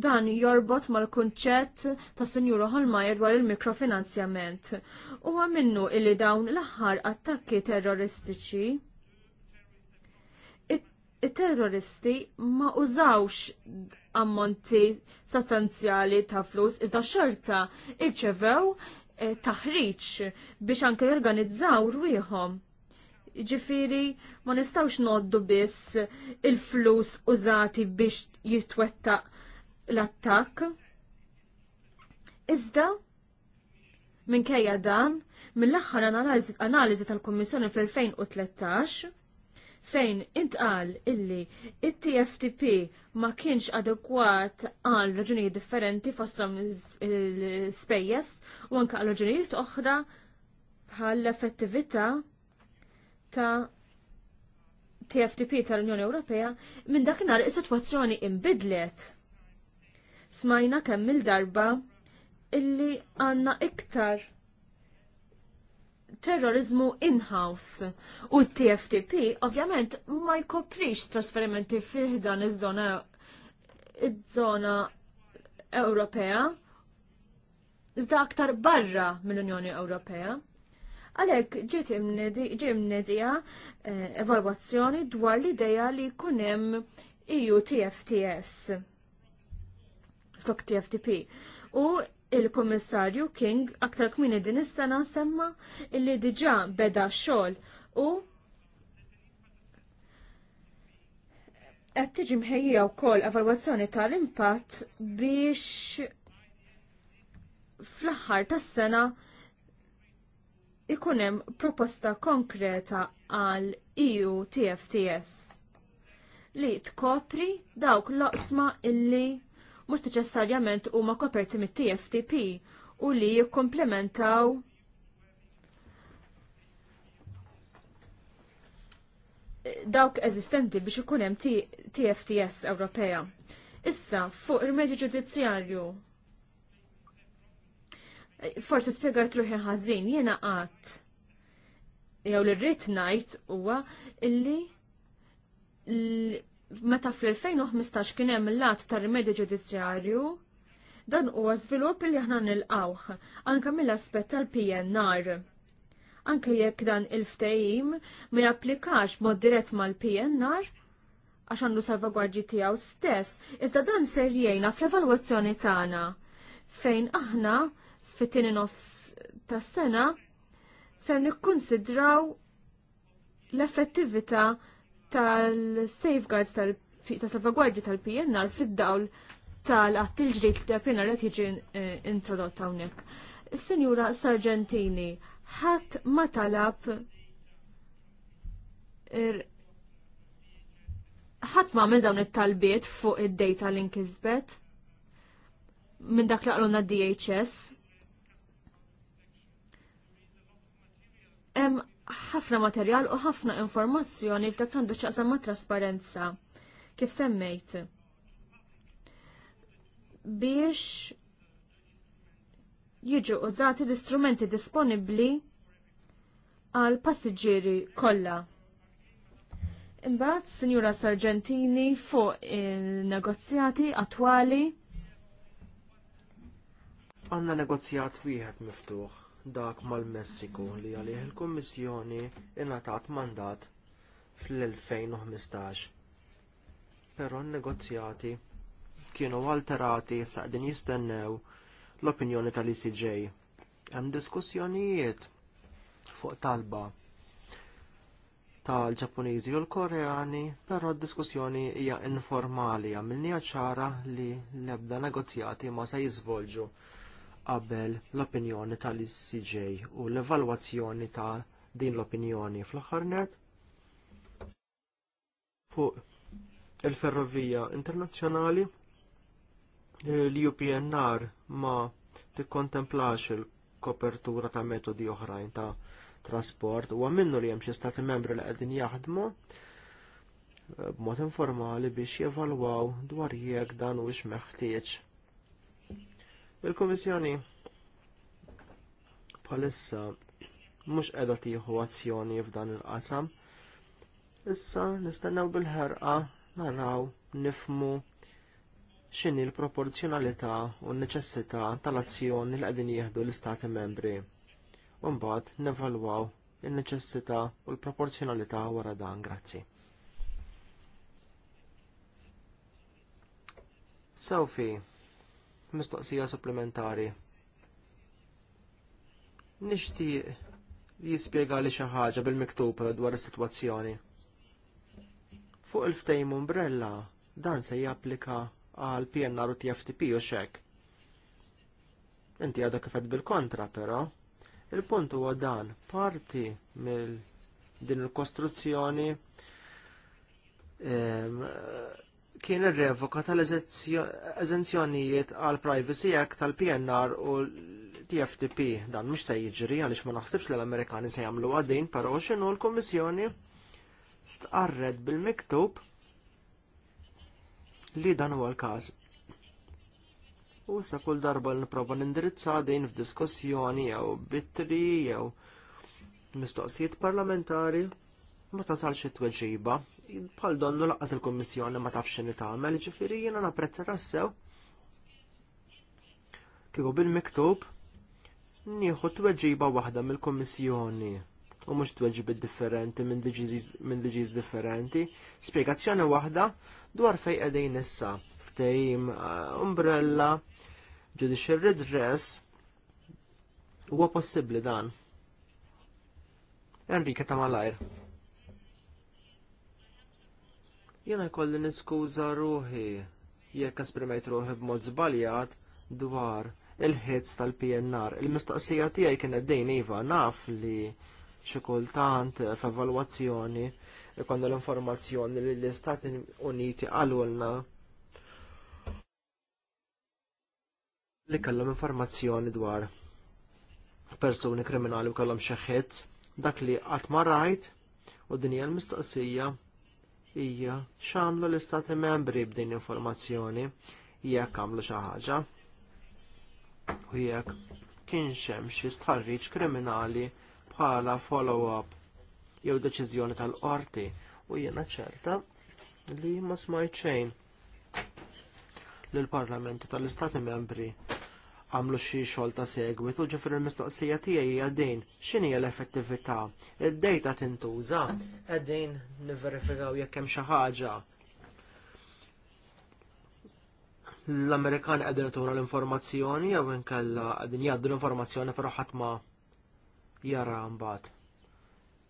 Dan jorbot mal-kunċett ta' Sinjuru Holmajer dwar il-mikrofinanzjament. Huwa minnu illi dawn l-aħħar attakki terroristiċi it-terroristi ma użawx ammonti sostanzjali ta' flus iżda xorta irċevew eh, taħriġ biex anke jorganizzaw rwieħom ġifiri ma nistawx noddu biss il-flus użati biex jitwetta l-attakk. Iżda, minkejja dan, mill-aħħar analiżi tal-Kummissjoni fl-2013, fejn intqal illi it-TFTP ma kienx adekwat għal raġunijiet differenti fostom l-spejjes u anka għal raġunijiet oħra bħal l-effettività ta' TFTP tal-Unjoni Ewropea minn dakinhar is-sitwazzjoni imbidlet smajna kemm il-darba illi għanna iktar terrorizmu in-house u t-TFTP ovvjament ma jkoprix trasferimenti fiħdan iż-żona iż-żona Ewropea iżda aktar barra mill-Unjoni Ewropea. Għalek ġiet imnedija eh, evalwazzjoni dwar l-ideja li kunem EU TFTS flok TFTP. U il-Komissarju King aktar kmini din is-sena semma illi diġà beda xogħol u qed tiġi mħejja wkoll evalwazzjoni tal-impatt biex fl-aħħar tas-sena ikun hemm proposta konkreta għal EU TFTS li tkopri dawk l-oqsma illi mhux neċessarjament huma koperti mit-TFTP u li jikkomplementaw dawk eżistenti biex ikun hemm TFTS Ewropea. Issa, fuq il-medju ġudizzjarju, forsi spiegajt ruħi ħażin, jiena qatt jew li rrid ngħid huwa illi meta fl-2015 kien hemm lat tar-rimedju ġudizzjarju, dan huwa żvilupp li aħna nilqawh anke mill-aspett tal-PNR. Anke jekk dan il-ftehim ma japplikax mod dirett mal-PNR, għax għandu salvagwardji tiegħu stess, iżda dan ser jgħinna fl-evalwazzjoni tagħna fejn aħna sfittini nofs tas-sena ser nikkunsidraw l-effettività tal-safeguards tal-salvagwardji tal-PNR fid-dawl tal-qatt il-ġdid tal-PNR qed jiġi eh, introdott hawnhekk. sinjura Sargentini ħadd ma talab er- ħadd ma għamil dawn it-talbiet fuq id-data li nkisbet minn dak li DHS ħafna materjal u ħafna informazzjoni f'dak għandu ċaqsam ma' trasparenza. Kif semmejt? Biex jiġu użati l-istrumenti disponibli għal passiġġieri kollha. Imbagħad, Sinjura Sargentini fuq il-negozjati attwali. Għanna negozjat wieħed miftuħ dak mal-Messiku li għalih il kummissjoni ingħatat mandat fl-2015. Però n-negozjati kienu alterati saqdin jistennew l-opinjoni tal-ICJ. Hemm diskussjonijiet fuq talba tal-Ġappuniżi u l-Koreani, però d-diskussjoni hija informali għamilniha ċara li l-ebda negozjati ma se jiżvolġu qabel l-opinjoni tal-ICJ u l-evalwazzjoni ta' din l-opinjoni fl-aħħar net fuq il-ferrovija internazzjonali l-UPNR ma tikkontemplax il-kopertura ta' metodi oħrajn ta' trasport u għamminnu li hemm xi stati membri li qegħdin jaħdmu eh, b'mod informali biex jevalwaw dwar jekk dan huwiex meħtieġ Il-Kummissjoni bħalissa mhux qiegħda tieħu azzjoni f'dan il-qasam. Issa nistennew bil-ħerqa naraw nifmu x'inhi l-proporzjonalità u n-neċessità tal-azzjoni li qegħdin jieħdu l-Istati membri. u mbagħad nevalwaw in-neċessità u l-proporzjonalità wara dan, grazzi. Sophie, mistoqsija supplementari. Nixtieq li jispjega li xi ħaġa bil-miktub dwar is-sitwazzjoni. Fuq il-ftejm umbrella dan se japplika għal PNR u TFTP u xek. Inti għadha kifed bil-kontra, però. Il-punt huwa dan, parti mill din il-kostruzzjoni ehm, kien ir-revoka tal-eżenzjonijiet għal Privacy Act tal-PNR u l-TFTP. Dan mhux se jiġri għaliex ma naħsibx li l-Amerikani se jagħmlu għadin, però x'inhu l-Kummissjoni stqarret bil-miktub li dan huwa l-każ. U sa kull darba li nipprova nindirizza din f'diskussjoni jew bitri jew mistoqsijiet parlamentari ma tasalx it-tweġiba bħal donnu laqqas il-Kommissjoni ma tafx xini tagħmel, ġifiri jiena napprezza tassew kieku bil-miktub nieħu tweġiba waħda mill-Kommissjoni u mhux tweġib differenti minn liġiż differenti, spjegazzjoni waħda dwar fejn qegħdin issa ftehim eh, umbrella judicial redress huwa possibbli dan. Enrique Tamalajr. Jena kolli niskuża ruħi jekk esprimajt ruħi b'mod żbaljat dwar il-ħedz tal-PNR. Il-mistaqsija tiegħi kienet dejn iva naf li xi kultant f'evalwazzjoni ikonna l-informazzjoni li l-Istati Uniti għalulna li kellhom informazzjoni dwar persuni kriminali u kellhom xi ħedz dak li qatt ma rajt u din hija l-mistoqsija hija x'għamlu l-Istati Membri b'din informazzjoni jekk għamlu xi ħaġa u jekk kienx hemm xi stħarriġ kriminali bħala follow-up jew deċiżjoni tal-qorti u jiena ċerta li ma smajt xejn lill parlamenti tal-Istati Membri għamlu xi xogħol ta' segwitu ġifier il-mistoqsija tiegħi hija din x'inhi l-effettività. Id-dejta tintuża qegħdin nivverifikaw jekk hemm xi ħaġa. L-Amerikan qegħdin tura l-informazzjoni jew inkella qegħdin jgħaddu l-informazzjoni però ħadd ma jara mbagħad.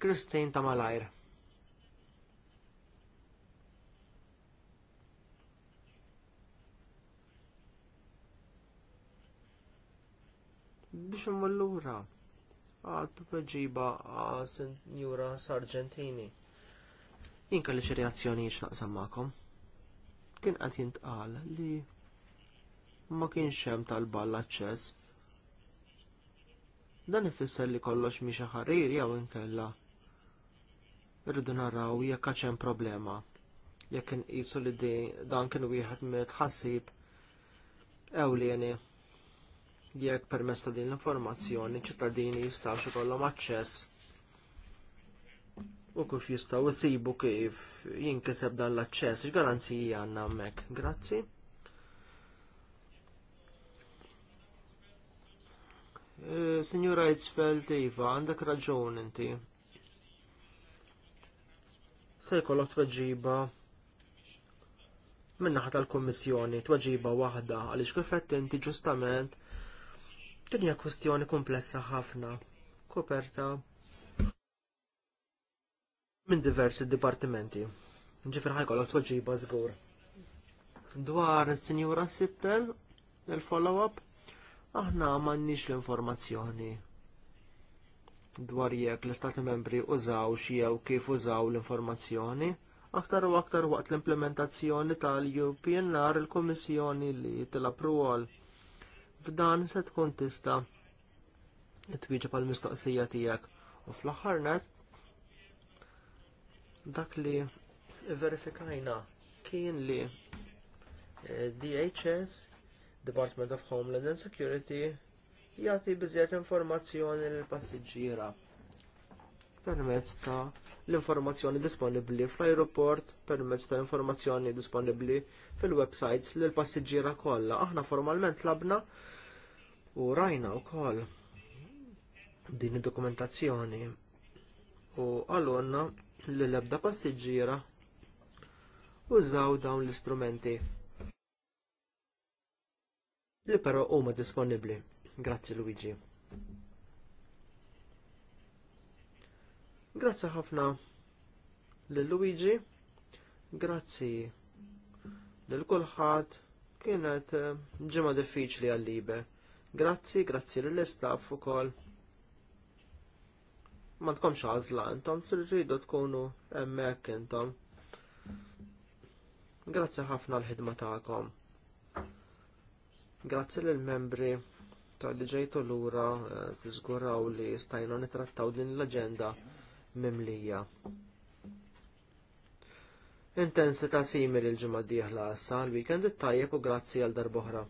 Christine ta' malajr. biex mullura. lura għal tweġiba għal Sargentini. Jinka li reazzjoni naqsam magħkom. Kien qed jintqal li ma kienx hemm tal balla aċċess Dan ifisser li kollox mi xi ħarir jew inkella. Irridu naraw jekk ċem hemm problema. Jekk inqisu li dan kien wieħed mit ħassib ewlieni jekk permezz ta' din l-informazzjoni ċittadini jistgħu ikollhom aċċess u kif jistgħu jsibu kif jinkiseb dan l-aċċess, x'garanzija għandna hemmhekk. Grazzi. Eh, Signora Itzfeld, Iva, għandek raġun inti. Se jkollok tweġiba minnaħa tal-Kommissjoni, tweġiba waħda, għaliex kif qed inti ġustament Din hija kwestjoni komplessa ħafna, koperta minn diversi dipartimenti. Ġifir ħajkollok tweġiba żgur. Dwar is-Sinjura Sippel, il-follow-up, aħna m'għandniex l-informazzjoni dwar jekk l-Istati membri użaw jew kif użaw l-informazzjoni. Aktar u aktar waqt l-implementazzjoni tal-European nar il-Komissjoni li tilapru għal f'dan se tkun tista' twieġeb għall mistoqsija tiegħek u fl-aħħar net dak li verifikajna kien li eh, DHS, Department of Homeland and Security, jagħti biżjed informazzjoni lill passiġġiera permezz ta' l-informazzjoni disponibbli fl ajruport permezz ta' informazzjoni disponibbli fil-websites lill passiġġiera kollha. Aħna formalment labna U rajna wkoll din id-dokumentazzjoni u għallonna li l-ebda passiġġiera użaw dawn l-istrumenti li però huma disponibbli. Grazzi Luigi. Grazzi ħafna lil Luigi. Grazzi lil kulħadd. Kienet eh, ġimgħa diffiċli għal-libe. Grazzi, grazzi lill-istaff ukoll. Ma tkomx għazla, intom fil-ridu tkunu hemmhekk intom. Grazzi ħafna l-ħidma tagħkom. Grazzi lill membri tal-li ġejtu lura eh, tiżguraw li stajna nitrattaw din l-aġenda mimlija. Intensita simili l-ġimgħa dieħla għassa l-weekend it-tajjeb u grazzi għal darboħra.